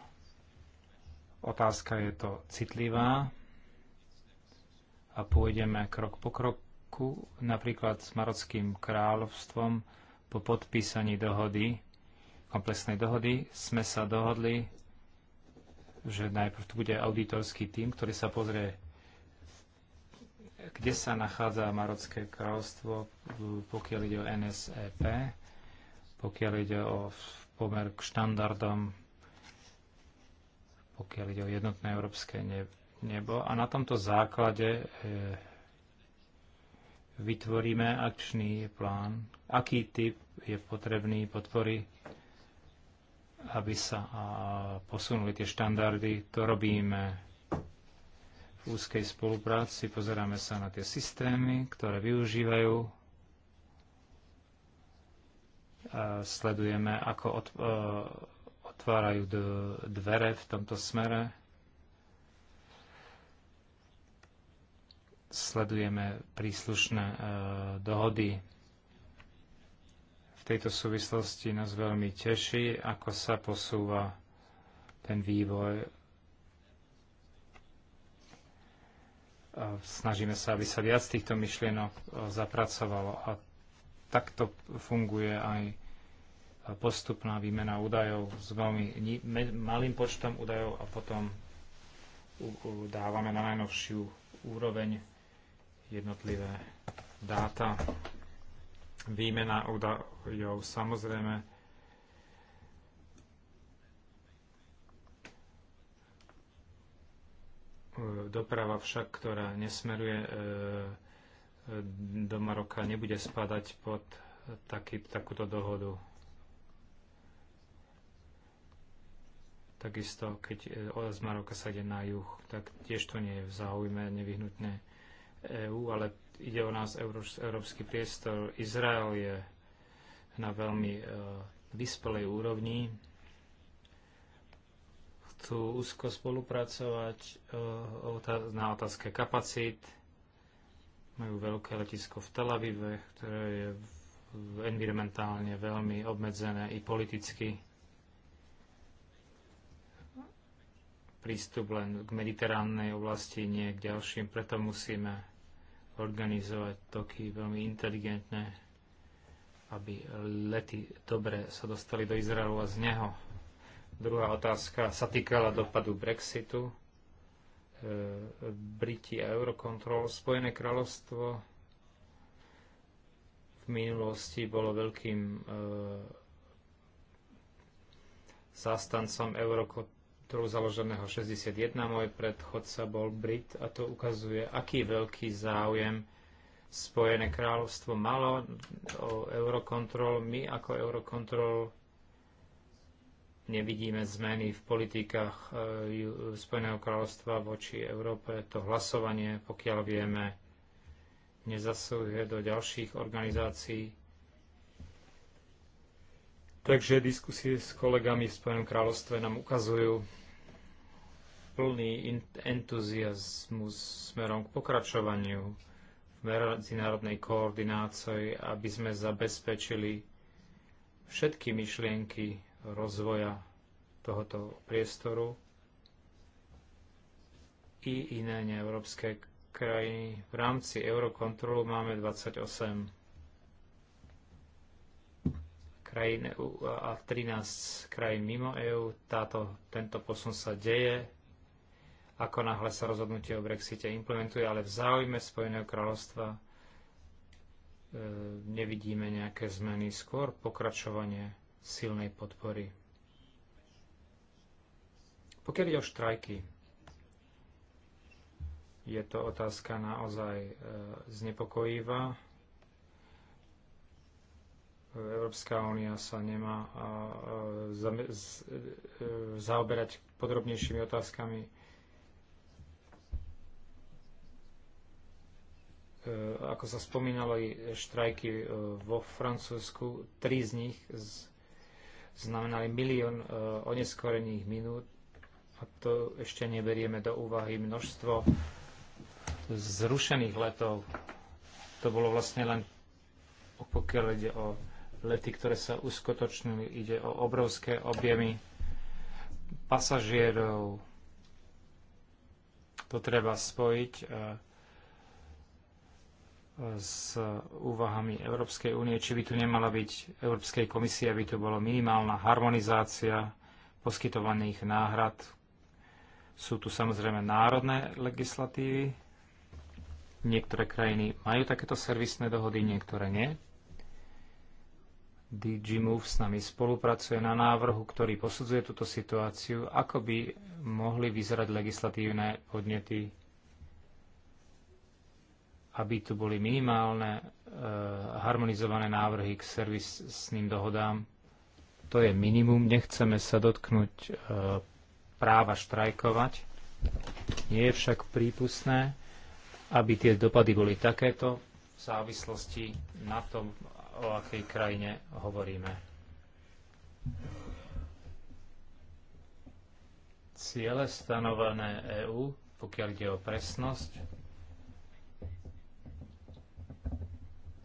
otázka je to citlivá a pôjdeme krok po kroku, napríklad s Marockým kráľovstvom po podpísaní dohody komplexnej dohody sme sa dohodli, že najprv tu bude auditorský tím, ktorý sa pozrie, kde sa nachádza Marocké kráľovstvo, pokiaľ ide o NSEP, pokiaľ ide o pomer k štandardom, pokiaľ ide o jednotné európske nebo. A na tomto základe e, vytvoríme akčný plán, aký typ je potrebný podpory aby sa posunuli tie štandardy. To robíme v úzkej spolupráci, pozeráme sa na tie systémy, ktoré využívajú. A sledujeme, ako e, otvárajú dvere v tomto smere. Sledujeme príslušné e, dohody tejto súvislosti nás veľmi teší, ako sa posúva ten vývoj. Snažíme sa, aby sa viac týchto myšlienok e, zapracovalo a takto funguje aj postupná výmena údajov s veľmi malým počtom údajov a potom dávame na najnovšiu úroveň jednotlivé dáta. Výmena údajov samozrejme doprava však, ktorá nesmeruje e, e, do Maroka, nebude spadať pod taký, takúto dohodu. Takisto, keď e, z Maroka sa ide na juh, tak tiež to nie je v záujme nevyhnutné. EÚ, ale ide o nás európsky priestor. Izrael je na veľmi e, vyspelej úrovni. Chcú úzko spolupracovať e, na otázke kapacít. Majú veľké letisko v Tel Avive, ktoré je environmentálne veľmi obmedzené i politicky. Prístup len k mediteránnej oblasti, nie k ďalším, preto musíme organizovať toky veľmi inteligentné, aby lety dobre sa dostali do Izraelu a z neho. Druhá otázka sa týkala dopadu Brexitu. E, Briti a Eurocontrol, Spojené kráľovstvo v minulosti bolo veľkým e, zástancom Eurocontrol ktorú založeného 61, môj predchodca bol Brit a to ukazuje, aký veľký záujem Spojené kráľovstvo malo o Eurocontrol. My ako Eurocontrol nevidíme zmeny v politikách e, Spojeného kráľovstva voči Európe. To hlasovanie, pokiaľ vieme, nezasúhuje do ďalších organizácií. Takže diskusie s kolegami v Spojenom kráľovstve nám ukazujú, plný entuziasmus smerom k pokračovaniu v medzinárodnej koordinácii, aby sme zabezpečili všetky myšlienky rozvoja tohoto priestoru i iné neeurópske krajiny. V rámci Eurokontrolu máme 28 krajín EU a 13 krajín mimo EÚ. tento posun sa deje ako náhle sa rozhodnutie o Brexite implementuje, ale v záujme Spojeného kráľovstva e, nevidíme nejaké zmeny, skôr pokračovanie silnej podpory. Pokiaľ ide o štrajky, je to otázka naozaj e, znepokojivá. Európska únia sa nemá e, zaoberať podrobnejšími otázkami E, ako sa spomínalo, štrajky e, vo Francúzsku, tri z nich znamenali milión e, oneskorených minút a to ešte neberieme do úvahy množstvo zrušených letov. To bolo vlastne len, pokiaľ ide o lety, ktoré sa uskutočnili, ide o obrovské objemy pasažierov. To treba spojiť. Uh, s úvahami Európskej únie, či by tu nemala byť Európskej komisie, aby tu bola minimálna harmonizácia poskytovaných náhrad. Sú tu samozrejme národné legislatívy. Niektoré krajiny majú takéto servisné dohody, niektoré nie. DG Move s nami spolupracuje na návrhu, ktorý posudzuje túto situáciu, ako by mohli vyzerať legislatívne podnety aby tu boli minimálne e, harmonizované návrhy k servisným dohodám. To je minimum. Nechceme sa dotknúť e, práva štrajkovať. Nie je však prípustné, aby tie dopady boli takéto v závislosti na tom, o akej krajine hovoríme. Ciele stanovené EÚ, pokiaľ ide o presnosť,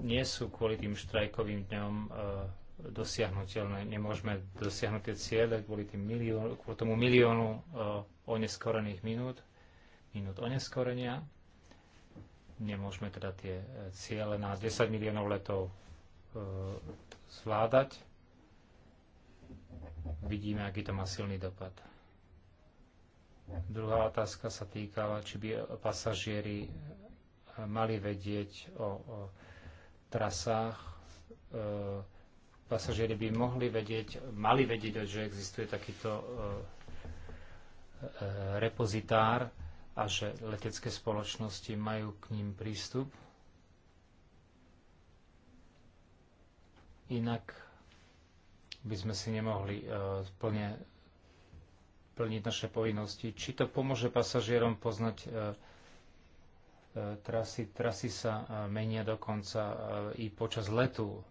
nie sú kvôli tým štrajkovým dňom e, dosiahnutelné. Nemôžeme dosiahnuť tie ciele kvôli, tým milión, kvôli tomu miliónu e, oneskorených minút, minút oneskorenia. Nemôžeme teda tie e, ciele na 10 miliónov letov zvládať. Vidíme, aký to má silný dopad. Druhá otázka sa týkala, či by pasažieri mali vedieť o, o trasách e, pasažieri by mohli vedieť, mali vedieť, že existuje takýto e, e, repozitár a že letecké spoločnosti majú k ním prístup. Inak by sme si nemohli plne plniť naše povinnosti. Či to pomôže pasažierom poznať Trasy, trasy sa e, menia dokonca e, i počas letu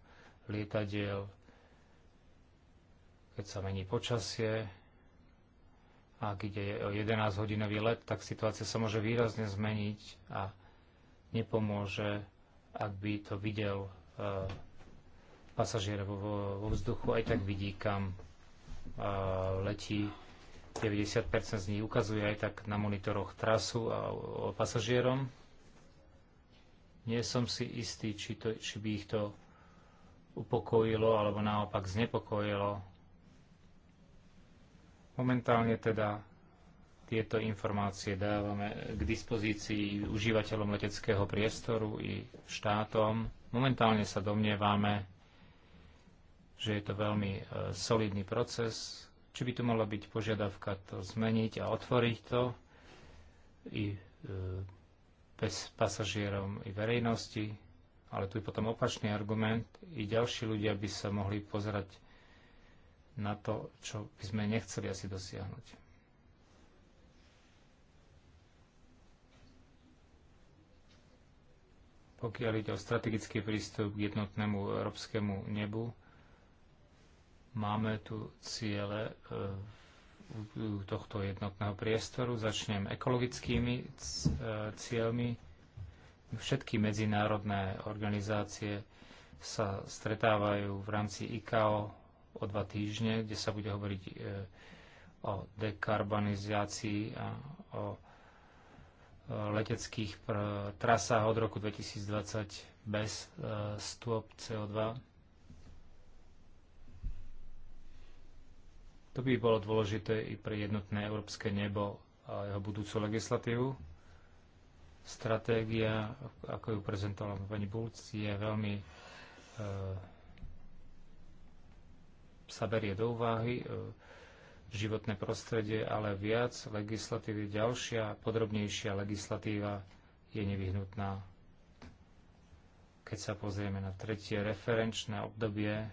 lietadiel, keď sa mení počasie, ak ide o 11-hodinový let, tak situácia sa môže výrazne zmeniť a nepomôže, ak by to videl e, pasažier vo, vo vzduchu, aj tak vidí, kam e, letí. 90% z nich ukazuje aj tak na monitoroch trasu a o, o pasažierom. Nie som si istý, či, to, či by ich to upokojilo alebo naopak znepokojilo. Momentálne teda tieto informácie dávame k dispozícii užívateľom leteckého priestoru i štátom. Momentálne sa domnievame, že je to veľmi e, solidný proces. Či by tu mala byť požiadavka to zmeniť a otvoriť to i e, bez pasažierom i verejnosti, ale tu je potom opačný argument. I ďalší ľudia by sa mohli pozerať na to, čo by sme nechceli asi dosiahnuť. Pokiaľ ide o strategický prístup k jednotnému európskemu nebu, máme tu ciele v e, tohto jednotného priestoru. Začnem ekologickými e, cieľmi. Všetky medzinárodné organizácie sa stretávajú v rámci ICAO o dva týždne, kde sa bude hovoriť e, o dekarbonizácii a o e, leteckých trasách od roku 2020 bez stôp CO2 To by bolo dôležité i pre jednotné európske nebo a jeho budúcu legislatívu. Stratégia, ako ju prezentovala pani Bulc, je veľmi e, sa berie do úvahy e, životné prostredie, ale viac legislatívy, ďalšia, podrobnejšia legislatíva je nevyhnutná. Keď sa pozrieme na tretie referenčné obdobie,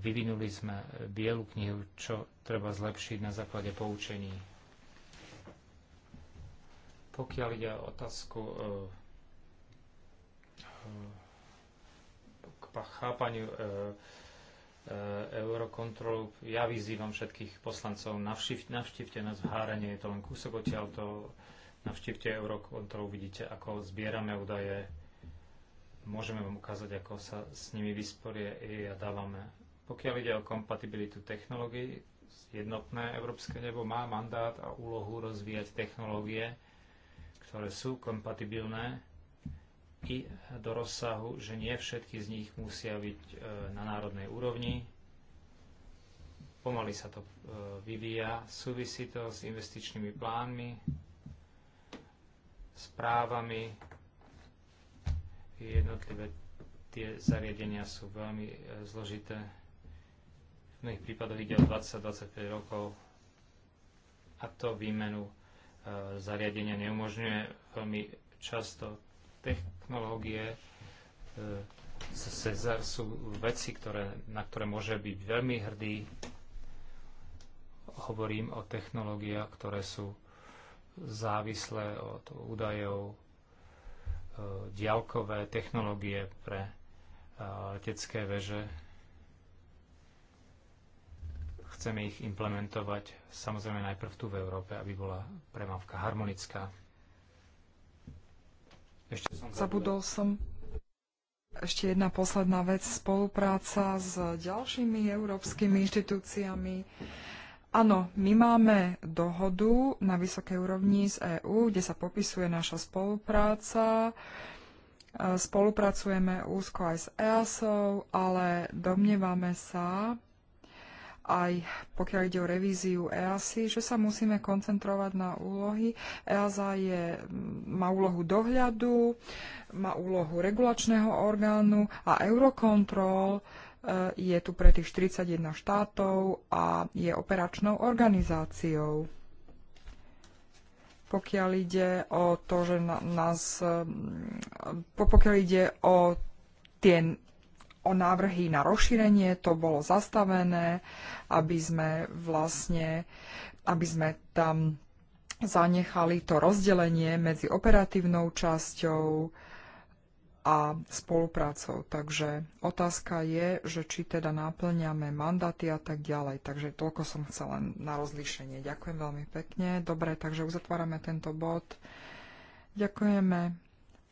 Vyvinuli sme bielu knihu, čo treba zlepšiť na základe poučení. Pokiaľ ide o otázku eh, eh, k chápaniu eh, eurokontrolu. Ja vyzývam všetkých poslancov, navštívte nás v Hárene, je to len kúsok odtiaľ to, navštívte eurokontrolu, vidíte, ako zbierame údaje, môžeme vám ukázať, ako sa s nimi vysporie a dávame pokiaľ ide o kompatibilitu technológií, jednotné európske nebo má mandát a úlohu rozvíjať technológie, ktoré sú kompatibilné i do rozsahu, že nie všetky z nich musia byť e, na národnej úrovni. Pomaly sa to e, vyvíja, súvisí to s investičnými plánmi, správami. Jednotlivé tie zariadenia sú veľmi e, zložité konkrétnych prípadoch ide o 20-25 rokov a to výmenu e, zariadenia neumožňuje veľmi často. Technológie Cezar sú veci, ktoré, na ktoré môže byť veľmi hrdý. Hovorím o technológiách, ktoré sú závislé od údajov, e, diaľkové technológie pre e, letecké veže, chceme ich implementovať samozrejme najprv tu v Európe, aby bola premávka harmonická. Ešte som zabudol som ešte jedna posledná vec, spolupráca s ďalšími európskymi inštitúciami. Áno, my máme dohodu na vysokej úrovni z EÚ, kde sa popisuje naša spolupráca. Spolupracujeme úzko aj s EASO, ale domnievame sa, aj pokiaľ ide o revíziu EASI, že sa musíme koncentrovať na úlohy. EASA je, mm, má úlohu dohľadu, má úlohu regulačného orgánu a Eurocontrol e, je tu pre tých 41 štátov a je operačnou organizáciou. Pokiaľ ide o to, že nás, e, pokiaľ ide o tie o návrhy na rozšírenie, to bolo zastavené, aby sme vlastne, aby sme tam zanechali to rozdelenie medzi operatívnou časťou a spoluprácou. Takže otázka je, že či teda náplňame mandaty a tak ďalej. Takže toľko som chcela na rozlíšenie. Ďakujem veľmi pekne. Dobre, takže uzatvárame tento bod. Ďakujeme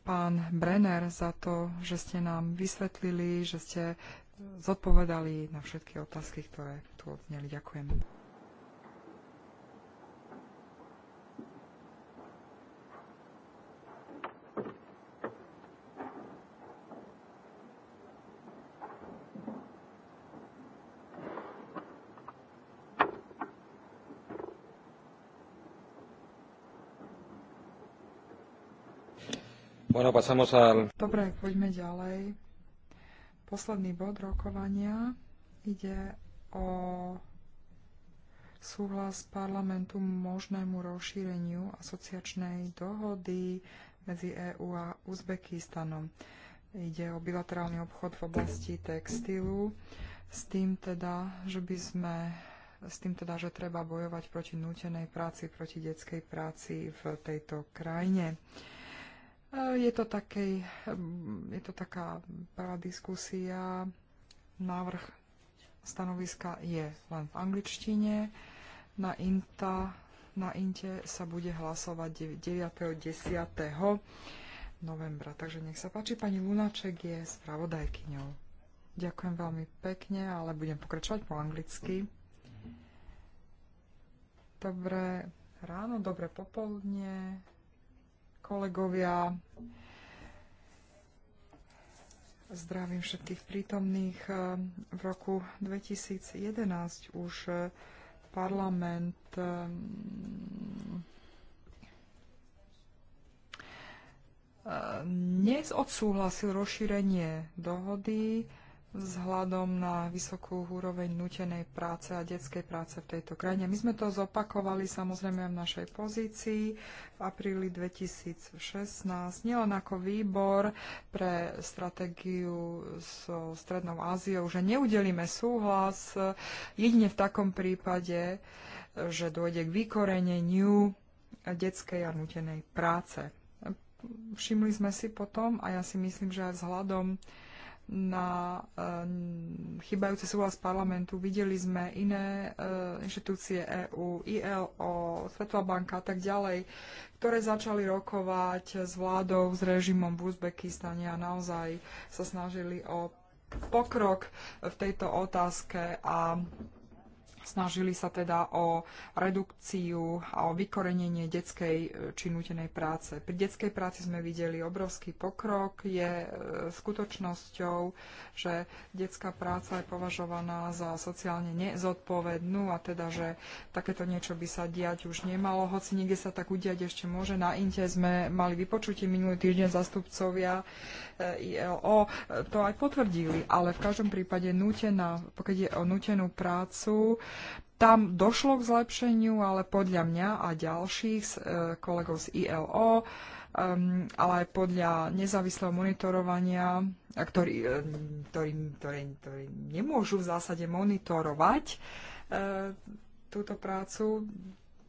pán Brenner, za to, že ste nám vysvetlili, že ste zodpovedali na všetky otázky, ktoré tu odzneli. Ďakujem. Bueno, pasamos al... Dobre, poďme ďalej. Posledný bod rokovania ide o súhlas parlamentu možnému rozšíreniu asociačnej dohody medzi EÚ a Uzbekistanom. Ide o bilaterálny obchod v oblasti textilu s tým teda, že by sme s tým teda, že treba bojovať proti nútenej práci, proti detskej práci v tejto krajine. Je to, také, je to taká prvá diskusia. Návrh stanoviska je len v angličtine. Na, INTA, na INTE sa bude hlasovať 9.10. novembra. Takže nech sa páči, pani Lunaček je spravodajkyňou. Ďakujem veľmi pekne, ale budem pokračovať po anglicky. Dobré ráno, dobré popoludne, kolegovia. Zdravím všetkých prítomných. V roku 2011 už parlament ehm, ehm, dnes odsúhlasil rozšírenie dohody vzhľadom na vysokú úroveň nutenej práce a detskej práce v tejto krajine. My sme to zopakovali samozrejme v našej pozícii v apríli 2016, nielen ako výbor pre stratégiu so Strednou Áziou, že neudelíme súhlas jedine v takom prípade, že dôjde k vykoreneniu detskej a nutenej práce. Všimli sme si potom, a ja si myslím, že aj vzhľadom na chybajúce súhlas parlamentu. Videli sme iné eh, inštitúcie EÚ, ILO, Svetová banka a tak ďalej, ktoré začali rokovať s vládou, s režimom v Uzbekistane a naozaj sa snažili o pokrok v tejto otázke a Snažili sa teda o redukciu a o vykorenenie detskej e, či nutenej práce. Pri detskej práci sme videli obrovský pokrok. Je e, skutočnosťou, že detská práca je považovaná za sociálne nezodpovednú a teda, že takéto niečo by sa diať už nemalo. Hoci niekde sa tak udiať ešte môže. Na Inte sme mali vypočutie minulý týždeň zastupcovia e, ILO. To aj potvrdili, ale v každom prípade nutená, pokiaľ je o nutenú prácu, tam došlo k zlepšeniu, ale podľa mňa a ďalších e, kolegov z ILO, um, ale aj podľa nezávislého monitorovania, ktorý, e, ktorý, ktorý, ktorý nemôžu v zásade monitorovať e, túto prácu,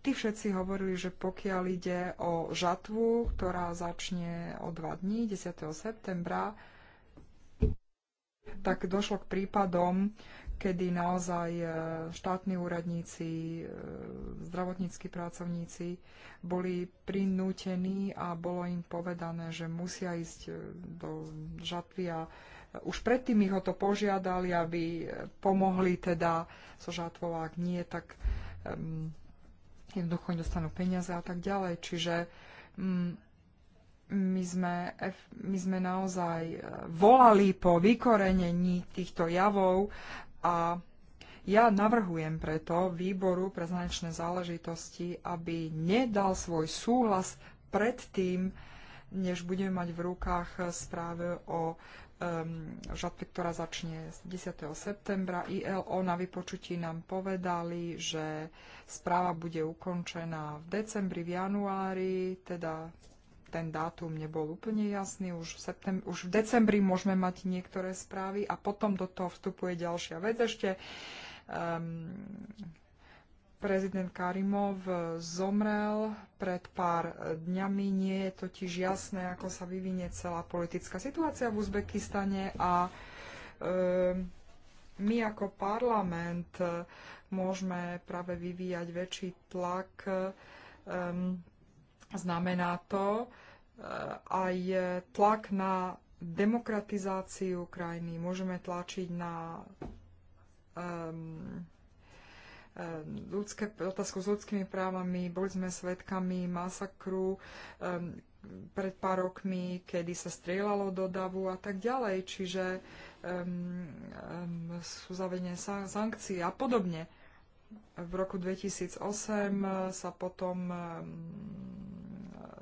tí všetci hovorili, že pokiaľ ide o žatvu, ktorá začne o dva dní, 10. septembra, tak došlo k prípadom, kedy naozaj e, štátni úradníci, e, zdravotníckí pracovníci boli prinútení a bolo im povedané, že musia ísť e, do žatvy a už predtým ich o to požiadali, aby pomohli teda so žatvou, ak nie, tak um, jednoducho nedostanú peniaze a tak ďalej. Čiže um, my sme, my sme naozaj volali po vykorenení týchto javov a ja navrhujem preto výboru pre zahraničné záležitosti, aby nedal svoj súhlas predtým, než budeme mať v rukách správe o um, žatve, ktorá začne 10. septembra. ILO na vypočutí nám povedali, že správa bude ukončená v decembri, v januári, teda ten dátum nebol úplne jasný. Už v, septem- už v decembri môžeme mať niektoré správy a potom do toho vstupuje ďalšia vec ešte. Um, prezident Karimov zomrel pred pár dňami. Nie je totiž jasné, ako sa vyvinie celá politická situácia v Uzbekistane a um, my ako parlament môžeme práve vyvíjať väčší tlak. Um, znamená to, Eh, aj eh, tlak na demokratizáciu krajiny, môžeme tlačiť na um, ľudské, otázku s ľudskými právami. Boli sme svedkami masakru um, pred pár rokmi, kedy sa strieľalo do davu a tak ďalej. Čiže um, um, sú zavedené sankcie a podobne. V roku 2008 eh, sa potom um,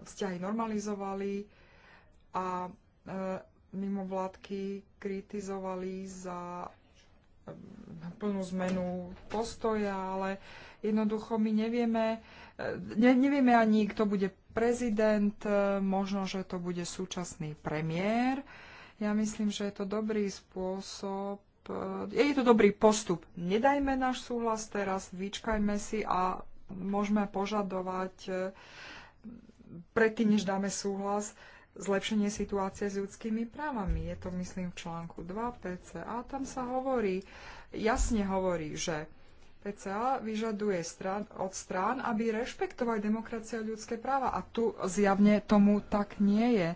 vzťahy normalizovali a e, mimovládky kritizovali za e, plnú zmenu postoja, ale jednoducho my nevieme, e, ne, nevieme ani, kto bude prezident, možno, že to bude súčasný premiér. Ja myslím, že je to dobrý spôsob, je to dobrý postup. Nedajme náš súhlas teraz, vyčkajme si a môžeme požadovať predtým, než dáme súhlas, zlepšenie situácie s ľudskými právami. Je to, myslím, v článku 2 PCA. Tam sa hovorí, jasne hovorí, že PCA vyžaduje strán, od strán, aby rešpektovali demokracia a ľudské práva. A tu zjavne tomu tak nie je.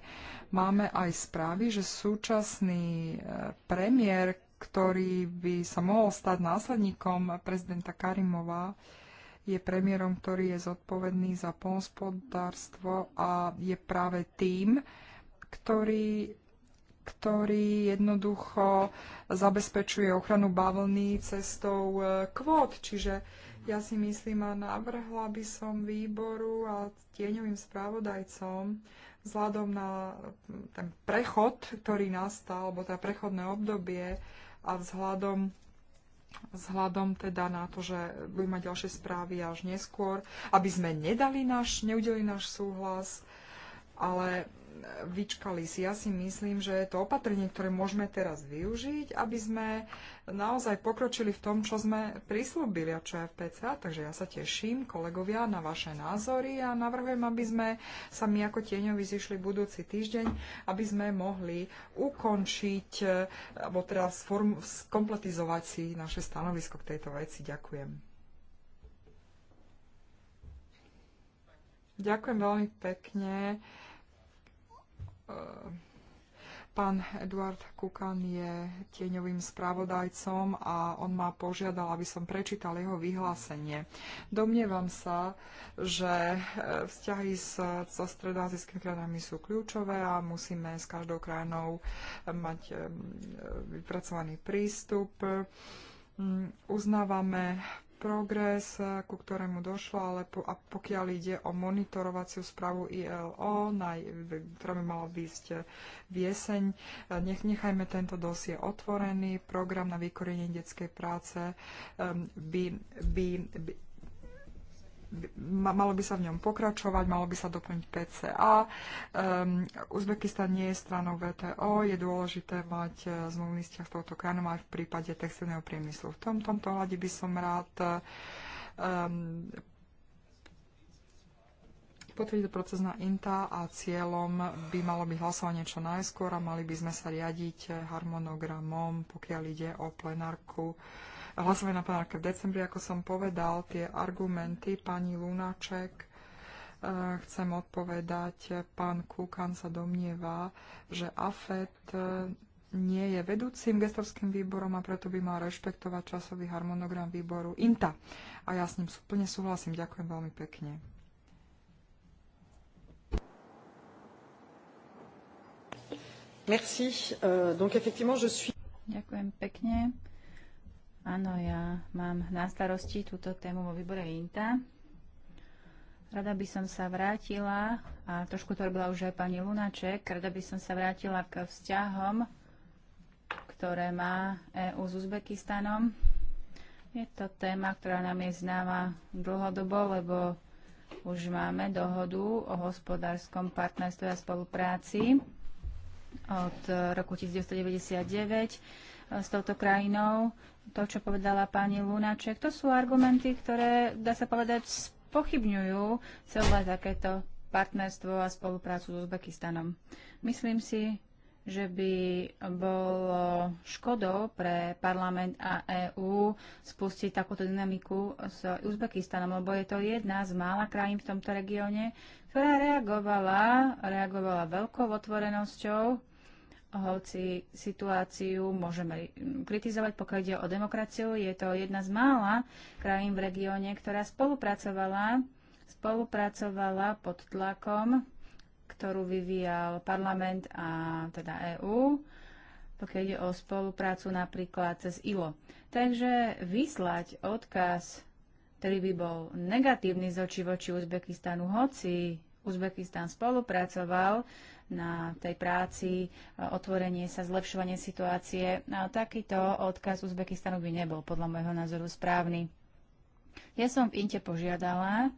Máme aj správy, že súčasný e, premiér, ktorý by sa mohol stať následníkom prezidenta Karimova, je premiérom, ktorý je zodpovedný za polnospodárstvo a je práve tým, ktorý, ktorý jednoducho zabezpečuje ochranu bavlny cestou e, kvót. Čiže ja si myslím a navrhla by som výboru a tieňovým správodajcom vzhľadom na ten prechod, ktorý nastal, alebo teda prechodné obdobie a vzhľadom vzhľadom teda na to, že budeme mať ďalšie správy až neskôr, aby sme nedali náš, neudeli náš súhlas, ale vyčkali si. Ja si myslím, že je to opatrenie, ktoré môžeme teraz využiť, aby sme naozaj pokročili v tom, čo sme prislúbili a čo je v PCA. Takže ja sa teším, kolegovia, na vaše názory a navrhujem, aby sme sa my ako tieňovi zišli budúci týždeň, aby sme mohli ukončiť, e, alebo teda sform- skompletizovať si naše stanovisko k tejto veci. Ďakujem. Ďakujem veľmi pekne. Ehm, pán Eduard Kukan je tieňovým spravodajcom a on ma požiadal, aby som prečítal jeho vyhlásenie. Domnievam sa, že ehm, vzťahy so stredoazijskými krajinami sú kľúčové a musíme s každou krajinou ehm, mať vypracovaný prístup. Uznávame progres, eh, ku ktorému došlo, ale po, a pokiaľ ide o monitorovaciu správu ILO, na, ktorá by mala výsť eh, v jeseň, eh, nech, nechajme tento dosie otvorený. Program na vykorenie detskej práce by, by, by, malo by sa v ňom pokračovať, malo by sa doplniť PCA. Um, ehm, Uzbekistan nie je stranou VTO, je dôležité mať e, zmluvný vzťah s touto krajinou aj v prípade textilného priemyslu. V tom, tomto hľade by som rád um, ehm, potvrdiť proces na INTA a cieľom by malo byť hlasovanie čo najskôr a mali by sme sa riadiť harmonogramom, pokiaľ ide o plenárku hlasovať na plenárke v decembri, ako som povedal, tie argumenty pani Lunaček, eh, chcem odpovedať, pán Kukan sa domnieva, že AFET eh, nie je vedúcim gestorským výborom a preto by mal rešpektovať časový harmonogram výboru INTA. A ja s ním plne súhlasím. Ďakujem veľmi pekne. Merci. Uh, donc effectivement, je suis... Ďakujem pekne. Áno, ja mám na starosti túto tému vo výbore INTA. Rada by som sa vrátila, a trošku to robila už aj pani Lunaček, rada by som sa vrátila k vzťahom, ktoré má EU s Uzbekistanom. Je to téma, ktorá nám je známa dlhodobo, lebo už máme dohodu o hospodárskom partnerstve a spolupráci od roku 1999 s touto krajinou. To, čo povedala pani Lunaček, to sú argumenty, ktoré, dá sa povedať, spochybňujú celé takéto partnerstvo a spoluprácu s Uzbekistanom. Myslím si, že by bolo škodou pre parlament a EÚ spustiť takúto dynamiku s Uzbekistanom, lebo je to jedna z mála krajín v tomto regióne, ktorá reagovala, reagovala veľkou otvorenosťou hoci situáciu môžeme kritizovať, pokiaľ ide o demokraciu. Je to jedna z mála krajín v regióne, ktorá spolupracovala, spolupracovala pod tlakom, ktorú vyvíjal parlament a teda EÚ, pokiaľ ide o spoluprácu napríklad cez ILO. Takže vyslať odkaz, ktorý by bol negatívny z očí voči Uzbekistanu, hoci Uzbekistan spolupracoval, na tej práci, e, otvorenie sa, zlepšovanie situácie. A takýto odkaz Uzbekistanu by nebol podľa môjho názoru správny. Ja som v Inte požiadala,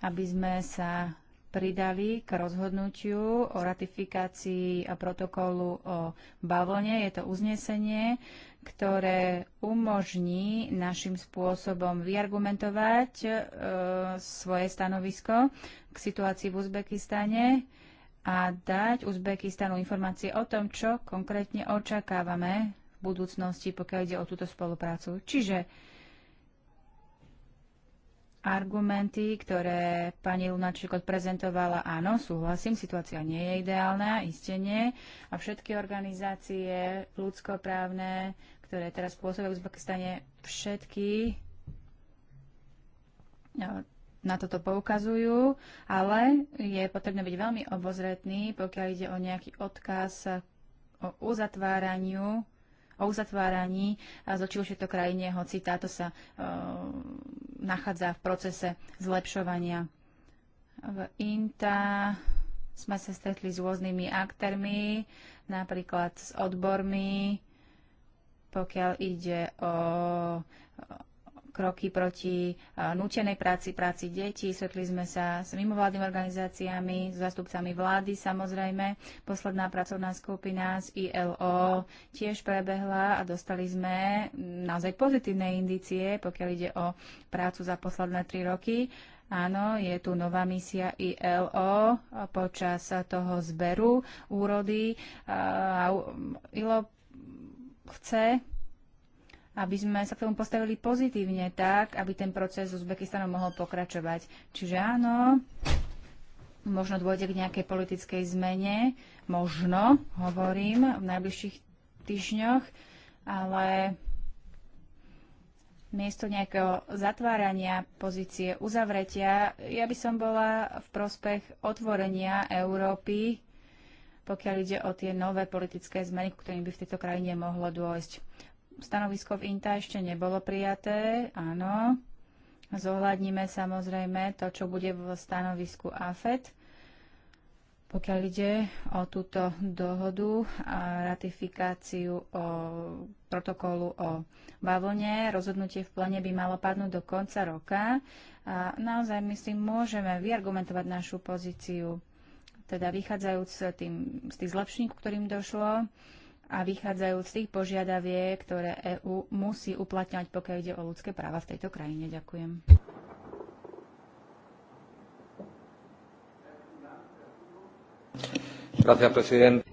aby sme sa pridali k rozhodnutiu o ratifikácii protokolu o bavlne. Je to uznesenie, ktoré umožní našim spôsobom vyargumentovať e, svoje stanovisko k situácii v Uzbekistane a dať Uzbekistanu informácie o tom, čo konkrétne očakávame v budúcnosti, pokiaľ ide o túto spoluprácu. Čiže argumenty, ktoré pani Lunačík odprezentovala, áno, súhlasím, situácia nie je ideálna, iste nie. A všetky organizácie ľudskoprávne, ktoré teraz pôsobia v Uzbekistane, všetky no, na toto poukazujú, ale je potrebné byť veľmi obozretný, pokiaľ ide o nejaký odkaz o uzatváraniu o uzatváraní a už je to krajine, hoci táto sa e, nachádza v procese zlepšovania. V INTA sme sa stretli s rôznymi aktérmi, napríklad s odbormi, pokiaľ ide o kroky proti nútenej práci, práci detí. Svetli sme sa s mimovládnymi organizáciami, s zastupcami vlády samozrejme. Posledná pracovná skupina z ILO tiež prebehla a dostali sme naozaj pozitívne indície, pokiaľ ide o prácu za posledné tri roky. Áno, je tu nová misia ILO počas toho zberu úrody. A ILO chce aby sme sa k tomu postavili pozitívne tak, aby ten proces s Uzbekistanom mohol pokračovať. Čiže áno, možno dôjde k nejakej politickej zmene, možno, hovorím, v najbližších týždňoch, ale miesto nejakého zatvárania pozície, uzavretia, ja by som bola v prospech otvorenia Európy, pokiaľ ide o tie nové politické zmeny, ktorým by v tejto krajine mohlo dôjsť stanovisko v INTA ešte nebolo prijaté, áno. Zohľadníme samozrejme to, čo bude v stanovisku AFET. Pokiaľ ide o túto dohodu a ratifikáciu o protokolu o bavlne, rozhodnutie v plene by malo padnúť do konca roka. A naozaj my si môžeme vyargumentovať našu pozíciu, teda vychádzajúc tým, z tých zlepšení, ktorým došlo a vychádzajú z tých požiadavie, ktoré EÚ musí uplatňať, pokiaľ ide o ľudské práva v tejto krajine. Ďakujem.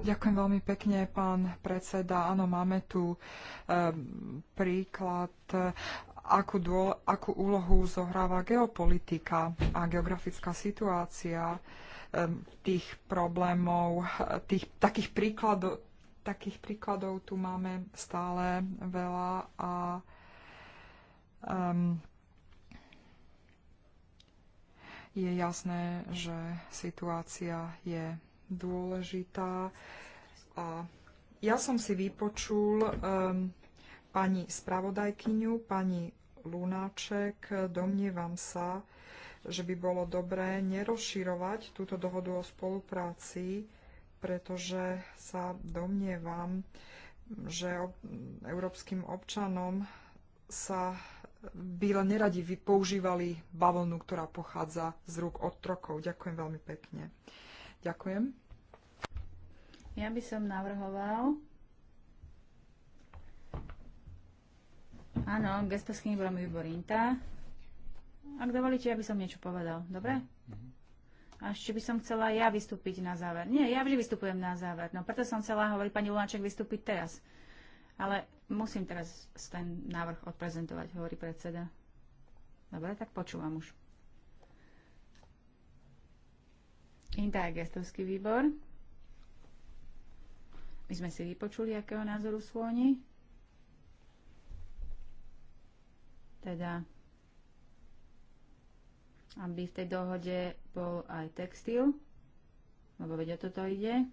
Ďakujem veľmi pekne, pán predseda. Áno, máme tu e, príklad, akú, dôle, akú úlohu zohráva geopolitika a geografická situácia e, tých problémov, tých, takých príkladov, takých príkladov tu máme stále veľa a um, je jasné, že situácia je dôležitá. A ja som si vypočul um, pani spravodajkyňu, pani Lunáček. Domnievam sa, že by bolo dobré nerozširovať túto dohodu o spolupráci pretože sa domnievam, že európskym občanom sa by len neradi používali bavlnu, ktorá pochádza z rúk otrokov. Ďakujem veľmi pekne. Ďakujem. Ja by som navrhoval, áno, gestorským výborom výbor Ak dovolíte, ja by som niečo povedal. Dobre? Mm-hmm. A ešte by som chcela ja vystúpiť na záver. Nie, ja vždy vystupujem na záver. No preto som chcela, hovoriť pani Lunáček, vystúpiť teraz. Ale musím teraz ten návrh odprezentovať, hovorí predseda. Dobre, tak počúvam už. Inta je gestovský výbor. My sme si vypočuli, akého názoru sú oni. Teda aby v tej dohode bol aj textil, lebo vedia, toto ide,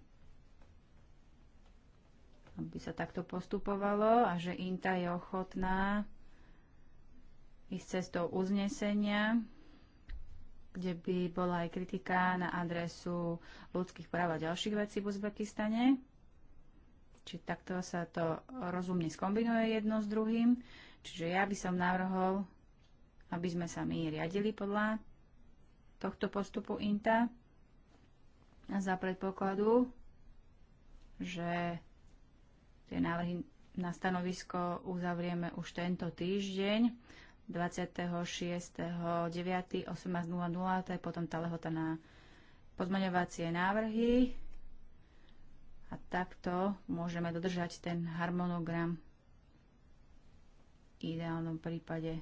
aby sa takto postupovalo a že Inta je ochotná ísť cestou uznesenia, kde by bola aj kritika na adresu ľudských práv a ďalších vecí v Uzbekistane. Či takto sa to rozumne skombinuje jedno s druhým. Čiže ja by som navrhol, aby sme sa my riadili podľa tohto postupu INTA za predpokladu, že tie návrhy na stanovisko uzavrieme už tento týždeň 26.9.18.00, to je potom tá lehota na pozmaňovacie návrhy a takto môžeme dodržať ten harmonogram v ideálnom prípade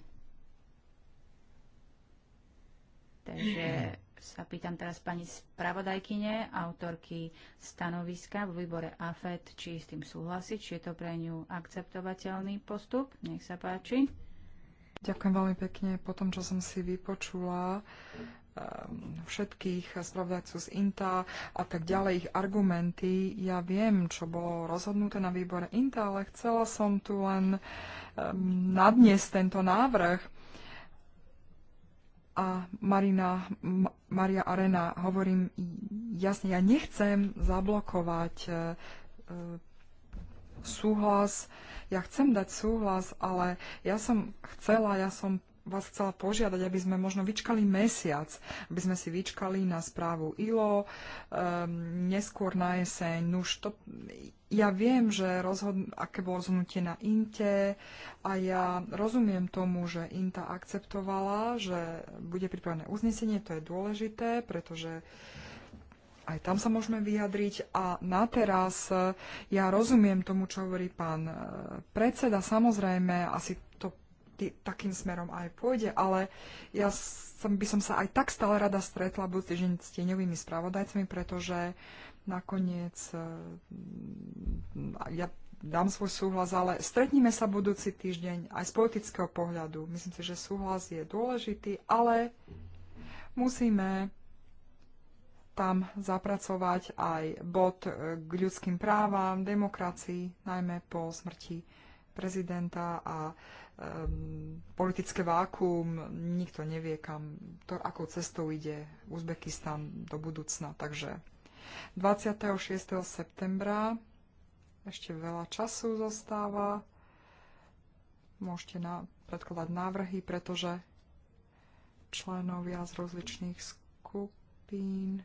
Takže sa pýtam teraz pani spravodajkyne, autorky stanoviska v výbore AFED, či s tým súhlasí, či je to pre ňu akceptovateľný postup. Nech sa páči. Ďakujem veľmi pekne. Po tom, čo som si vypočula ehm, všetkých spravodajcu z INTA a tak ďalej ich argumenty. Ja viem, čo bolo rozhodnuté na výbore INTA, ale chcela som tu len ehm, nadniesť tento návrh a Marina, Maria Arena, hovorím jasne, ja nechcem zablokovať e, e, súhlas, ja chcem dať súhlas, ale ja som chcela, ja som vás chcela požiadať, aby sme možno vyčkali mesiac, aby sme si vyčkali na správu ILO, um, ehm, neskôr na jeseň. No už to, ja viem, že rozhod, aké bolo rozhodnutie na INTE a ja rozumiem tomu, že INTA akceptovala, že bude pripravené uznesenie, to je dôležité, pretože aj tam sa môžeme vyjadriť. A na teraz ja rozumiem tomu, čo hovorí pán eh, predseda. Samozrejme, asi takým smerom aj pôjde, ale ja som, by som sa aj tak stále rada stretla budúci týždeň s tieňovými spravodajcami, pretože nakoniec e, ja dám svoj súhlas, ale stretníme sa budúci týždeň aj z politického pohľadu. Myslím si, že súhlas je dôležitý, ale musíme tam zapracovať aj bod k ľudským právam, demokracii, najmä po smrti prezidenta a um, politické vákuum, nikto nevie, kam, to, akou cestou ide Uzbekistan do budúcna. Takže 26. septembra ešte veľa času zostáva. Môžete na, predkladať návrhy, pretože členovia z rozličných skupín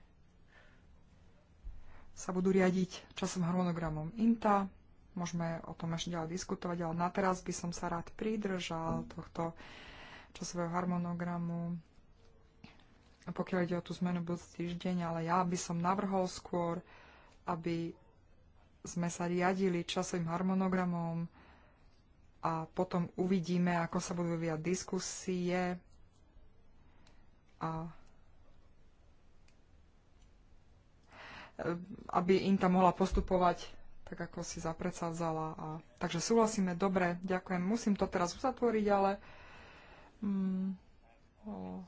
sa budú riadiť časom harmonogramom INTA. Môžeme o tom ešte ďalej diskutovať, ale na teraz by som sa rád pridržal tohto časového harmonogramu. Pokiaľ ide o tú zmenu budúci týždeň, ale ja by som navrhol skôr, aby sme sa riadili časovým harmonogramom a potom uvidíme, ako sa budú vyvíjať diskusie a aby im tam mohla postupovať tak ako si zapredsadzala. A... Takže súhlasíme, dobre, ďakujem. Musím to teraz uzatvoriť, ale... Mm, o...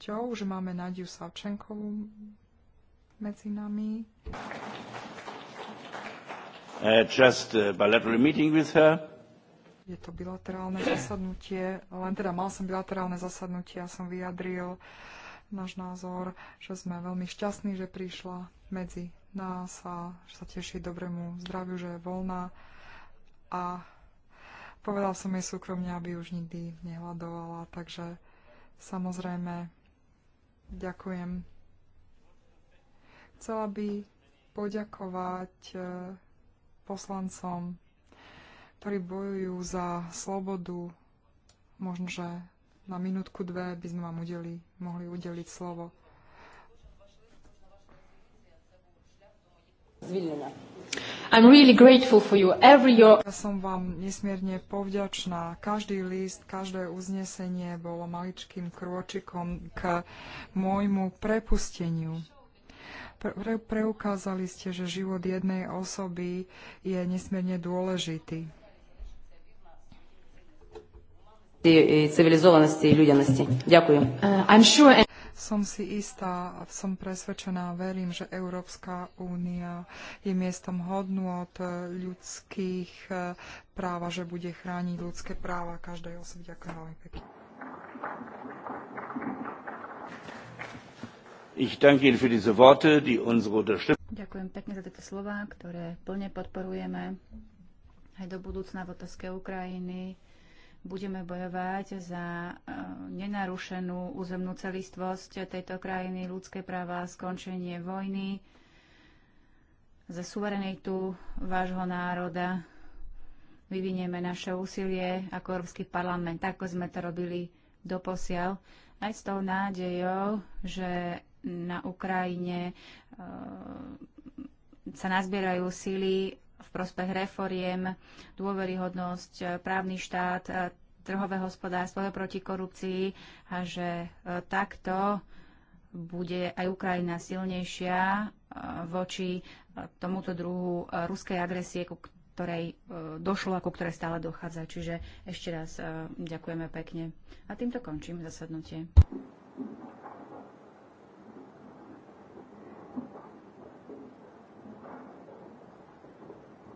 Cťou, že máme Nadiu Savčenkovú medzi nami. Uh, just a bilateral meeting with her. Je to bilaterálne zasadnutie, len teda mal som bilaterálne zasadnutie a som vyjadril náš názor, že sme veľmi šťastní, že prišla medzi pekná sa, že sa teší dobrému zdraviu, že je voľná a povedal som jej súkromne, aby už nikdy nehľadovala, takže samozrejme ďakujem. Chcela by poďakovať e, poslancom, ktorí bojujú za slobodu. Možno, že na minútku dve by sme vám udeli, mohli udeliť slovo. Vilnius. I'm really grateful for you. Every your... Ja som vám nesmierne povďačná. Každý list, každé uznesenie bolo maličkým krôčikom k môjmu prepusteniu. Pre, pre, preukázali ste, že život jednej osoby je nesmierne dôležitý. Civilizovanosti ľudianosti. Ďakujem. Uh, I'm sure som si istá a som presvedčená, a verím, že Európska únia je miestom hodnú od e, ľudských e, práv a že bude chrániť ľudské práva každej osoby. Ďakujem veľmi pekne. Ďakujem pekne za tieto slova, ktoré plne podporujeme aj do budúcna v otázke Ukrajiny budeme bojovať za e, nenarušenú územnú celistvosť tejto krajiny, ľudské práva, skončenie vojny, za suverenitu vášho národa. Vyvinieme naše úsilie ako Európsky parlament, ako sme to robili doposiaľ, aj s tou nádejou, že na Ukrajine e, sa nazbierajú síly v prospech reforiem, dôveryhodnosť, e, právny štát, e, trhové hospodárstvo proti korupcii a že e, takto bude aj Ukrajina silnejšia voči tomuto druhu ruskej agresie, ku ktorej došlo a ku ktorej stále dochádza. Čiže ešte raz ďakujeme pekne. A týmto končím zasadnutie.